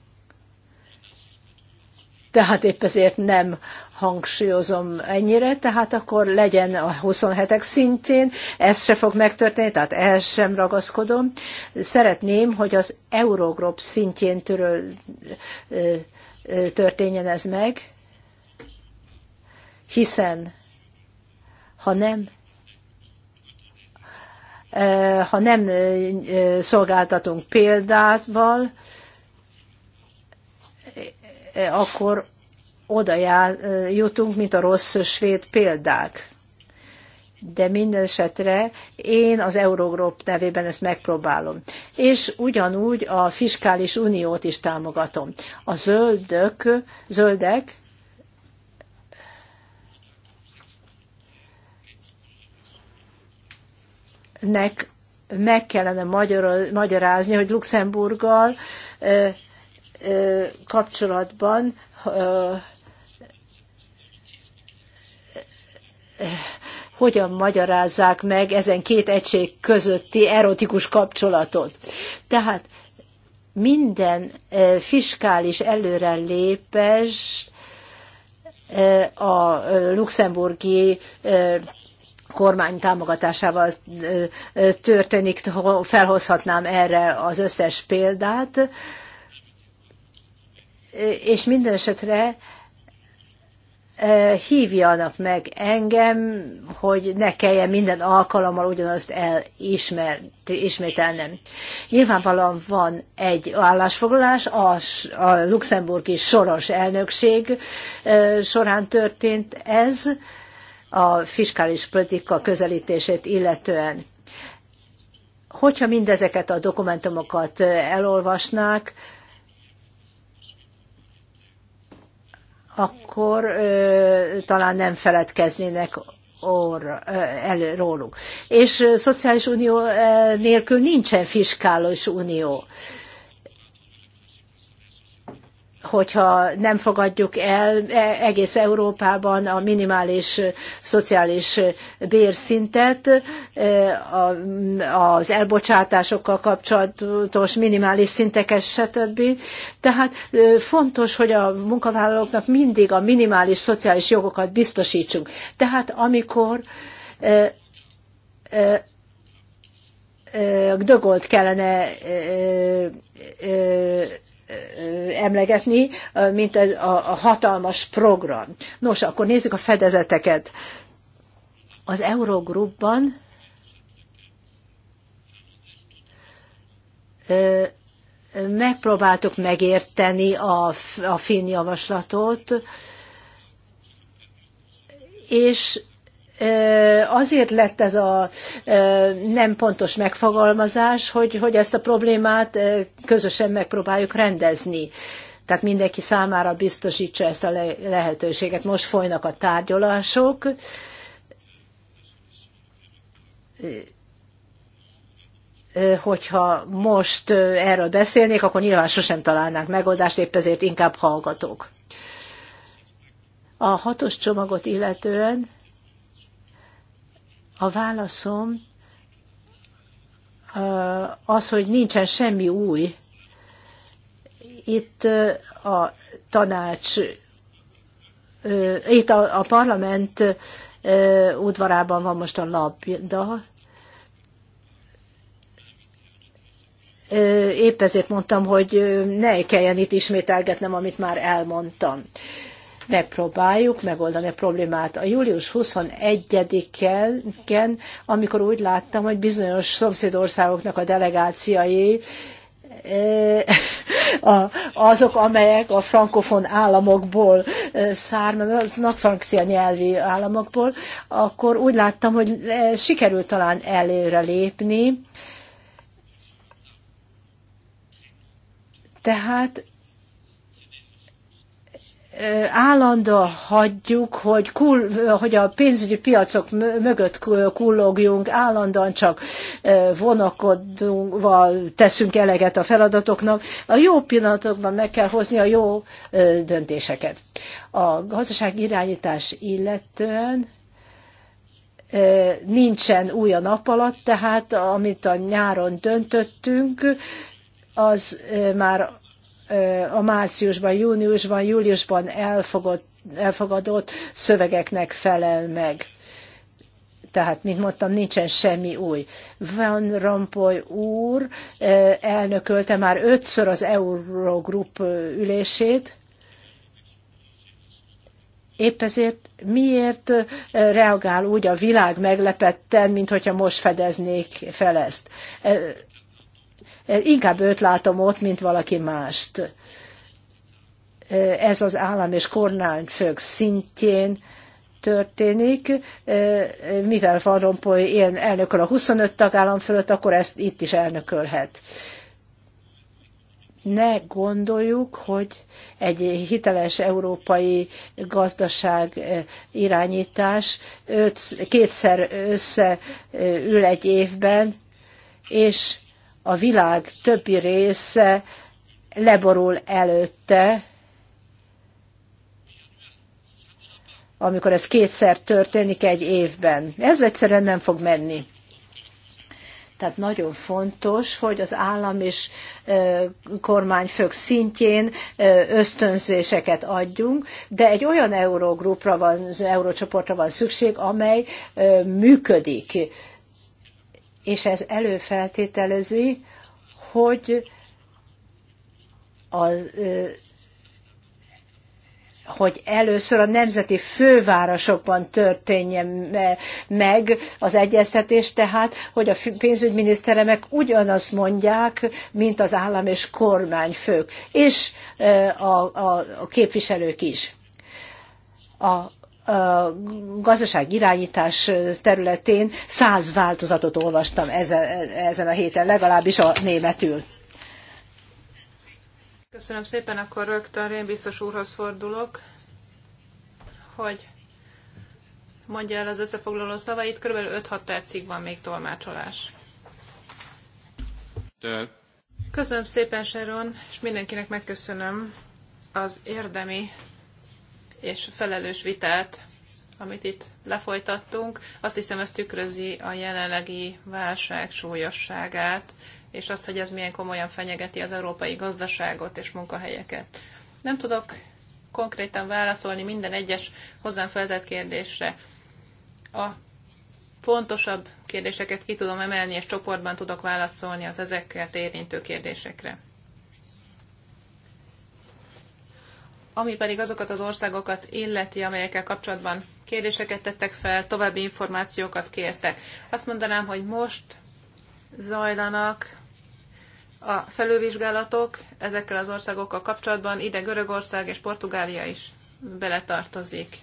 Tehát épp ezért nem hangsúlyozom ennyire, tehát akkor legyen a 27-ek szintjén, ez se fog megtörténni, tehát ehhez sem ragaszkodom. Szeretném, hogy az Eurogrop szintjén töröl, történjen ez meg, hiszen ha nem, Eh, ha nem eh, szolgáltatunk példával, eh, akkor oda jutunk, mint a rossz svéd példák. De minden esetre én az Eurogrop nevében ezt megpróbálom. És ugyanúgy a fiskális uniót is támogatom. A zöldök, zöldek nek meg kellene magyarázni, hogy Luxemburggal kapcsolatban hogyan magyarázzák meg ezen két egység közötti erotikus kapcsolatot. Tehát minden fiskális előrelépés a luxemburgi kormány támogatásával történik, felhozhatnám erre az összes példát, és minden esetre hívjanak meg engem, hogy ne kelljen minden alkalommal ugyanazt elismételnem. ismételnem. Nyilvánvalóan van egy állásfoglalás, a, a luxemburgi soros elnökség során történt ez, a fiskális politika közelítését illetően. Hogyha mindezeket a dokumentumokat elolvasnák, akkor ö, talán nem feledkeznének or, el, róluk. És ö, szociális unió ö, nélkül nincsen fiskális unió. Ö, hogyha nem fogadjuk el e, egész Európában a minimális szociális bérszintet, e, az elbocsátásokkal kapcsolatos minimális szinteket, stb. Tehát e, fontos, hogy a munkavállalóknak mindig a minimális szociális jogokat biztosítsuk. Tehát amikor dögolt kellene emlegetni, mint a, a hatalmas program. Nos, akkor nézzük a fedezeteket. Az Eurogrupban megpróbáltuk megérteni a, a finn javaslatot, és azért lett ez a nem pontos megfogalmazás, hogy, hogy ezt a problémát közösen megpróbáljuk rendezni. Tehát mindenki számára biztosítsa ezt a lehetőséget. Most folynak a tárgyalások hogyha most erről beszélnék, akkor nyilván sosem találnánk megoldást, épp ezért inkább hallgatok. A hatos csomagot illetően a válaszom az, hogy nincsen semmi új. Itt a tanács, itt a, a parlament udvarában van most a labda. Épp ezért mondtam, hogy ne kelljen itt ismételgetnem, amit már elmondtam megpróbáljuk megoldani a problémát. A július 21-en, amikor úgy láttam, hogy bizonyos szomszédországoknak a delegációi e, azok, amelyek a frankofon államokból e, származnak, francia nyelvi államokból, akkor úgy láttam, hogy e, sikerült talán előre lépni. Tehát állandóan hagyjuk, hogy, kul, hogy a pénzügyi piacok mögött kullogjunk, állandóan csak vonakodva teszünk eleget a feladatoknak. A jó pillanatokban meg kell hozni a jó döntéseket. A gazdaság irányítás illetően nincsen új a nap alatt, tehát amit a nyáron döntöttünk, az már a márciusban, júniusban, júliusban elfogott, elfogadott szövegeknek felel meg. Tehát, mint mondtam, nincsen semmi új. Van Rompuy úr elnökölte már ötször az Eurogroup ülését, Épp ezért miért reagál úgy a világ meglepetten, mint hogyha most fedeznék fel ezt? Inkább őt látom ott, mint valaki mást. Ez az állam és kormányfők szintjén történik, mivel Van Rompuy ilyen elnököl a 25 tagállam fölött, akkor ezt itt is elnökölhet. Ne gondoljuk, hogy egy hiteles európai gazdaság irányítás öt, kétszer összeül egy évben, és a világ többi része leborul előtte, amikor ez kétszer történik egy évben. Ez egyszerűen nem fog menni. Tehát nagyon fontos, hogy az állam és kormányfők szintjén ösztönzéseket adjunk, de egy olyan eurógrupra van, eurócsoportra van szükség, amely működik és ez előfeltételezi, hogy a, hogy először a nemzeti fővárosokban történjen meg az egyeztetés, tehát hogy a pénzügyminiszteremek ugyanazt mondják, mint az állam és kormányfők, és a, a, a képviselők is. A a gazdaság irányítás területén száz változatot olvastam ezen a héten, legalábbis a németül. Köszönöm szépen, akkor rögtön én biztos úrhoz fordulok, hogy mondja el az összefoglaló szavait, kb. 5-6 percig van még tolmácsolás. De... Köszönöm szépen, Sharon, és mindenkinek megköszönöm az érdemi és felelős vitát, amit itt lefolytattunk. Azt hiszem, ez tükrözi a jelenlegi válság súlyosságát, és azt, hogy ez milyen komolyan fenyegeti az európai gazdaságot és munkahelyeket. Nem tudok konkrétan válaszolni minden egyes hozzám feltett kérdésre. A fontosabb kérdéseket ki tudom emelni, és csoportban tudok válaszolni az ezeket érintő kérdésekre. Ami pedig azokat az országokat illeti, amelyekkel kapcsolatban kérdéseket tettek fel, további információkat kértek. Azt mondanám, hogy most zajlanak a felülvizsgálatok ezekkel az országokkal kapcsolatban, ide Görögország és Portugália is beletartozik.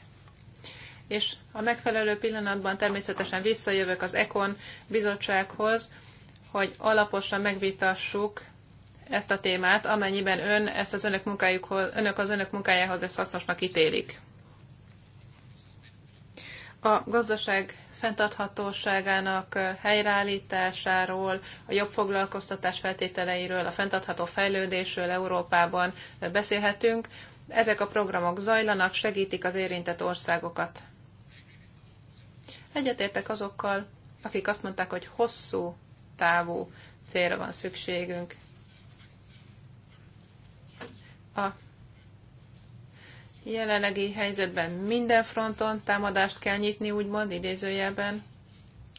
És a megfelelő pillanatban természetesen visszajövök az ECON bizottsághoz, hogy alaposan megvitassuk ezt a témát, amennyiben ön ezt az önök, munkájukhoz, önök az önök munkájához ezt hasznosnak ítélik. A gazdaság fenntarthatóságának helyreállításáról, a jobb foglalkoztatás feltételeiről, a fenntartható fejlődésről Európában beszélhetünk. Ezek a programok zajlanak, segítik az érintett országokat. Egyetértek azokkal, akik azt mondták, hogy hosszú távú célra van szükségünk. A jelenlegi helyzetben minden fronton támadást kell nyitni, úgymond idézőjelben.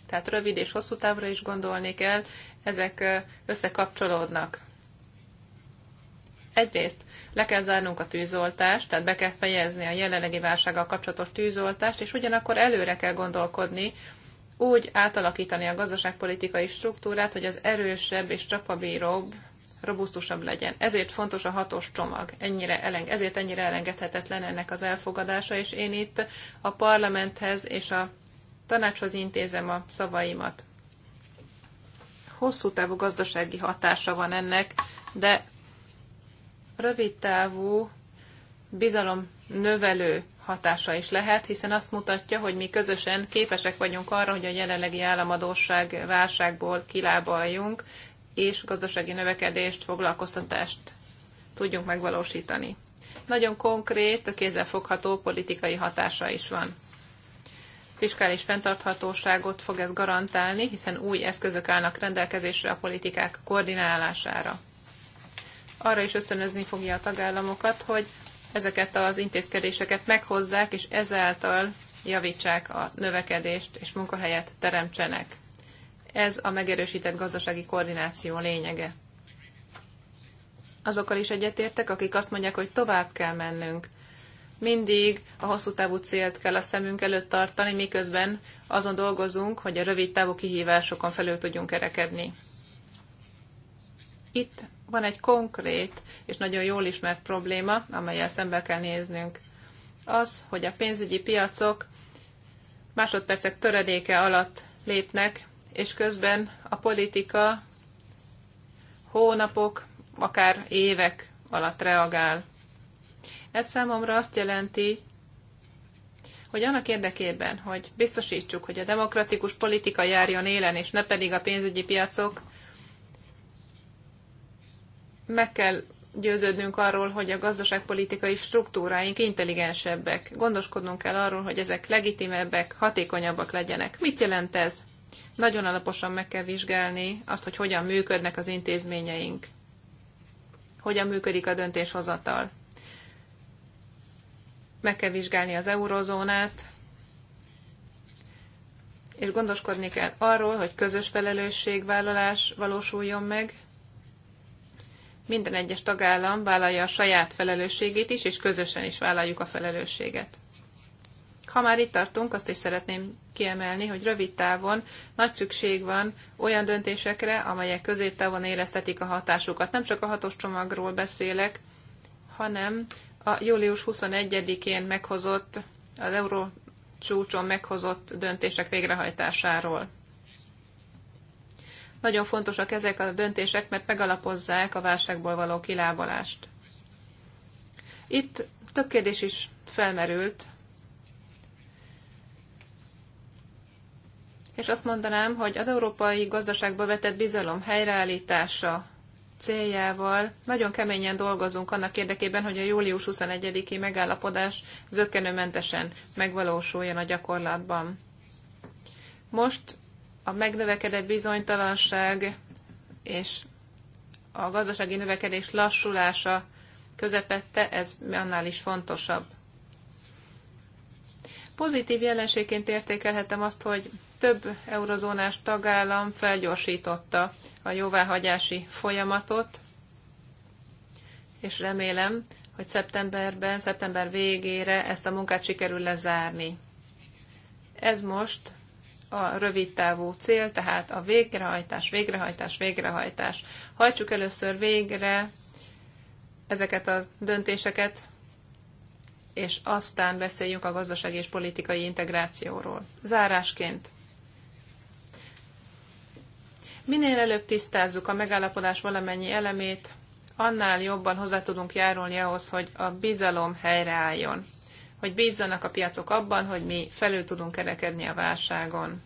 Tehát rövid és hosszú távra is gondolni kell, ezek összekapcsolódnak. Egyrészt le kell zárnunk a tűzoltást, tehát be kell fejezni a jelenlegi válsággal kapcsolatos tűzoltást, és ugyanakkor előre kell gondolkodni, úgy átalakítani a gazdaságpolitikai struktúrát, hogy az erősebb és csapabíróbb robusztusabb legyen. Ezért fontos a hatos csomag, ennyire eleng, ezért ennyire elengedhetetlen ennek az elfogadása, és én itt a parlamenthez és a tanácshoz intézem a szavaimat. Hosszú távú gazdasági hatása van ennek, de rövid távú bizalom növelő hatása is lehet, hiszen azt mutatja, hogy mi közösen képesek vagyunk arra, hogy a jelenlegi államadóság válságból kilábaljunk, és gazdasági növekedést, foglalkoztatást tudjunk megvalósítani. Nagyon konkrét, kézzelfogható politikai hatása is van. Fiskális fenntarthatóságot fog ez garantálni, hiszen új eszközök állnak rendelkezésre a politikák koordinálására. Arra is ösztönözni fogja a tagállamokat, hogy ezeket az intézkedéseket meghozzák, és ezáltal javítsák a növekedést és munkahelyet teremtsenek. Ez a megerősített gazdasági koordináció lényege. Azokkal is egyetértek, akik azt mondják, hogy tovább kell mennünk. Mindig a hosszú távú célt kell a szemünk előtt tartani, miközben azon dolgozunk, hogy a rövid távú kihívásokon felül tudjunk kerekedni. Itt van egy konkrét és nagyon jól ismert probléma, amelyel szembe kell néznünk. Az, hogy a pénzügyi piacok másodpercek töredéke alatt lépnek és közben a politika hónapok, akár évek alatt reagál. Ez számomra azt jelenti, hogy annak érdekében, hogy biztosítsuk, hogy a demokratikus politika járjon élen, és ne pedig a pénzügyi piacok, meg kell győződnünk arról, hogy a gazdaságpolitikai struktúráink intelligensebbek. Gondoskodnunk kell arról, hogy ezek legitimebbek, hatékonyabbak legyenek. Mit jelent ez? Nagyon alaposan meg kell vizsgálni azt, hogy hogyan működnek az intézményeink, hogyan működik a döntéshozatal. Meg kell vizsgálni az eurozónát, és gondoskodni kell arról, hogy közös felelősségvállalás valósuljon meg. Minden egyes tagállam vállalja a saját felelősségét is, és közösen is vállaljuk a felelősséget. Ha már itt tartunk, azt is szeretném kiemelni, hogy rövid távon nagy szükség van olyan döntésekre, amelyek középtávon éreztetik a hatásukat. Nem csak a hatos csomagról beszélek, hanem a július 21-én meghozott, az euró csúcson meghozott döntések végrehajtásáról. Nagyon fontosak ezek a döntések, mert megalapozzák a válságból való kilábalást. Itt több kérdés is felmerült, és azt mondanám, hogy az európai gazdaságba vetett bizalom helyreállítása céljával nagyon keményen dolgozunk annak érdekében, hogy a július 21-i megállapodás zökkenőmentesen megvalósuljon a gyakorlatban. Most a megnövekedett bizonytalanság és a gazdasági növekedés lassulása közepette, ez annál is fontosabb. Pozitív jelenségként értékelhetem azt, hogy több eurozónás tagállam felgyorsította a jóváhagyási folyamatot, és remélem, hogy szeptemberben, szeptember végére ezt a munkát sikerül lezárni. Ez most a rövid távú cél, tehát a végrehajtás, végrehajtás, végrehajtás. Hajtsuk először végre ezeket a döntéseket, és aztán beszéljünk a gazdasági és politikai integrációról. Zárásként Minél előbb tisztázzuk a megállapodás valamennyi elemét, annál jobban hozzá tudunk járulni ahhoz, hogy a bizalom helyreálljon, hogy bízzanak a piacok abban, hogy mi felül tudunk kerekedni a válságon.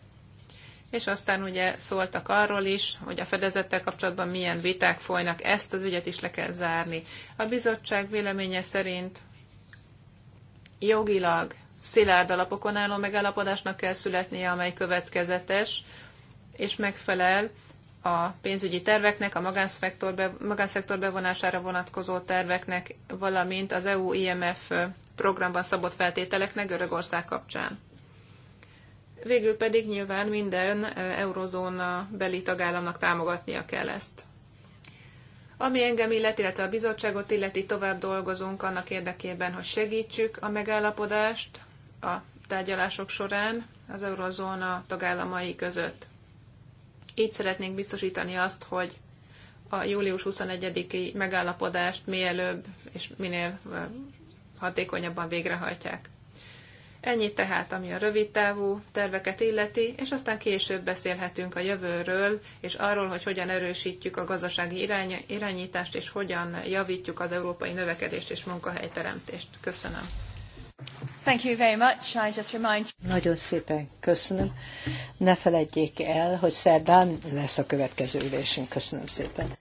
És aztán ugye szóltak arról is, hogy a fedezettel kapcsolatban milyen viták folynak, ezt az ügyet is le kell zárni. A bizottság véleménye szerint jogilag szilárd alapokon álló megállapodásnak kell születnie, amely következetes és megfelel a pénzügyi terveknek, a magánszektor, bevonására vonatkozó terveknek, valamint az EU-IMF programban szabott feltételeknek Görögország kapcsán. Végül pedig nyilván minden eurozóna beli tagállamnak támogatnia kell ezt. Ami engem illet, illetve a bizottságot illeti, tovább dolgozunk annak érdekében, hogy segítsük a megállapodást a tárgyalások során az eurozóna tagállamai között. Így szeretnénk biztosítani azt, hogy a július 21-i megállapodást mielőbb és minél hatékonyabban végrehajtják. Ennyi tehát, ami a rövid távú terveket illeti, és aztán később beszélhetünk a jövőről, és arról, hogy hogyan erősítjük a gazdasági irány, irányítást, és hogyan javítjuk az európai növekedést és munkahelyteremtést. Köszönöm. Thank you very much. I just remind you. Nagyon szépen köszönöm. Ne felejtjék el, hogy szerdán lesz a következő ülésünk. Köszönöm szépen.